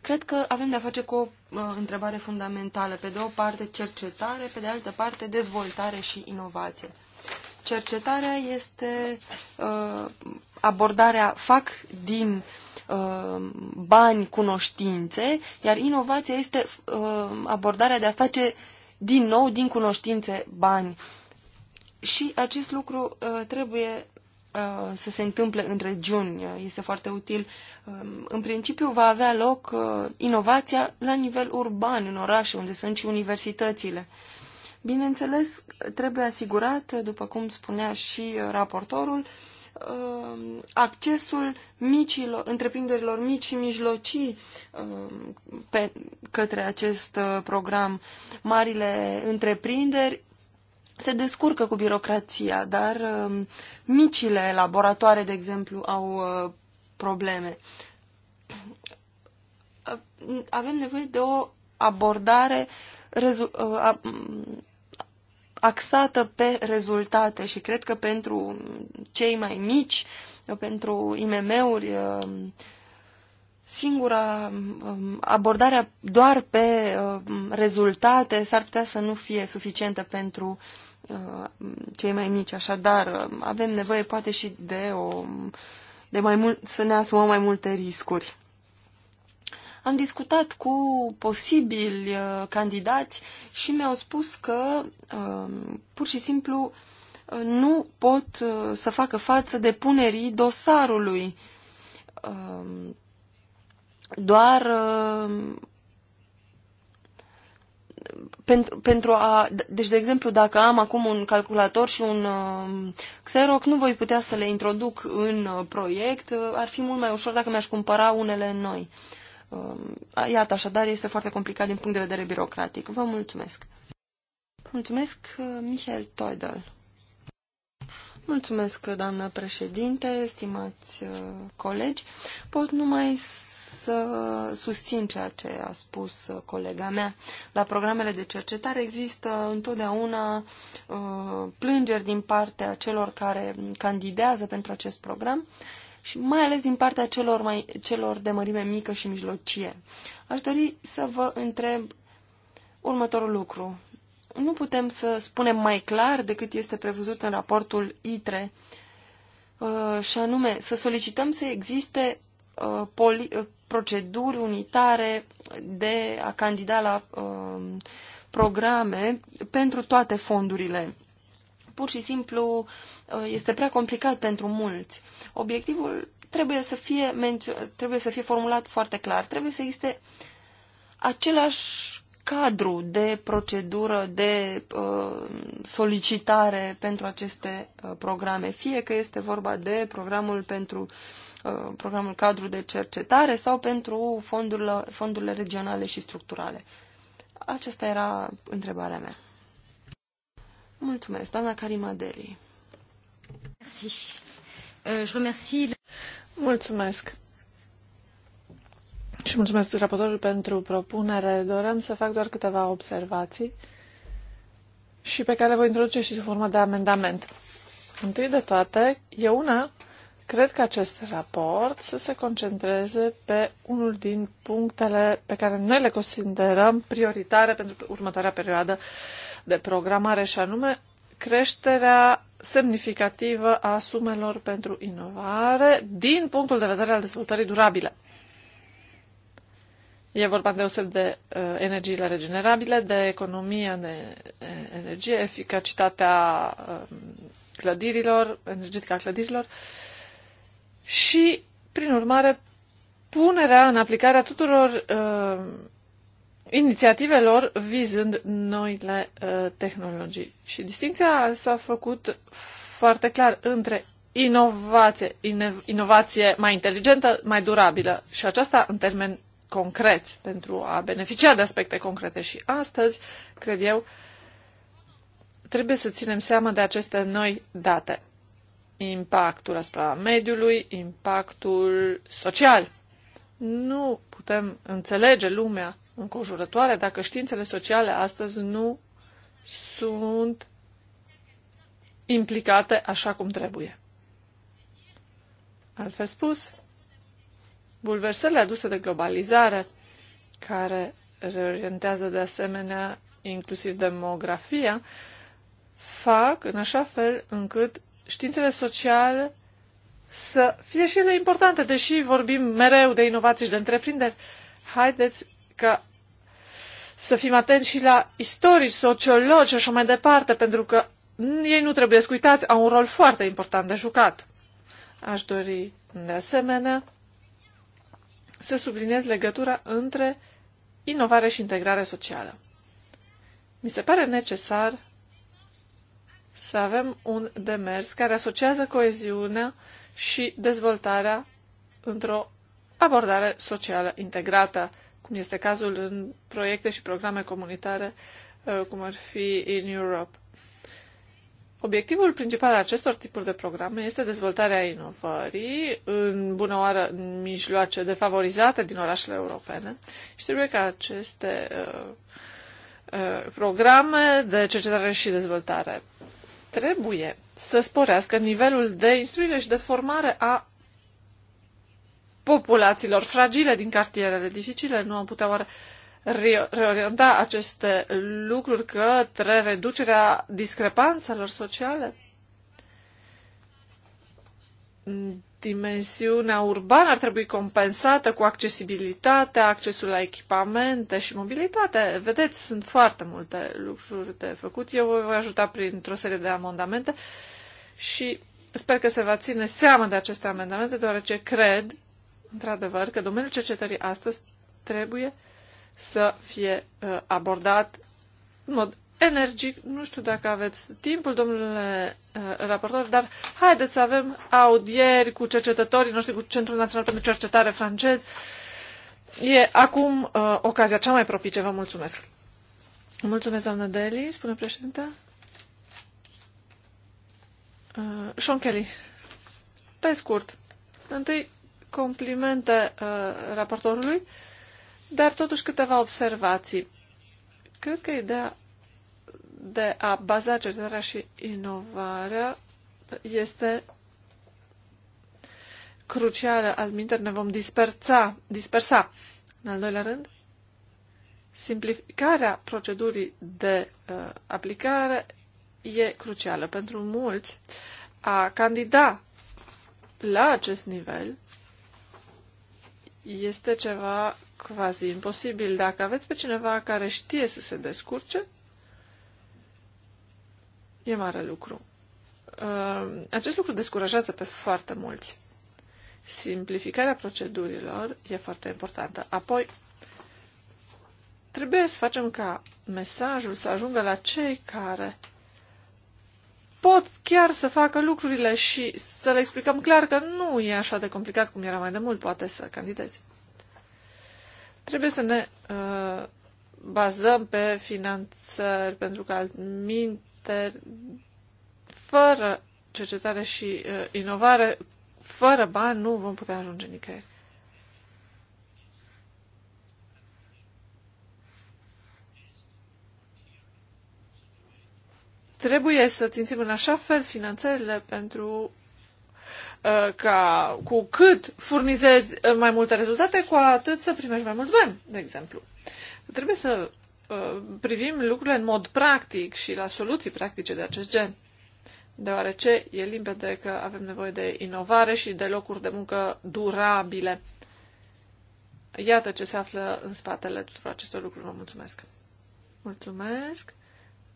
Cred că avem de-a face cu o uh, întrebare fundamentală. Pe de o parte cercetare, pe de altă parte dezvoltare și inovație. Cercetarea este uh, abordarea fac din uh, bani cunoștințe, iar inovația este uh, abordarea de a face din nou din cunoștințe bani. Și acest lucru uh, trebuie uh, să se întâmple în regiuni. Este foarte util. Uh, în principiu va avea loc uh, inovația la nivel urban, în orașe, unde sunt și universitățile. Uh, Bineînțeles, trebuie asigurat, după cum spunea și raportorul, um, accesul micilor, întreprinderilor mici și mijlocii um, pe, către acest uh, program. Marile întreprinderi se descurcă cu birocrația, dar um, micile laboratoare, de exemplu, au uh, probleme. Avem nevoie de o abordare uh, axată pe rezultate și cred că pentru cei mai mici, pentru IMM-uri, um, singura um, abordarea doar pe um, rezultate s-ar putea să nu fie suficientă pentru uh, cei mai mici. Așadar, avem nevoie poate și de o de mai mult, să ne asumăm mai multe riscuri. Am discutat cu posibili uh, candidați și mi-au spus că uh, pur și simplu uh, nu pot uh, să facă față depunerii dosarului. Uh, doar uh, pentru, pentru a. Deci, de exemplu, dacă am acum un calculator și un uh, Xerox, nu voi putea să le introduc în uh, proiect. Uh, ar fi mult mai ușor dacă mi-aș cumpăra unele noi. Um, iată, așadar, este foarte complicat din punct de vedere birocratic. Vă mulțumesc. Mulțumesc, uh, Michael Toidel. Mulțumesc, doamnă președinte, stimați uh, colegi. Pot numai să susțin ceea ce a spus uh, colega mea. La programele de cercetare există întotdeauna plângeri din partea celor care candidează pentru acest program și mai ales din partea celor, mai, celor de mărime mică și mijlocie. Aș dori să vă întreb următorul lucru. Nu putem să spunem mai clar decât este prevăzut în raportul ITRE, uh, și anume să solicităm să existe uh, uh, proceduri unitare de a candida la programe pentru toate fondurile pur și simplu uh, este prea complicat pentru mulți. Obiectivul trebuie să fie, trebuie să fie formulat foarte clar. Trebuie să existe același cadru de procedură de uh, solicitare pentru aceste uh, programe, fie că este vorba de programul pentru uh, programul cadru de cercetare sau pentru fondurile, fondurile regionale și structurale. Aceasta era întrebarea mea. Mulțumesc, doamna Karima Deli. Euh, mulțumesc. Și mulțumesc raportorului pentru propunere. Doream să fac doar câteva observații și pe care le voi introduce și în formă de amendament. Întâi de toate, eu una cred că acest raport să se concentreze pe unul din punctele pe care noi le considerăm prioritare pentru următoarea perioadă uh, de programare și anume creșterea semnificativă a sumelor pentru inovare din punctul de vedere al dezvoltării durabile. E vorba deoseb de uh, energiile regenerabile, de economia de uh, energie, eficacitatea uh, clădirilor, energetică clădirilor și, prin urmare, punerea în aplicare a tuturor uh, inițiativelor vizând noile uh, tehnologii. Și distinția s-a făcut foarte clar între inovație, inovație mai inteligentă, mai durabilă și aceasta în termeni concreți pentru a beneficia de aspecte concrete. Și astăzi, cred eu, trebuie să ținem seama de aceste noi date. Impactul asupra mediului, impactul social. Nu putem înțelege lumea înconjurătoare dacă științele sociale astăzi nu sunt implicate așa cum trebuie. Altfel spus, bulversările aduse de globalizare, care reorientează de asemenea inclusiv demografia, fac în așa fel încât științele sociale să fie și ele importante, deși vorbim mereu de inovații și de întreprinderi. Haideți ca să fim atenți și la istorici, sociologi și așa mai departe, pentru că ei nu trebuie să uitați, au un rol foarte important de jucat. Aș dori, de asemenea, să subliniez legătura între inovare și integrare socială. Mi se pare necesar să avem un demers care asociază coeziunea și dezvoltarea într-o abordare socială integrată cum este cazul în proiecte și programe comunitare, uh, cum ar fi In Europe. Obiectivul principal al acestor tipuri de programe este dezvoltarea inovării în bună oară în mijloace defavorizate din orașele europene și trebuie ca aceste uh, uh, programe de cercetare și dezvoltare trebuie să sporească nivelul de instruire și de formare a populațiilor fragile din cartierele dificile. Nu am putea oare reorienta aceste lucruri către reducerea discrepanțelor sociale? Dimensiunea urbană ar trebui compensată cu accesibilitatea, accesul la echipamente și mobilitate. Vedeți, sunt foarte multe lucruri de făcut. Eu vă voi ajuta printr-o serie de amendamente și sper că se va ține seama de aceste amendamente, deoarece cred într-adevăr, că domeniul cercetării astăzi trebuie să fie uh, abordat în mod energic. Nu știu dacă aveți timpul, domnule uh, raportor, dar haideți să avem audieri cu cercetătorii noștri, cu Centrul Național pentru Cercetare francez. E acum uh, ocazia cea mai propice. Vă mulțumesc. Mulțumesc, doamnă Deli, spune președinte. Uh, Sean Kelly. Pe scurt, întâi complimente uh, raportorului, dar totuși câteva observații. Cred că ideea de a baza cercetarea și inovarea este crucială. Admiter, ne vom dispersa. dispersa. În al doilea rând, simplificarea procedurii de uh, aplicare e crucială. Pentru mulți, a candida la acest nivel este ceva quasi imposibil. Dacă aveți pe cineva care știe să se descurce, e mare lucru. Uh, acest lucru descurajează pe foarte mulți. Simplificarea procedurilor e foarte importantă. Apoi, trebuie să facem ca mesajul să ajungă la cei care pot chiar să facă lucrurile și să le explicăm clar că nu e așa de complicat cum era mai de mult, poate să candideze. Trebuie să ne uh, bazăm pe finanțări, pentru că altminteri, fără cercetare și uh, inovare, fără bani, nu vom putea ajunge nicăieri. Trebuie să țintim în așa fel finanțările pentru uh, ca cu cât furnizezi uh, mai multe rezultate, cu atât să primești mai mult bani, de exemplu. Trebuie să uh, privim lucrurile în mod practic și la soluții practice de acest gen, deoarece e limpede că avem nevoie de inovare și de locuri de muncă durabile. Iată ce se află în spatele tuturor acestor lucruri. Vă mulțumesc! Mulțumesc!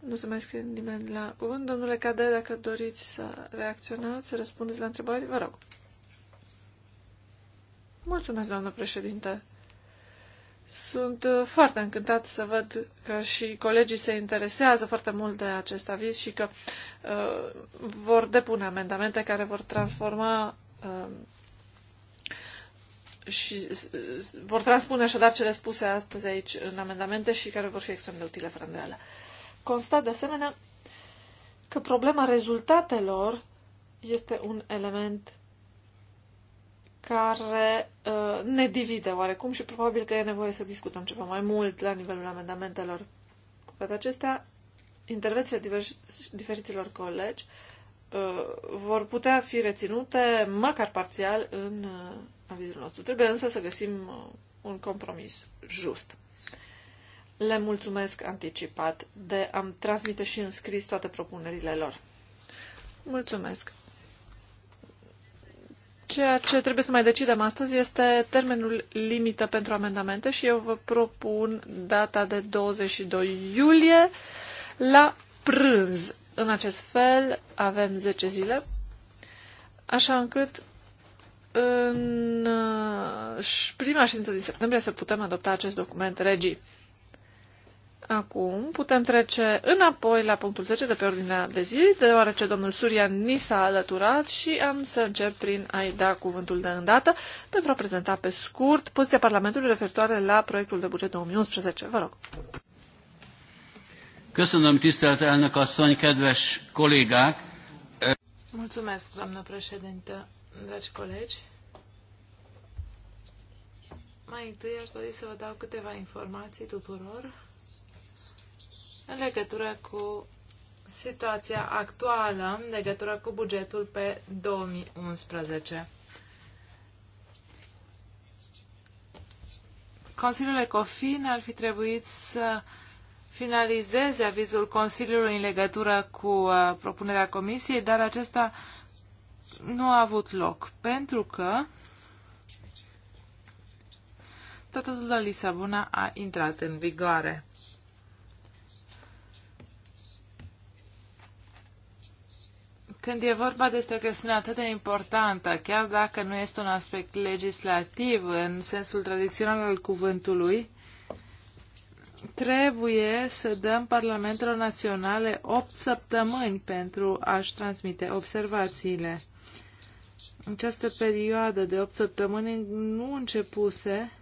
Nu se mai scrie nimeni la cuvânt. Domnule Cade, dacă doriți să reacționați, să răspundeți la întrebări, vă rog. Mulțumesc, doamnă președinte. Sunt uh, foarte încântat să văd că și colegii se interesează foarte mult de acest aviz și că uh, vor depune amendamente care vor transforma uh, și uh, vor transpune așadar cele spuse astăzi aici în amendamente și care vor fi extrem de utile fără îndoială. Uh, Constat de asemenea că problema rezultatelor este un element care uh, ne divide oarecum și probabil că e nevoie să discutăm ceva mai mult la nivelul amendamentelor. Cu toate acestea, intervențiile diferiților colegi uh, vor putea fi reținute măcar parțial în uh, avizul nostru. Trebuie însă să găsim uh, un compromis just. Le mulțumesc anticipat de am transmite și în scris toate propunerile lor. Mulțumesc. Ceea ce trebuie să mai decidem astăzi este termenul limită pentru amendamente și eu vă propun data de 22 iulie la prânz. În acest fel avem 10 zile, așa încât în uh, prima ședință din septembrie să putem adopta acest document regii. Acum putem trece înapoi la punctul 10 de pe ordinea de zi, deoarece domnul Surian ni s-a alăturat și am să încep prin a-i da cuvântul de îndată pentru a prezenta pe scurt poziția Parlamentului referitoare la proiectul de buget 2011. Vă rog. Köszönöm, tisztelt elnök asszony, kedves kollégák! Mulțumesc, doamnă președintă, dragi colegi! Mai întâi aș dori să vă dau câteva informații tuturor în legătură cu situația actuală, în legătură cu bugetul pe 2011. Consiliul Ecofin ar fi trebuit să finalizeze avizul Consiliului în legătură cu uh, propunerea Comisiei, dar acesta nu a avut loc, pentru că Tratatul de Lisabona a intrat în vigoare. Când e vorba despre o chestiune atât de importantă, chiar dacă nu este un aspect legislativ în sensul tradițional al cuvântului, trebuie să dăm Parlamentelor Naționale 8 săptămâni pentru a-și transmite observațiile. Această perioadă de 8 săptămâni nu începuse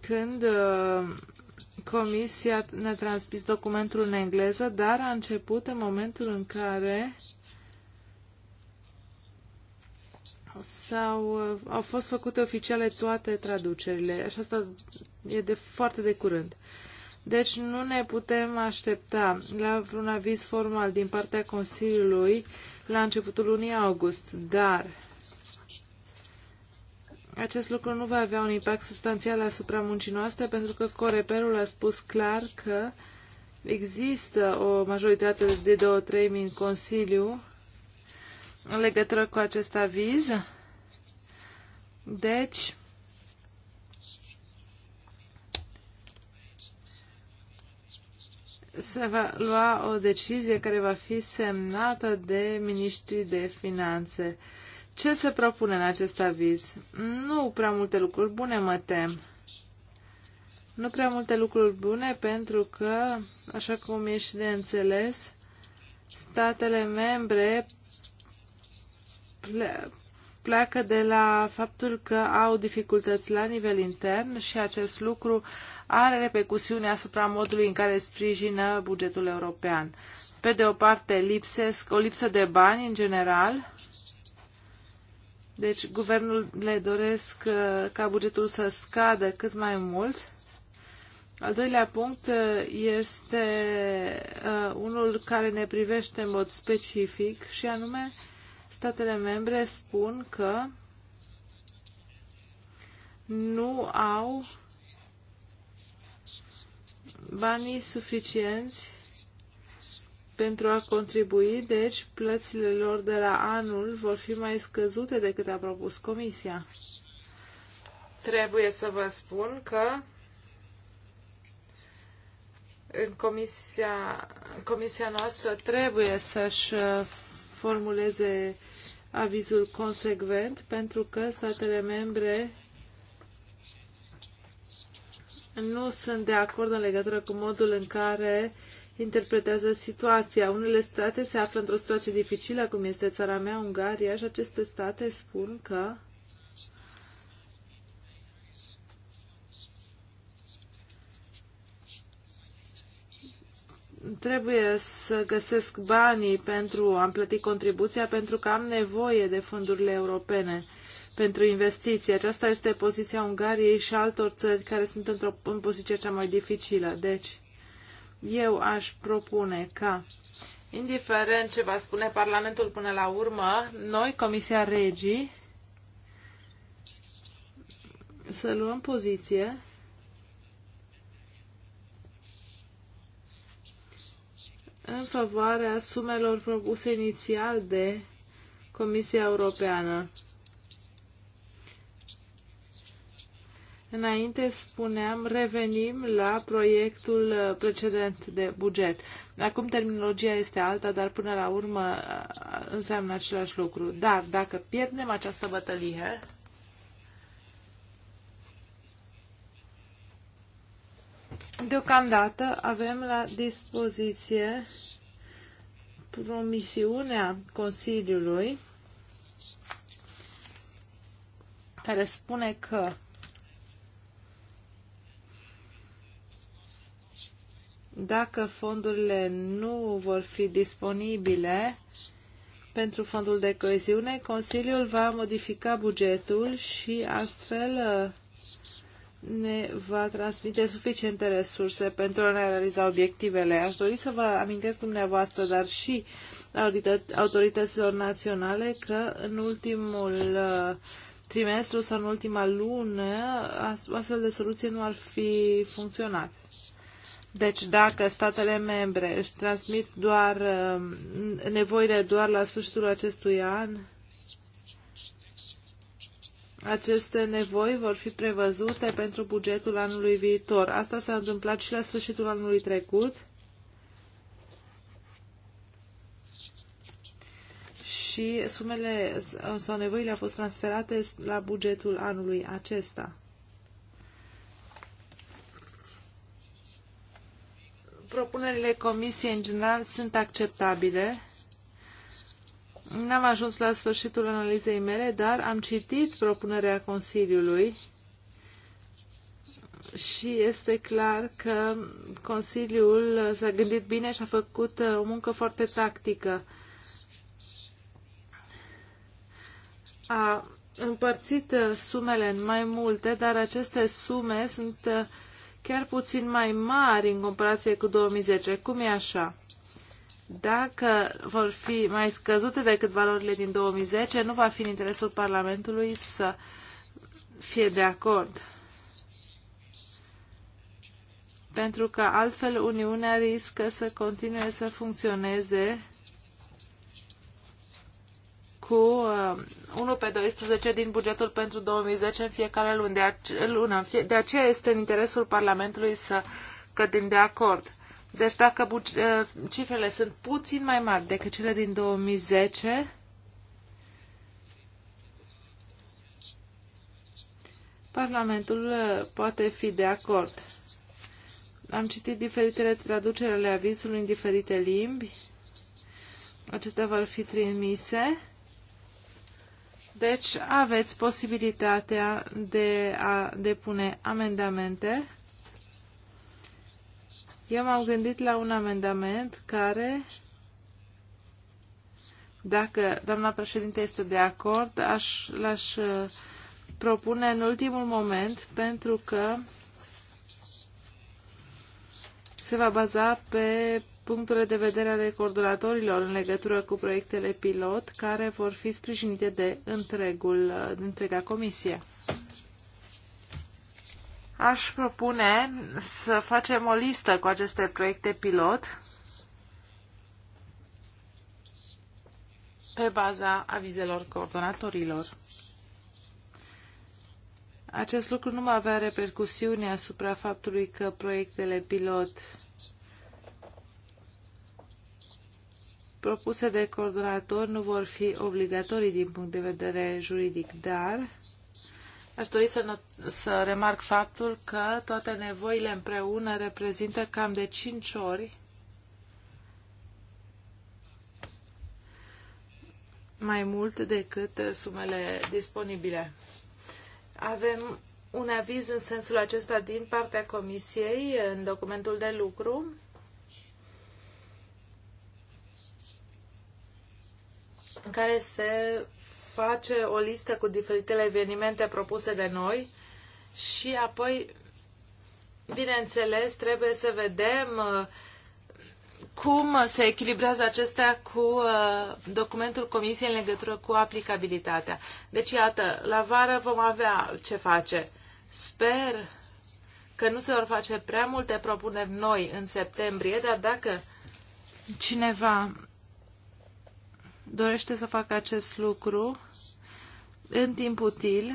când uh, Comisia ne-a transmis documentul în engleză, dar a început în momentul în care sau au fost făcute oficiale toate traducerile. Așa asta e de foarte de curând. Deci nu ne putem aștepta la un aviz formal din partea Consiliului la începutul lunii august, dar acest lucru nu va avea un impact substanțial asupra muncii noastre, pentru că Coreperul a spus clar că există o majoritate de două treimi în Consiliu în legătură cu acest aviz. Deci, se va lua o decizie care va fi semnată de ministrii de finanțe. Uh, ce se propune în acest aviz? Nu prea multe lucruri bune, mă tem. Nu prea multe lucruri bune pentru că, așa cum e și de înțeles, statele membre ple pleacă de la faptul că au dificultăți la nivel intern și acest lucru are repercusiuni asupra modului în care sprijină bugetul european. Pe de o parte, lipsesc o lipsă de bani în general deci, guvernul le doresc uh, ca bugetul să scadă cât mai mult. Al doilea punct uh, este uh, unul care ne privește în mod specific și anume statele membre spun că nu au banii suficienți pentru a contribui, deci plățile lor de la anul vor fi mai scăzute decât a propus Comisia. Trebuie să vă spun că în comisia, comisia noastră trebuie să-și uh, formuleze avizul consecvent pentru că statele membre nu sunt de acord în legătură cu modul în care uh, interpretează situația. Unele state se află într-o situație dificilă, cum este țara mea, Ungaria, și aceste state spun că trebuie să găsesc banii pentru a-mi plăti contribuția pentru că am nevoie de fondurile europene pentru investiții. Aceasta este poziția Ungariei și altor țări care sunt într-o în poziție cea mai dificilă. Deci, eu aș propune ca, indiferent ce va spune Parlamentul până la urmă, noi, Comisia Regii, să luăm poziție în favoarea sumelor propuse inițial de Comisia Europeană Înainte spuneam, revenim la proiectul uh, precedent de buget. Acum terminologia este alta, dar până la urmă uh, înseamnă același lucru. Dar dacă pierdem această bătălie, deocamdată avem la dispoziție promisiunea Consiliului care spune că Dacă fondurile nu vor fi disponibile pentru fondul de coeziune, Consiliul va modifica bugetul și astfel uh, ne va transmite suficiente resurse pentru a ne realiza obiectivele. Aș dori să vă amintesc dumneavoastră, dar și autorităților naționale, că în ultimul uh, trimestru sau în ultima lună astfel de soluție nu ar fi funcționat. Deci dacă statele membre își transmit doar um, nevoile doar la sfârșitul acestui an, aceste nevoi vor fi prevăzute pentru bugetul anului viitor. Asta s-a întâmplat și la sfârșitul anului trecut. Și sumele sau nevoile au fost transferate la bugetul anului acesta. Propunerile Comisiei în general sunt acceptabile. N-am ajuns la sfârșitul analizei mele, dar am citit propunerea Consiliului și este clar că Consiliul s-a gândit bine și a făcut uh, o muncă foarte tactică. A împărțit uh, sumele în mai multe, dar aceste sume sunt uh, chiar puțin mai mari în comparație cu 2010. Cum e așa? Dacă vor fi mai scăzute decât valorile din 2010, nu va fi în interesul Parlamentului să fie de acord. Pentru că altfel Uniunea riscă să continue să funcționeze cu 1 uh, pe 12 din bugetul pentru 2010 în fiecare lună. De, ace- lună. De aceea este în interesul Parlamentului să cădem de acord. Deci dacă uh, cifrele sunt puțin mai mari decât cele din 2010, Parlamentul uh, poate fi de acord. Am citit diferitele traduceri ale avizului în diferite limbi. Acestea vor fi trimise. Deci aveți posibilitatea de a depune amendamente. Eu m-am gândit la un amendament care, dacă doamna președinte este de acord, aș, l-aș uh, propune în ultimul moment, pentru că se va baza pe punctele de vedere ale coordonatorilor în legătură cu proiectele pilot care vor fi sprijinite de întregul, de întreaga comisie. Aș propune să facem o listă cu aceste proiecte pilot pe baza avizelor coordonatorilor. Acest lucru nu va avea repercusiuni asupra faptului că proiectele pilot propuse de coordonator nu vor fi obligatorii din punct de vedere juridic, dar aș dori să, not- să remarc faptul că toate nevoile împreună reprezintă cam de 5 ori mai mult decât sumele disponibile. Avem un aviz în sensul acesta din partea Comisiei în documentul de lucru în care se face o listă cu diferitele evenimente propuse de noi și apoi, bineînțeles, trebuie să vedem uh, cum se echilibrează acestea cu uh, documentul Comisiei în legătură cu aplicabilitatea. Deci, iată, la vară vom avea ce face. Sper că nu se vor face prea multe propuneri noi în septembrie, dar dacă cineva dorește să facă acest lucru în timp util.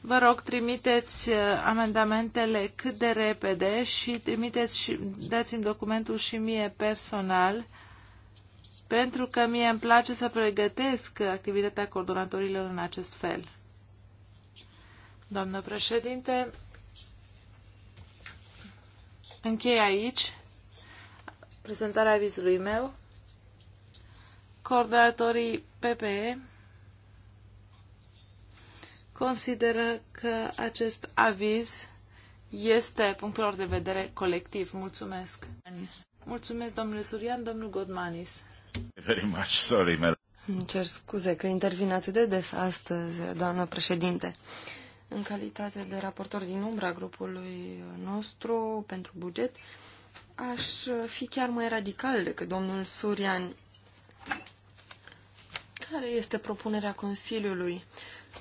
Vă rog, trimiteți uh, amendamentele cât de repede și trimiteți și dați-mi documentul și mie personal, pentru că mie îmi place să pregătesc activitatea coordonatorilor în acest fel. Doamnă președinte, închei aici prezentarea vizului meu. Coordonatorii PPE consideră că acest aviz este punctul lor de vedere colectiv. Mulțumesc. Mulțumesc, domnule Surian, domnul Godmanis. Very much, sorry, Îmi cer scuze că intervin atât de des astăzi, doamnă președinte. În calitate de raportor din umbra grupului nostru pentru buget, aș fi chiar mai radical decât domnul Surian care este propunerea Consiliului?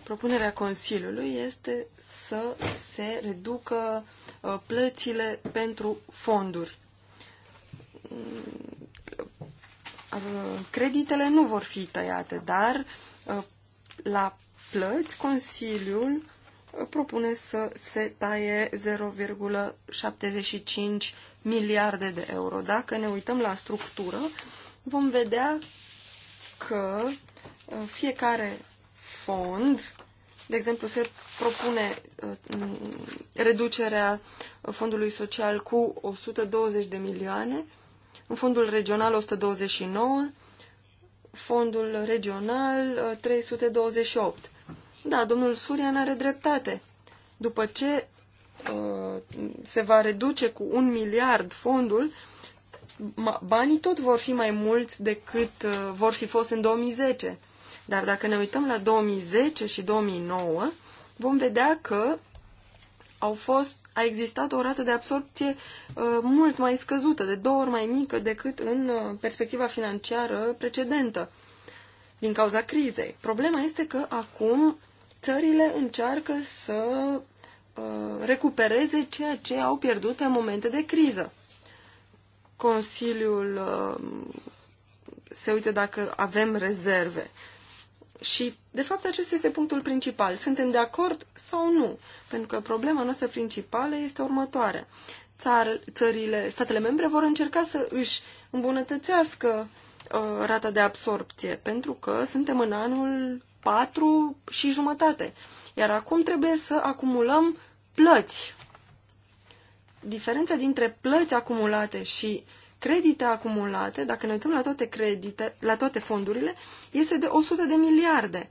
Propunerea Consiliului este să se reducă uh, plățile pentru fonduri. Mm, uh, creditele nu vor fi tăiate, dar uh, la plăți Consiliul propune să se taie 0,75 miliarde de euro. Dacă ne uităm la structură, vom vedea că fiecare fond, de exemplu, se propune uh, reducerea fondului social cu 120 de milioane, în fondul regional 129, fondul regional 328. Uh, da, domnul Surian are dreptate. După ce uh, se va reduce cu un miliard fondul, banii tot vor fi mai mulți decât vor fi fost în 2010. Dar dacă ne uităm la 2010 și 2009, vom vedea că au fost, a existat o rată de absorpție uh, mult mai scăzută, de două ori mai mică decât în uh, perspectiva financiară precedentă, din cauza crizei. Problema este că acum țările încearcă să uh, recupereze ceea ce au pierdut pe momente de criză. Consiliul uh, se uită dacă avem rezerve. Și, de fapt, acesta este punctul principal. Suntem de acord sau nu? Pentru că problema noastră principală este următoarea. Țar, țările, statele membre vor încerca să își îmbunătățească uh, rata de absorpție, pentru că suntem în anul 4 și jumătate. Iar acum trebuie să acumulăm plăți. Diferența dintre plăți acumulate și credite acumulate, dacă ne uităm la toate, credite, la toate fondurile, este de 100 de miliarde.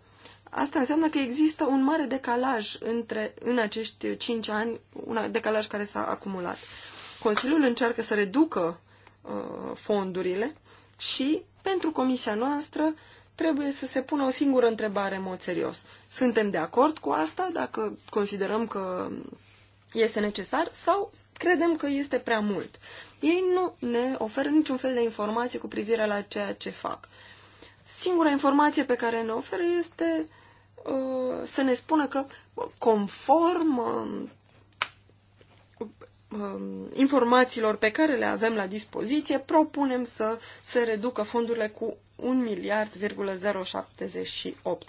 Asta înseamnă că există un mare decalaj între, în acești 5 ani, un decalaj care s-a acumulat. Consiliul încearcă să reducă uh, fondurile și pentru comisia noastră trebuie să se pună o singură întrebare în mod serios. Suntem de acord cu asta dacă considerăm că este necesar sau credem că este prea mult? Ei nu ne oferă niciun fel de informație cu privire la ceea ce fac. Singura informație pe care ne oferă este uh, să ne spună că conform uh, informațiilor pe care le avem la dispoziție, propunem să se reducă fondurile cu 1 miliard,078.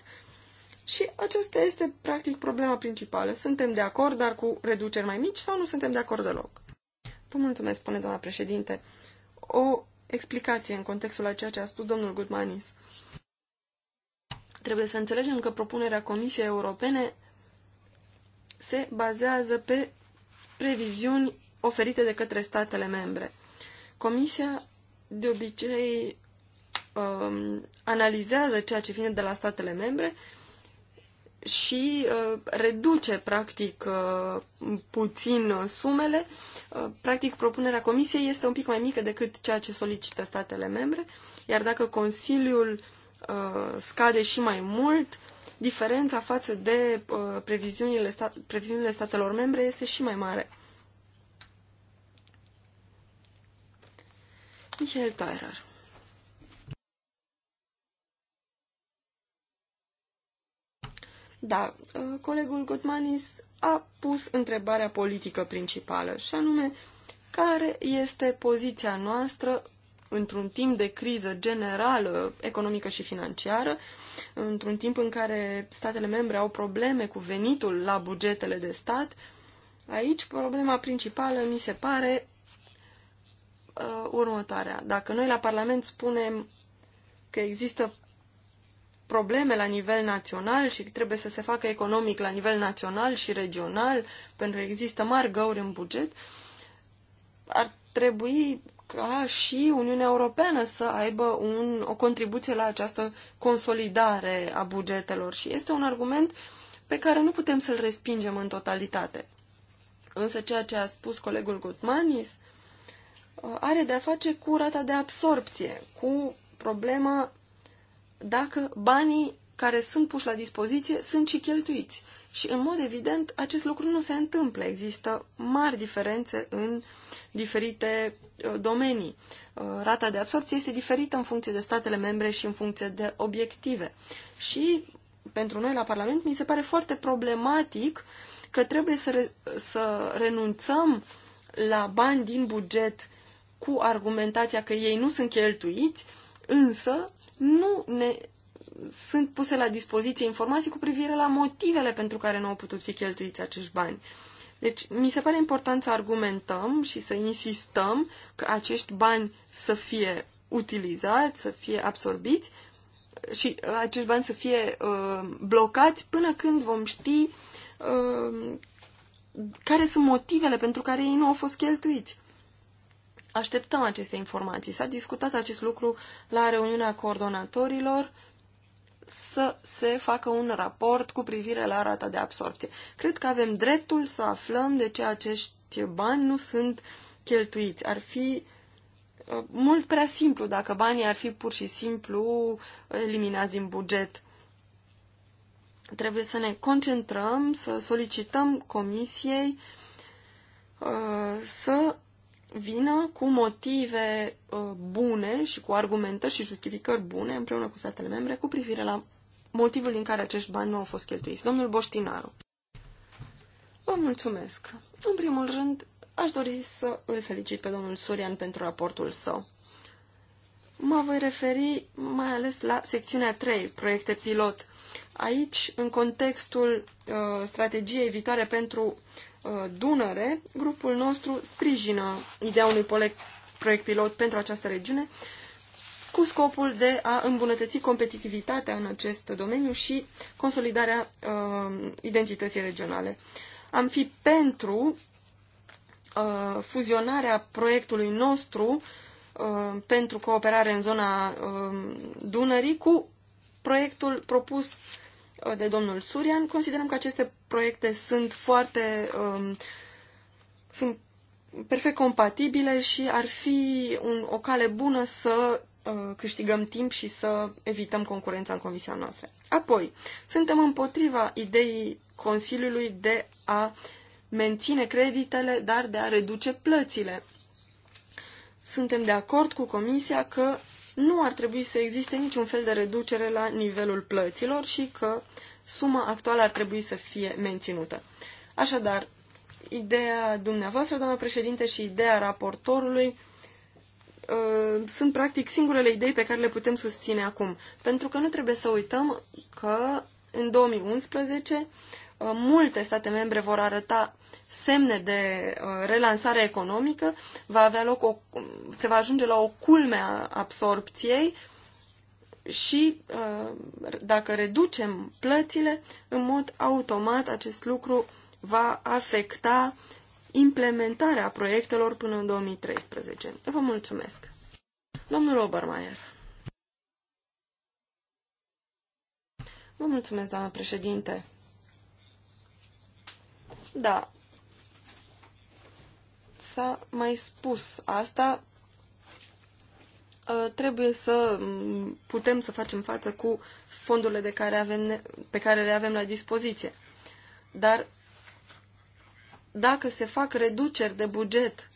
Și aceasta este practic problema principală. Suntem de acord, dar cu reduceri mai mici sau nu suntem de acord deloc? Vă mulțumesc, spune doamna președinte. O explicație în contextul a ceea ce a spus domnul Goodmanis. Trebuie să înțelegem că propunerea Comisiei Europene se bazează pe previziuni oferite de către statele membre. Comisia de obicei um, analizează ceea ce vine de la statele membre și uh, reduce practic uh, puțin sumele. Uh, practic propunerea comisiei este un pic mai mică decât ceea ce solicită statele membre, iar dacă Consiliul Uh, scade și mai mult, diferența față de uh, previziunile, stat previziunile statelor membre este și mai mare. Michael Tyrer. Da, uh, colegul Gutmanis a pus întrebarea politică principală, și anume, care este poziția noastră într-un timp de criză generală, economică și financiară, într-un timp în care statele membre au probleme cu venitul la bugetele de stat, aici problema principală mi se pare uh, următoarea. Dacă noi la Parlament spunem că există probleme la nivel național și trebuie să se facă economic la nivel național și regional, pentru că există mari găuri în buget, ar trebui ca și Uniunea Europeană să aibă un, o contribuție la această consolidare a bugetelor și este un argument pe care nu putem să-l respingem în totalitate. Însă ceea ce a spus colegul Gutmanis uh, are de-a face cu rata de absorpție, cu problema dacă banii care sunt puși la dispoziție sunt și cheltuiți. Și, în mod evident, acest lucru nu se întâmplă. Există mari diferențe în diferite uh, domenii. Uh, rata de absorpție este diferită în funcție de statele membre și în funcție de obiective. Și, pentru noi la Parlament, mi se pare foarte problematic că trebuie să, re- să renunțăm la bani din buget cu argumentația că ei nu sunt cheltuiți, însă nu ne sunt puse la dispoziție informații cu privire la motivele pentru care nu au putut fi cheltuiți acești bani. Deci, mi se pare important să argumentăm și să insistăm că acești bani să fie utilizați, să fie absorbiți și uh, acești bani să fie uh, blocați până când vom ști uh, care sunt motivele pentru care ei nu au fost cheltuiți. Așteptăm aceste informații. S-a discutat acest lucru la reuniunea coordonatorilor să se facă un raport cu privire la rata de absorpție. Cred că avem dreptul să aflăm de ce acești bani nu sunt cheltuiți. Ar fi uh, mult prea simplu dacă banii ar fi pur și simplu eliminați din buget. Trebuie să ne concentrăm, să solicităm comisiei uh, să vină cu motive uh, bune și cu argumentări și justificări bune împreună cu statele membre cu privire la motivul din care acești bani nu au fost cheltuiți. Domnul Boștinaru. Vă mulțumesc. În primul rând, aș dori să îl felicit pe domnul Surian pentru raportul său. Mă voi referi mai ales la secțiunea 3, proiecte pilot. Aici, în contextul uh, strategiei viitoare pentru Uh, Dunăre, grupul nostru sprijină ideea unui proiect pilot pentru această regiune cu scopul de a îmbunătăți competitivitatea în acest domeniu și consolidarea uh, identității regionale. Am fi pentru uh, fuzionarea proiectului nostru uh, pentru cooperare în zona uh, Dunării cu proiectul propus uh, de domnul Surian, considerăm că aceste proiecte sunt foarte um, sunt perfect compatibile și ar fi un, o cale bună să uh, câștigăm timp și să evităm concurența în comisia noastră. Apoi, suntem împotriva ideii Consiliului de a menține creditele, dar de a reduce plățile. Suntem de acord cu Comisia că nu ar trebui să existe niciun fel de reducere la nivelul plăților și că suma actuală ar trebui să fie menținută. Așadar, ideea dumneavoastră, doamnă președinte, și ideea raportorului uh, sunt practic singurele idei pe care le putem susține acum. Pentru că nu trebuie să uităm că în 2011 Uh, multe state membre vor arăta semne de uh, relansare economică, va avea loc o, se va ajunge la o culme a absorpției și uh, dacă reducem plățile, în mod automat acest lucru va afecta implementarea proiectelor până în 2013. Vă mulțumesc! Domnul Obermeier. Vă mulțumesc, doamnă președinte. Da. S-a mai spus asta. Uh, trebuie să mm, putem să facem față cu fondurile de care avem, pe care le avem la dispoziție. Dar dacă se fac reduceri de buget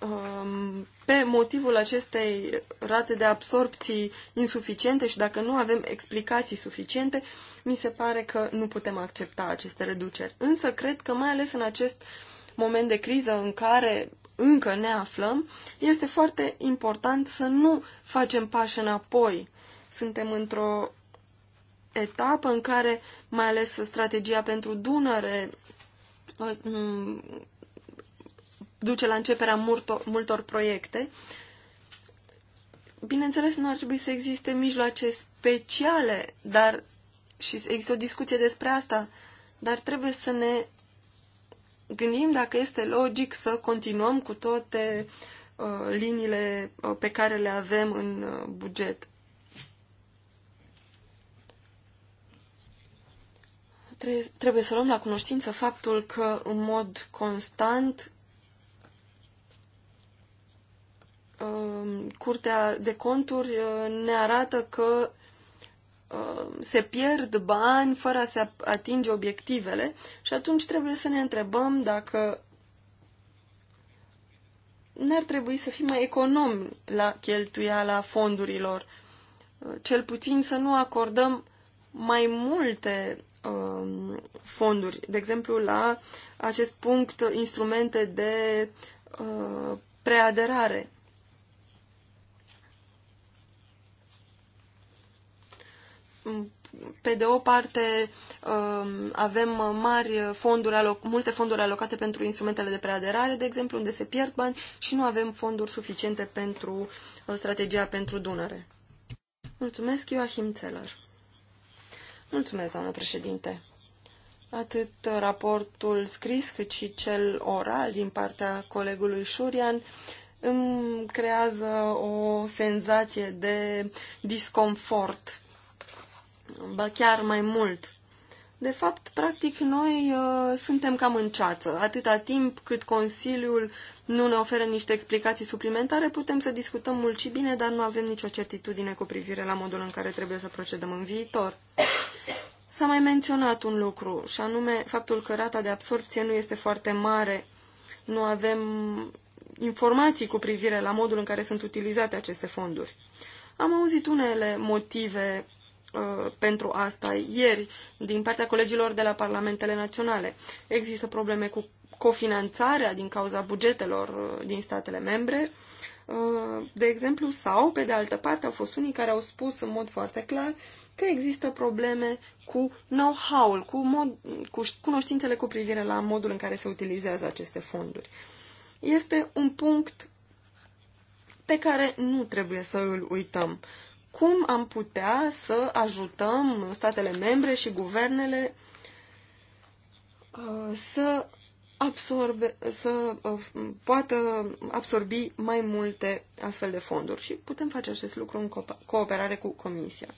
Um, pe motivul acestei rate de absorpții insuficiente și dacă nu avem explicații suficiente, mi se pare că nu putem accepta aceste reduceri. Însă cred că mai ales în acest moment de criză în care încă ne aflăm, este foarte important să nu facem pași înapoi. Suntem într-o etapă în care mai ales strategia pentru Dunăre um, duce la începerea multor, multor proiecte. Bineînțeles, nu ar trebui să existe mijloace speciale, dar și există o discuție despre asta, dar trebuie să ne gândim dacă este logic să continuăm cu toate uh, liniile uh, pe care le avem în uh, buget. trebuie să luăm la cunoștință faptul că în mod constant Um, Curtea de Conturi uh, ne arată că um, se pierd bani fără a se atinge obiectivele și atunci trebuie să ne întrebăm dacă n-ar trebui să fim mai economi la cheltuiala fondurilor. Uh, cel puțin să nu acordăm mai multe um, fonduri. De exemplu, la acest punct, instrumente de uh, preaderare. pe de o parte um, avem mari fonduri, multe fonduri alocate pentru instrumentele de preaderare, de exemplu, unde se pierd bani și nu avem fonduri suficiente pentru uh, strategia pentru Dunăre. Mulțumesc, Joachim Zeller. Mulțumesc, doamnă președinte. Atât raportul scris cât și cel oral din partea colegului Șurian îmi creează o senzație de disconfort ba chiar mai mult. De fapt, practic, noi uh, suntem cam în ceață. Atâta timp cât Consiliul nu ne oferă niște explicații suplimentare, putem să discutăm mult și bine, dar nu avem nicio certitudine cu privire la modul în care trebuie să procedăm în viitor. S-a mai menționat un lucru, și anume faptul că rata de absorpție nu este foarte mare. Nu avem informații cu privire la modul în care sunt utilizate aceste fonduri. Am auzit unele motive Uh, pentru asta ieri din partea colegilor de la Parlamentele Naționale. Există probleme cu cofinanțarea din cauza bugetelor uh, din statele membre, uh, de exemplu, sau, pe de altă parte, au fost unii care au spus în mod foarte clar că există probleme cu know-how-ul, cu, mod, cu cunoștințele cu privire la modul în care se utilizează aceste fonduri. Este un punct pe care nu trebuie să îl uităm. Uh, cum am putea să ajutăm statele membre și guvernele uh, să absorbe, să uh, poată absorbi mai multe astfel de fonduri și putem face acest lucru în cooperare cu Comisia.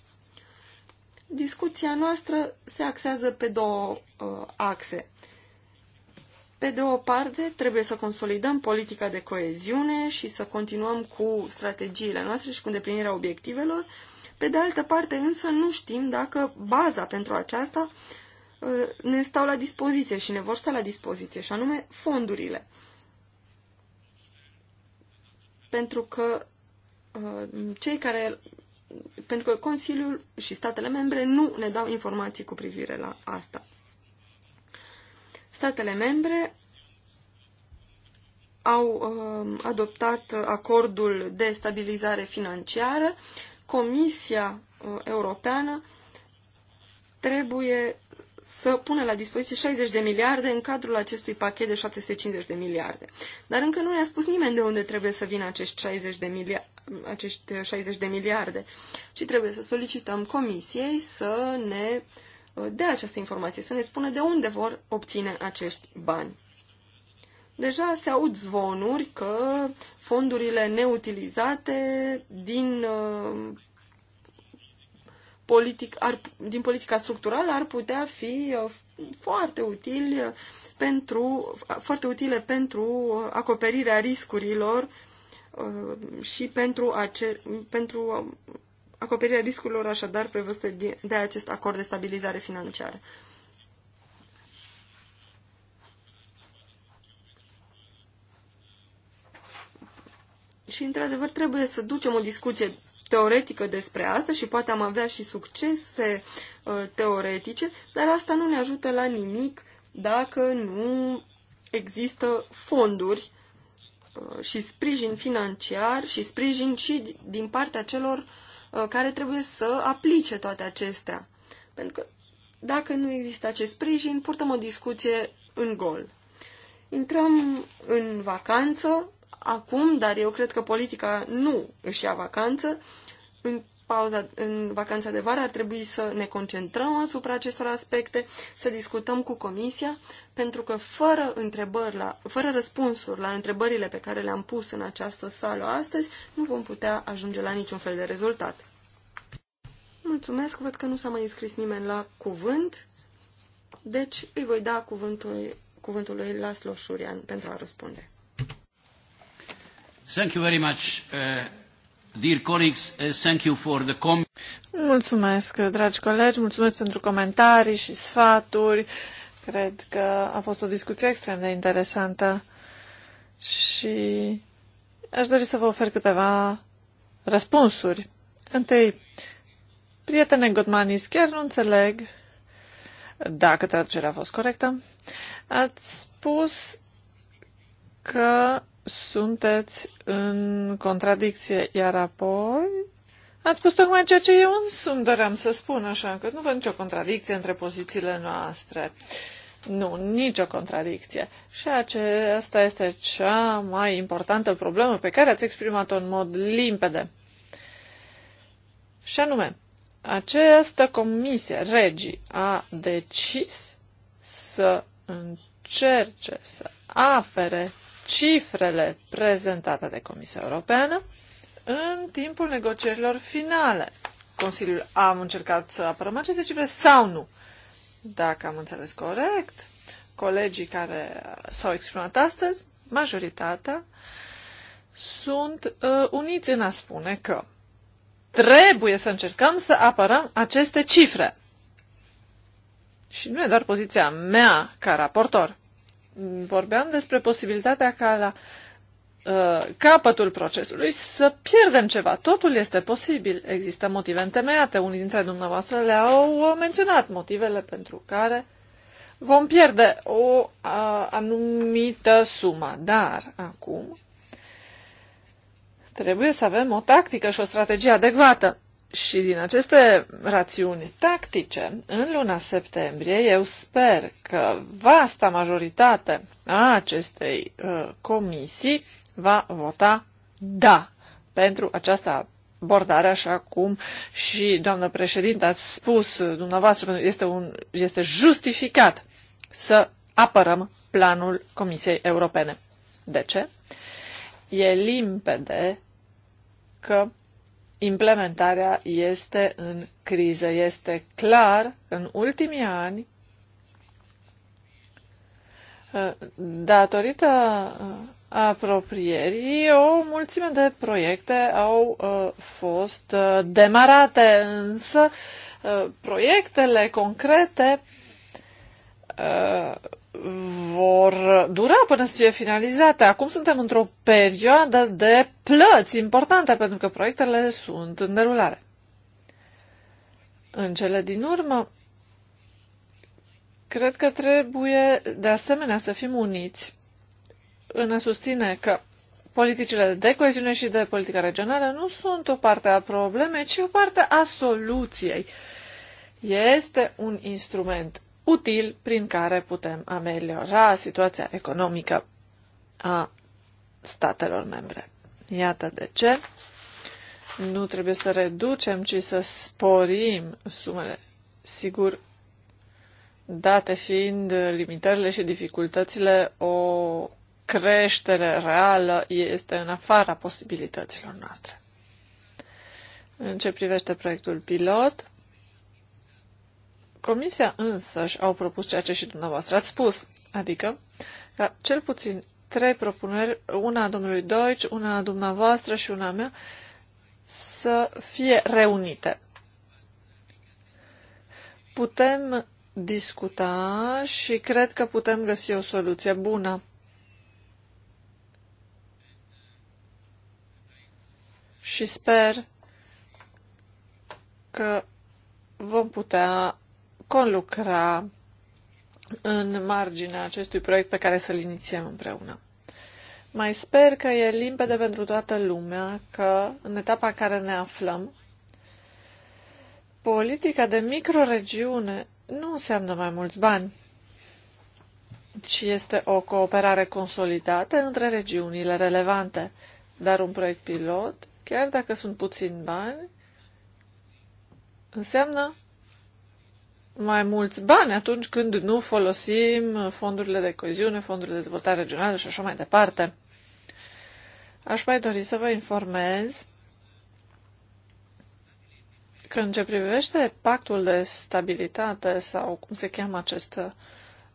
Discuția noastră se axează pe două uh, axe. Pe de o parte, trebuie să consolidăm politica de coeziune și să continuăm cu strategiile noastre și cu îndeplinirea obiectivelor. Pe de altă parte, însă, nu știm dacă baza pentru aceasta uh, ne stau la dispoziție și ne vor sta la dispoziție, și anume fondurile. Pentru că uh, cei care pentru că Consiliul și statele membre nu ne dau informații cu privire la asta. Statele membre au um, adoptat acordul de stabilizare financiară. Comisia uh, Europeană trebuie să pună la dispoziție 60 de miliarde în cadrul acestui pachet de 750 de miliarde. Dar încă nu ne-a spus nimeni de unde trebuie să vină acești 60 de, miliarde, acești 60 de miliarde, Și trebuie să solicităm comisiei să ne uh, dea această informație, să ne spună de unde vor obține acești bani. Deja se aud zvonuri că fondurile neutilizate din, uh, politic, ar, din politica structurală ar putea fi uh, foarte utile pentru, foarte utile pentru acoperirea riscurilor uh, și pentru, ace, pentru acoperirea riscurilor așadar prevăzute de acest acord de stabilizare financiară. Și, într-adevăr, trebuie să ducem o discuție teoretică despre asta și poate am avea și succese uh, teoretice, dar asta nu ne ajută la nimic dacă nu există fonduri uh, și sprijin financiar și sprijin și din partea celor Uh, care trebuie să aplice toate acestea. Pentru că dacă nu există acest sprijin, purtăm o discuție în gol. Intrăm în vacanță acum, dar eu cred că politica nu își ia vacanță. În pauza, în vacanța de vară, ar trebui să ne concentrăm asupra acestor aspecte, să discutăm cu Comisia, pentru că fără, întrebări la, fără răspunsuri la întrebările pe care le-am pus în această sală astăzi, nu vom putea ajunge la niciun fel de rezultat. Mulțumesc, văd că nu s-a mai înscris nimeni la cuvânt, deci îi voi da cuvântul, cuvântul lui Laslo Șurian pentru a răspunde. Thank you very much. Uh... Dear colleagues, uh, thank you for the com mulțumesc, dragi colegi, mulțumesc pentru comentarii și sfaturi. Cred că a fost o discuție extrem de interesantă și aș dori să vă ofer câteva răspunsuri. Întâi, prietene Godmanis, chiar nu înțeleg dacă traducerea a fost corectă. Ați spus că sunteți în contradicție, iar apoi ați spus tocmai ceea ce eu însumi doream să spun, așa că nu văd nicio contradicție între pozițiile noastre. Nu, nicio contradicție. Și aceasta este cea mai importantă problemă pe care ați exprimat-o în mod limpede. Și anume, această comisie, regii, a decis să încerce să apere cifrele prezentate de Comisia Europeană în timpul negocierilor finale. Consiliul am încercat să apărăm aceste cifre sau nu? Dacă am înțeles corect, colegii care s-au exprimat astăzi, majoritatea, sunt uh, uniți în a spune că trebuie să încercăm să apărăm aceste cifre. Și nu e doar poziția mea ca raportor vorbeam despre posibilitatea ca la uh, capătul procesului să pierdem ceva. Totul este posibil. Există motive întemeiate. Unii dintre dumneavoastră le-au menționat motivele pentru care vom pierde o a, anumită sumă. Dar acum trebuie să avem o tactică și o strategie adecvată. Și din aceste rațiuni tactice, în luna septembrie, eu sper că vasta majoritate a acestei uh, comisii va vota da pentru această abordare, așa cum și doamnă președinte ați spus dumneavoastră, este, un, este justificat să apărăm planul Comisiei Europene. De ce? E limpede că implementarea este în criză. Este clar că în ultimii ani, datorită uh, apropierii, o mulțime de proiecte au uh, fost uh, demarate, însă proiectele concrete vor dura până să fie finalizate. Acum suntem într-o perioadă de plăți importante pentru că proiectele sunt în derulare. În cele din urmă, cred că trebuie de asemenea să fim uniți în a susține că politicile de coeziune și de politică regională nu sunt o parte a problemei, ci o parte a soluției. Este un instrument util prin care putem ameliora situația economică a statelor membre. Iată de ce nu trebuie să reducem, ci să sporim sumele. Sigur, date fiind limitările și dificultățile, o creștere reală este în afara posibilităților noastre. În ce privește proiectul pilot, Comisia însăși au propus ceea ce și dumneavoastră ați spus, adică ca cel puțin trei propuneri, una a domnului Deutsch, una a dumneavoastră și una a mea, să fie reunite. Putem discuta și cred că putem găsi o soluție bună. Și sper că vom putea conlucra în marginea acestui proiect pe care să-l inițiem împreună. Mai sper că e limpede pentru toată lumea că, în etapa în care ne aflăm, politica de microregiune nu înseamnă mai mulți bani, ci este o cooperare consolidată între regiunile relevante. Dar un proiect pilot, chiar dacă sunt puțini bani, înseamnă mai mulți bani atunci când nu folosim fondurile de coeziune, fondurile de dezvoltare regională și așa mai departe. Aș mai dori să vă informez că în ce privește pactul de stabilitate sau cum se cheamă acest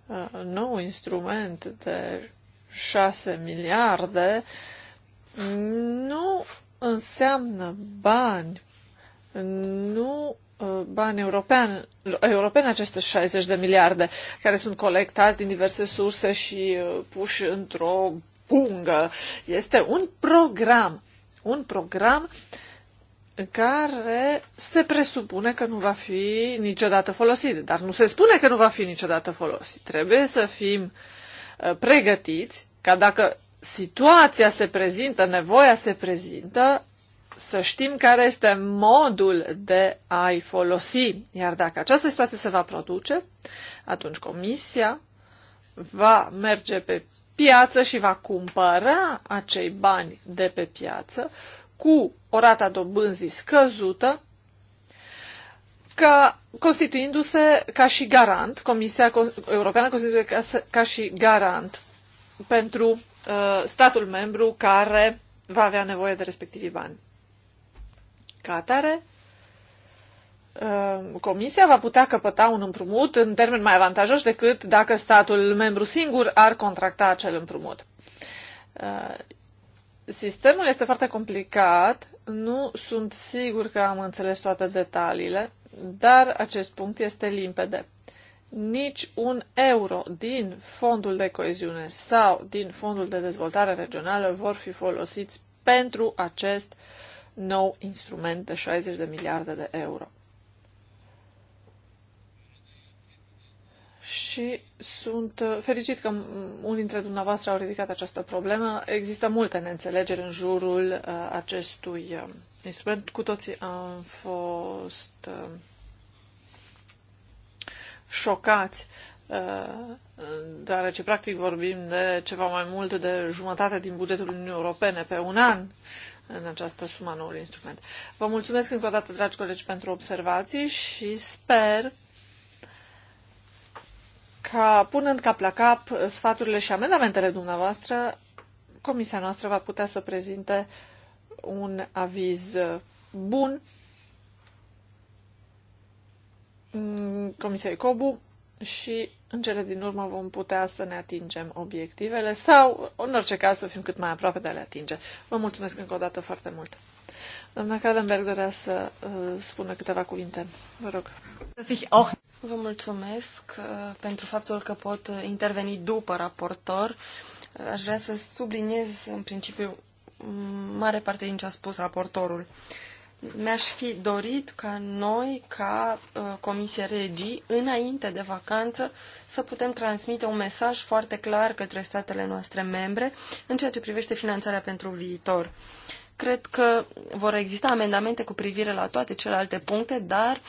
uh, nou instrument de 6 miliarde, nu înseamnă bani, nu Uh, bani european, europeni, aceste 60 de miliarde care sunt colectați din diverse surse și uh, puși într-o pungă. Este un program, un program care se presupune că nu va fi niciodată folosit, dar nu se spune că nu va fi niciodată folosit. Trebuie să fim uh, pregătiți ca dacă situația se prezintă, nevoia se prezintă, să știm care este modul de a-i folosi. Iar dacă această situație se va produce, atunci Comisia va merge pe piață și va cumpăra acei bani de pe piață cu o rata dobânzii scăzută, ca, constituindu-se ca și garant, Comisia Europeană constituie ca, ca și garant pentru uh, statul membru care va avea nevoie de respectivii bani. Ca atare, uh, Comisia va putea căpăta un împrumut în termen mai avantajos decât dacă statul membru singur ar contracta acel împrumut. Uh, sistemul este foarte complicat, nu sunt sigur că am înțeles toate detaliile, dar acest punct este limpede. Nici un euro din fondul de coeziune sau din fondul de dezvoltare regională vor fi folosiți pentru acest uh, nou instrument de 60 de miliarde de euro. Și sunt uh, fericit că unii dintre dumneavoastră au ridicat această problemă. Există multe neînțelegeri în jurul uh, acestui uh, instrument. Cu toții am fost șocați deoarece practic vorbim de ceva mai mult de jumătate din bugetul Uniunii Europene pe un an în această sumă noului instrument. Vă mulțumesc încă o dată, dragi colegi, pentru observații și sper ca, punând cap la cap sfaturile și amendamentele dumneavoastră, comisia noastră va putea să prezinte un aviz bun mm, Comisiei COBU și în cele din urmă vom putea să ne atingem obiectivele sau, în orice caz, să fim cât mai aproape de a le atinge. Vă mulțumesc încă o dată foarte mult. Doamna Kallenberg dorea să uh, spună câteva cuvinte. Vă rog. Oh. Vă mulțumesc uh, pentru faptul că pot interveni după raportor. Aș vrea să subliniez, în principiu, mare parte din ce a spus raportorul. Uh, mi-aș fi dorit ca noi, ca uh, Comisie Regii, înainte de vacanță, să putem transmite un mesaj foarte clar către statele noastre membre în ceea ce privește finanțarea pentru viitor. Cred că vor exista amendamente cu privire la toate celelalte puncte, dar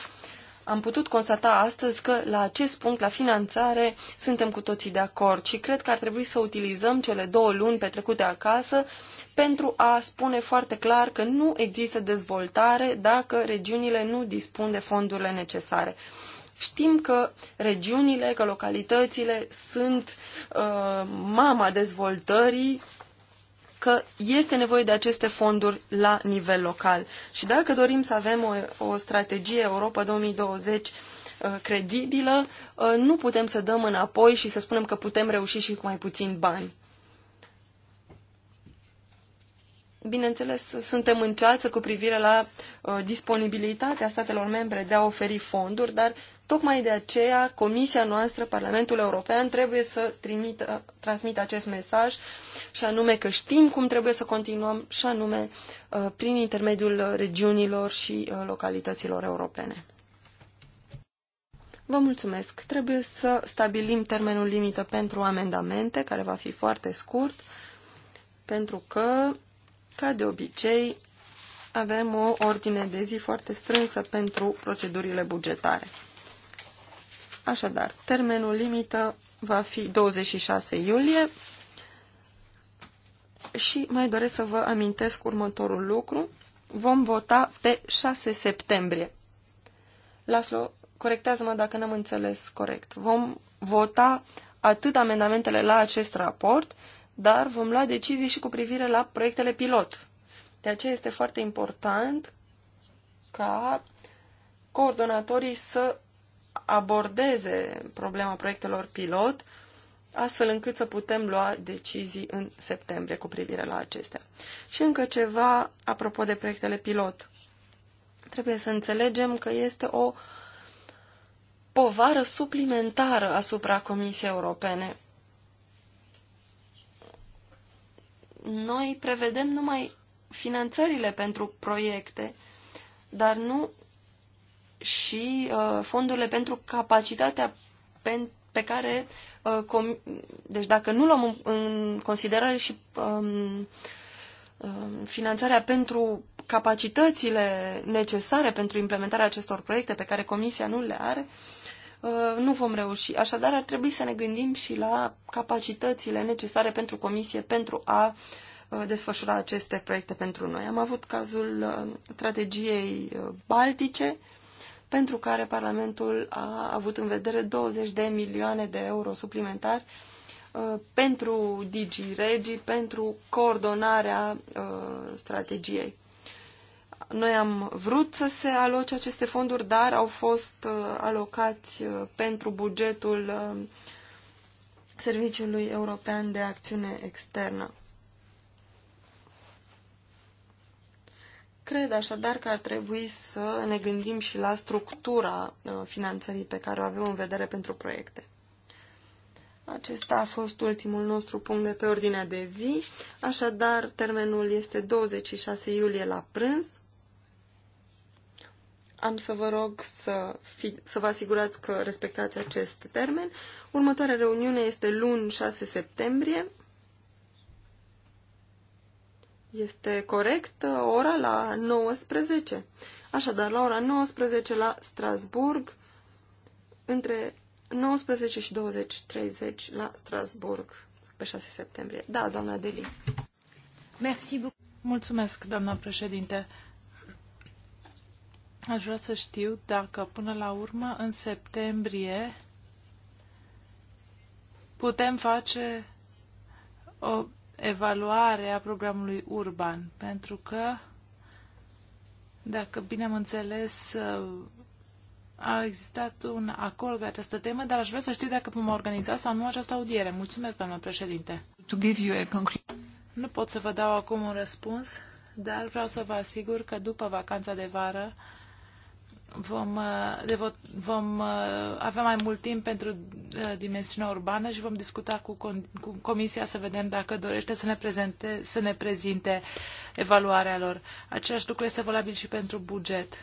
am putut constata astăzi că la acest punct, la finanțare, suntem cu toții de acord și cred că ar trebui să utilizăm cele două luni petrecute acasă uh, pentru a spune foarte clar că nu există dezvoltare dacă regiunile nu dispun de fondurile necesare. Știm că regiunile, că localitățile sunt uh, mama dezvoltării, că este nevoie de aceste fonduri la nivel local. Și dacă dorim să avem o, o strategie Europa 2020 uh, credibilă, uh, nu putem să dăm înapoi și să spunem că putem reuși și cu mai puțin bani. Bineînțeles, suntem în ceață cu privire la uh, disponibilitatea statelor membre de a oferi fonduri, dar tocmai de aceea Comisia noastră, Parlamentul European, trebuie să trimită, transmită acest mesaj și anume că știm cum trebuie să continuăm și anume uh, prin intermediul regiunilor și uh, localităților europene. Vă mulțumesc. Trebuie să stabilim termenul limită pentru amendamente, care va fi foarte scurt, pentru că ca de obicei, avem o ordine de zi foarte strânsă pentru procedurile bugetare. Așadar, termenul limită va fi 26 iulie și mai doresc să vă amintesc următorul lucru. Vom vota pe 6 septembrie. Laslo, corectează-mă dacă n-am înțeles corect. Vom vota atât amendamentele la acest raport, dar vom lua decizii și cu privire la proiectele pilot. De aceea este foarte important ca coordonatorii să abordeze problema proiectelor pilot astfel încât să putem lua decizii în septembrie cu privire la acestea. Și încă ceva apropo de proiectele pilot. Trebuie să înțelegem că este o povară suplimentară asupra Comisiei Europene. noi prevedem numai finanțările pentru proiecte, dar nu și uh, fondurile pentru capacitatea pe, pe care, uh, com, deci dacă nu luăm în considerare și um, uh, finanțarea pentru capacitățile necesare pentru implementarea acestor proiecte pe care Comisia nu le are, uh, Uh, nu vom reuși. Așadar, ar trebui să ne gândim și la capacitățile necesare pentru comisie pentru a uh, desfășura aceste proiecte pentru noi. Am avut cazul uh, strategiei baltice, pentru care Parlamentul a avut în vedere 20 de milioane de euro suplimentari pentru Digi Regi, pentru coordonarea strategiei. Noi am vrut să se aloce aceste fonduri, dar au fost uh, alocați uh, pentru bugetul uh, Serviciului European de Acțiune Externă. Cred așadar că ar trebui să ne gândim și la structura finanțării pe care o avem în vedere pentru proiecte. Acesta a fost ultimul nostru punct de pe ordinea de zi, așadar termenul este 26 iulie la prânz am să vă rog să, fi, să vă asigurați că respectați acest termen. Următoarea reuniune este luni 6 septembrie. Este corect ora la 19. Așadar, la ora 19 la Strasburg, între 19 și 30 la Strasburg, pe 6 septembrie. Da, doamna Deli. Mulțumesc, doamna președinte. Aș vrea să știu dacă până la urmă, în septembrie, putem face o evaluare a programului urban, pentru că, dacă bine am înțeles, a existat un acord pe această temă, dar aș vrea să știu dacă vom organiza sau nu această audiere. Mulțumesc, doamnă președinte. To give you a nu pot să vă dau acum un răspuns, dar vreau să vă asigur că după vacanța de vară, vom, uh, vo- vom uh, avea mai mult timp pentru uh, dimensiunea urbană și vom discuta cu, cu Comisia să vedem dacă dorește să ne, prezente, să ne prezinte evaluarea lor. Același lucru este valabil și pentru buget.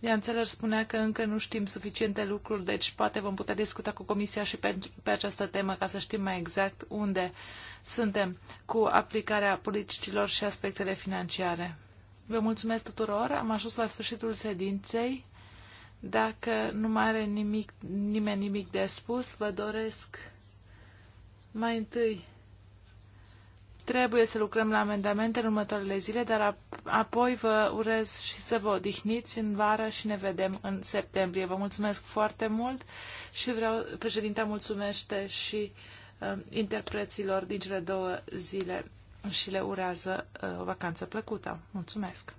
Bianțeler spunea că încă nu știm suficiente lucruri, deci poate vom putea discuta cu Comisia și pe, pe această temă ca să știm mai exact unde suntem cu aplicarea politicilor și aspectele financiare. Vă mulțumesc tuturor. Am ajuns la sfârșitul sedinței. Dacă nu mai are nimic, nimeni nimic de spus, vă doresc mai întâi trebuie să lucrăm la amendamente în următoarele zile, dar apoi vă urez și să vă odihniți în vară și ne vedem în septembrie. Vă mulțumesc foarte mult și vreau, președinta mulțumește și uh, interpreților din cele două zile și le urează uh, o vacanță plăcută. Mulțumesc!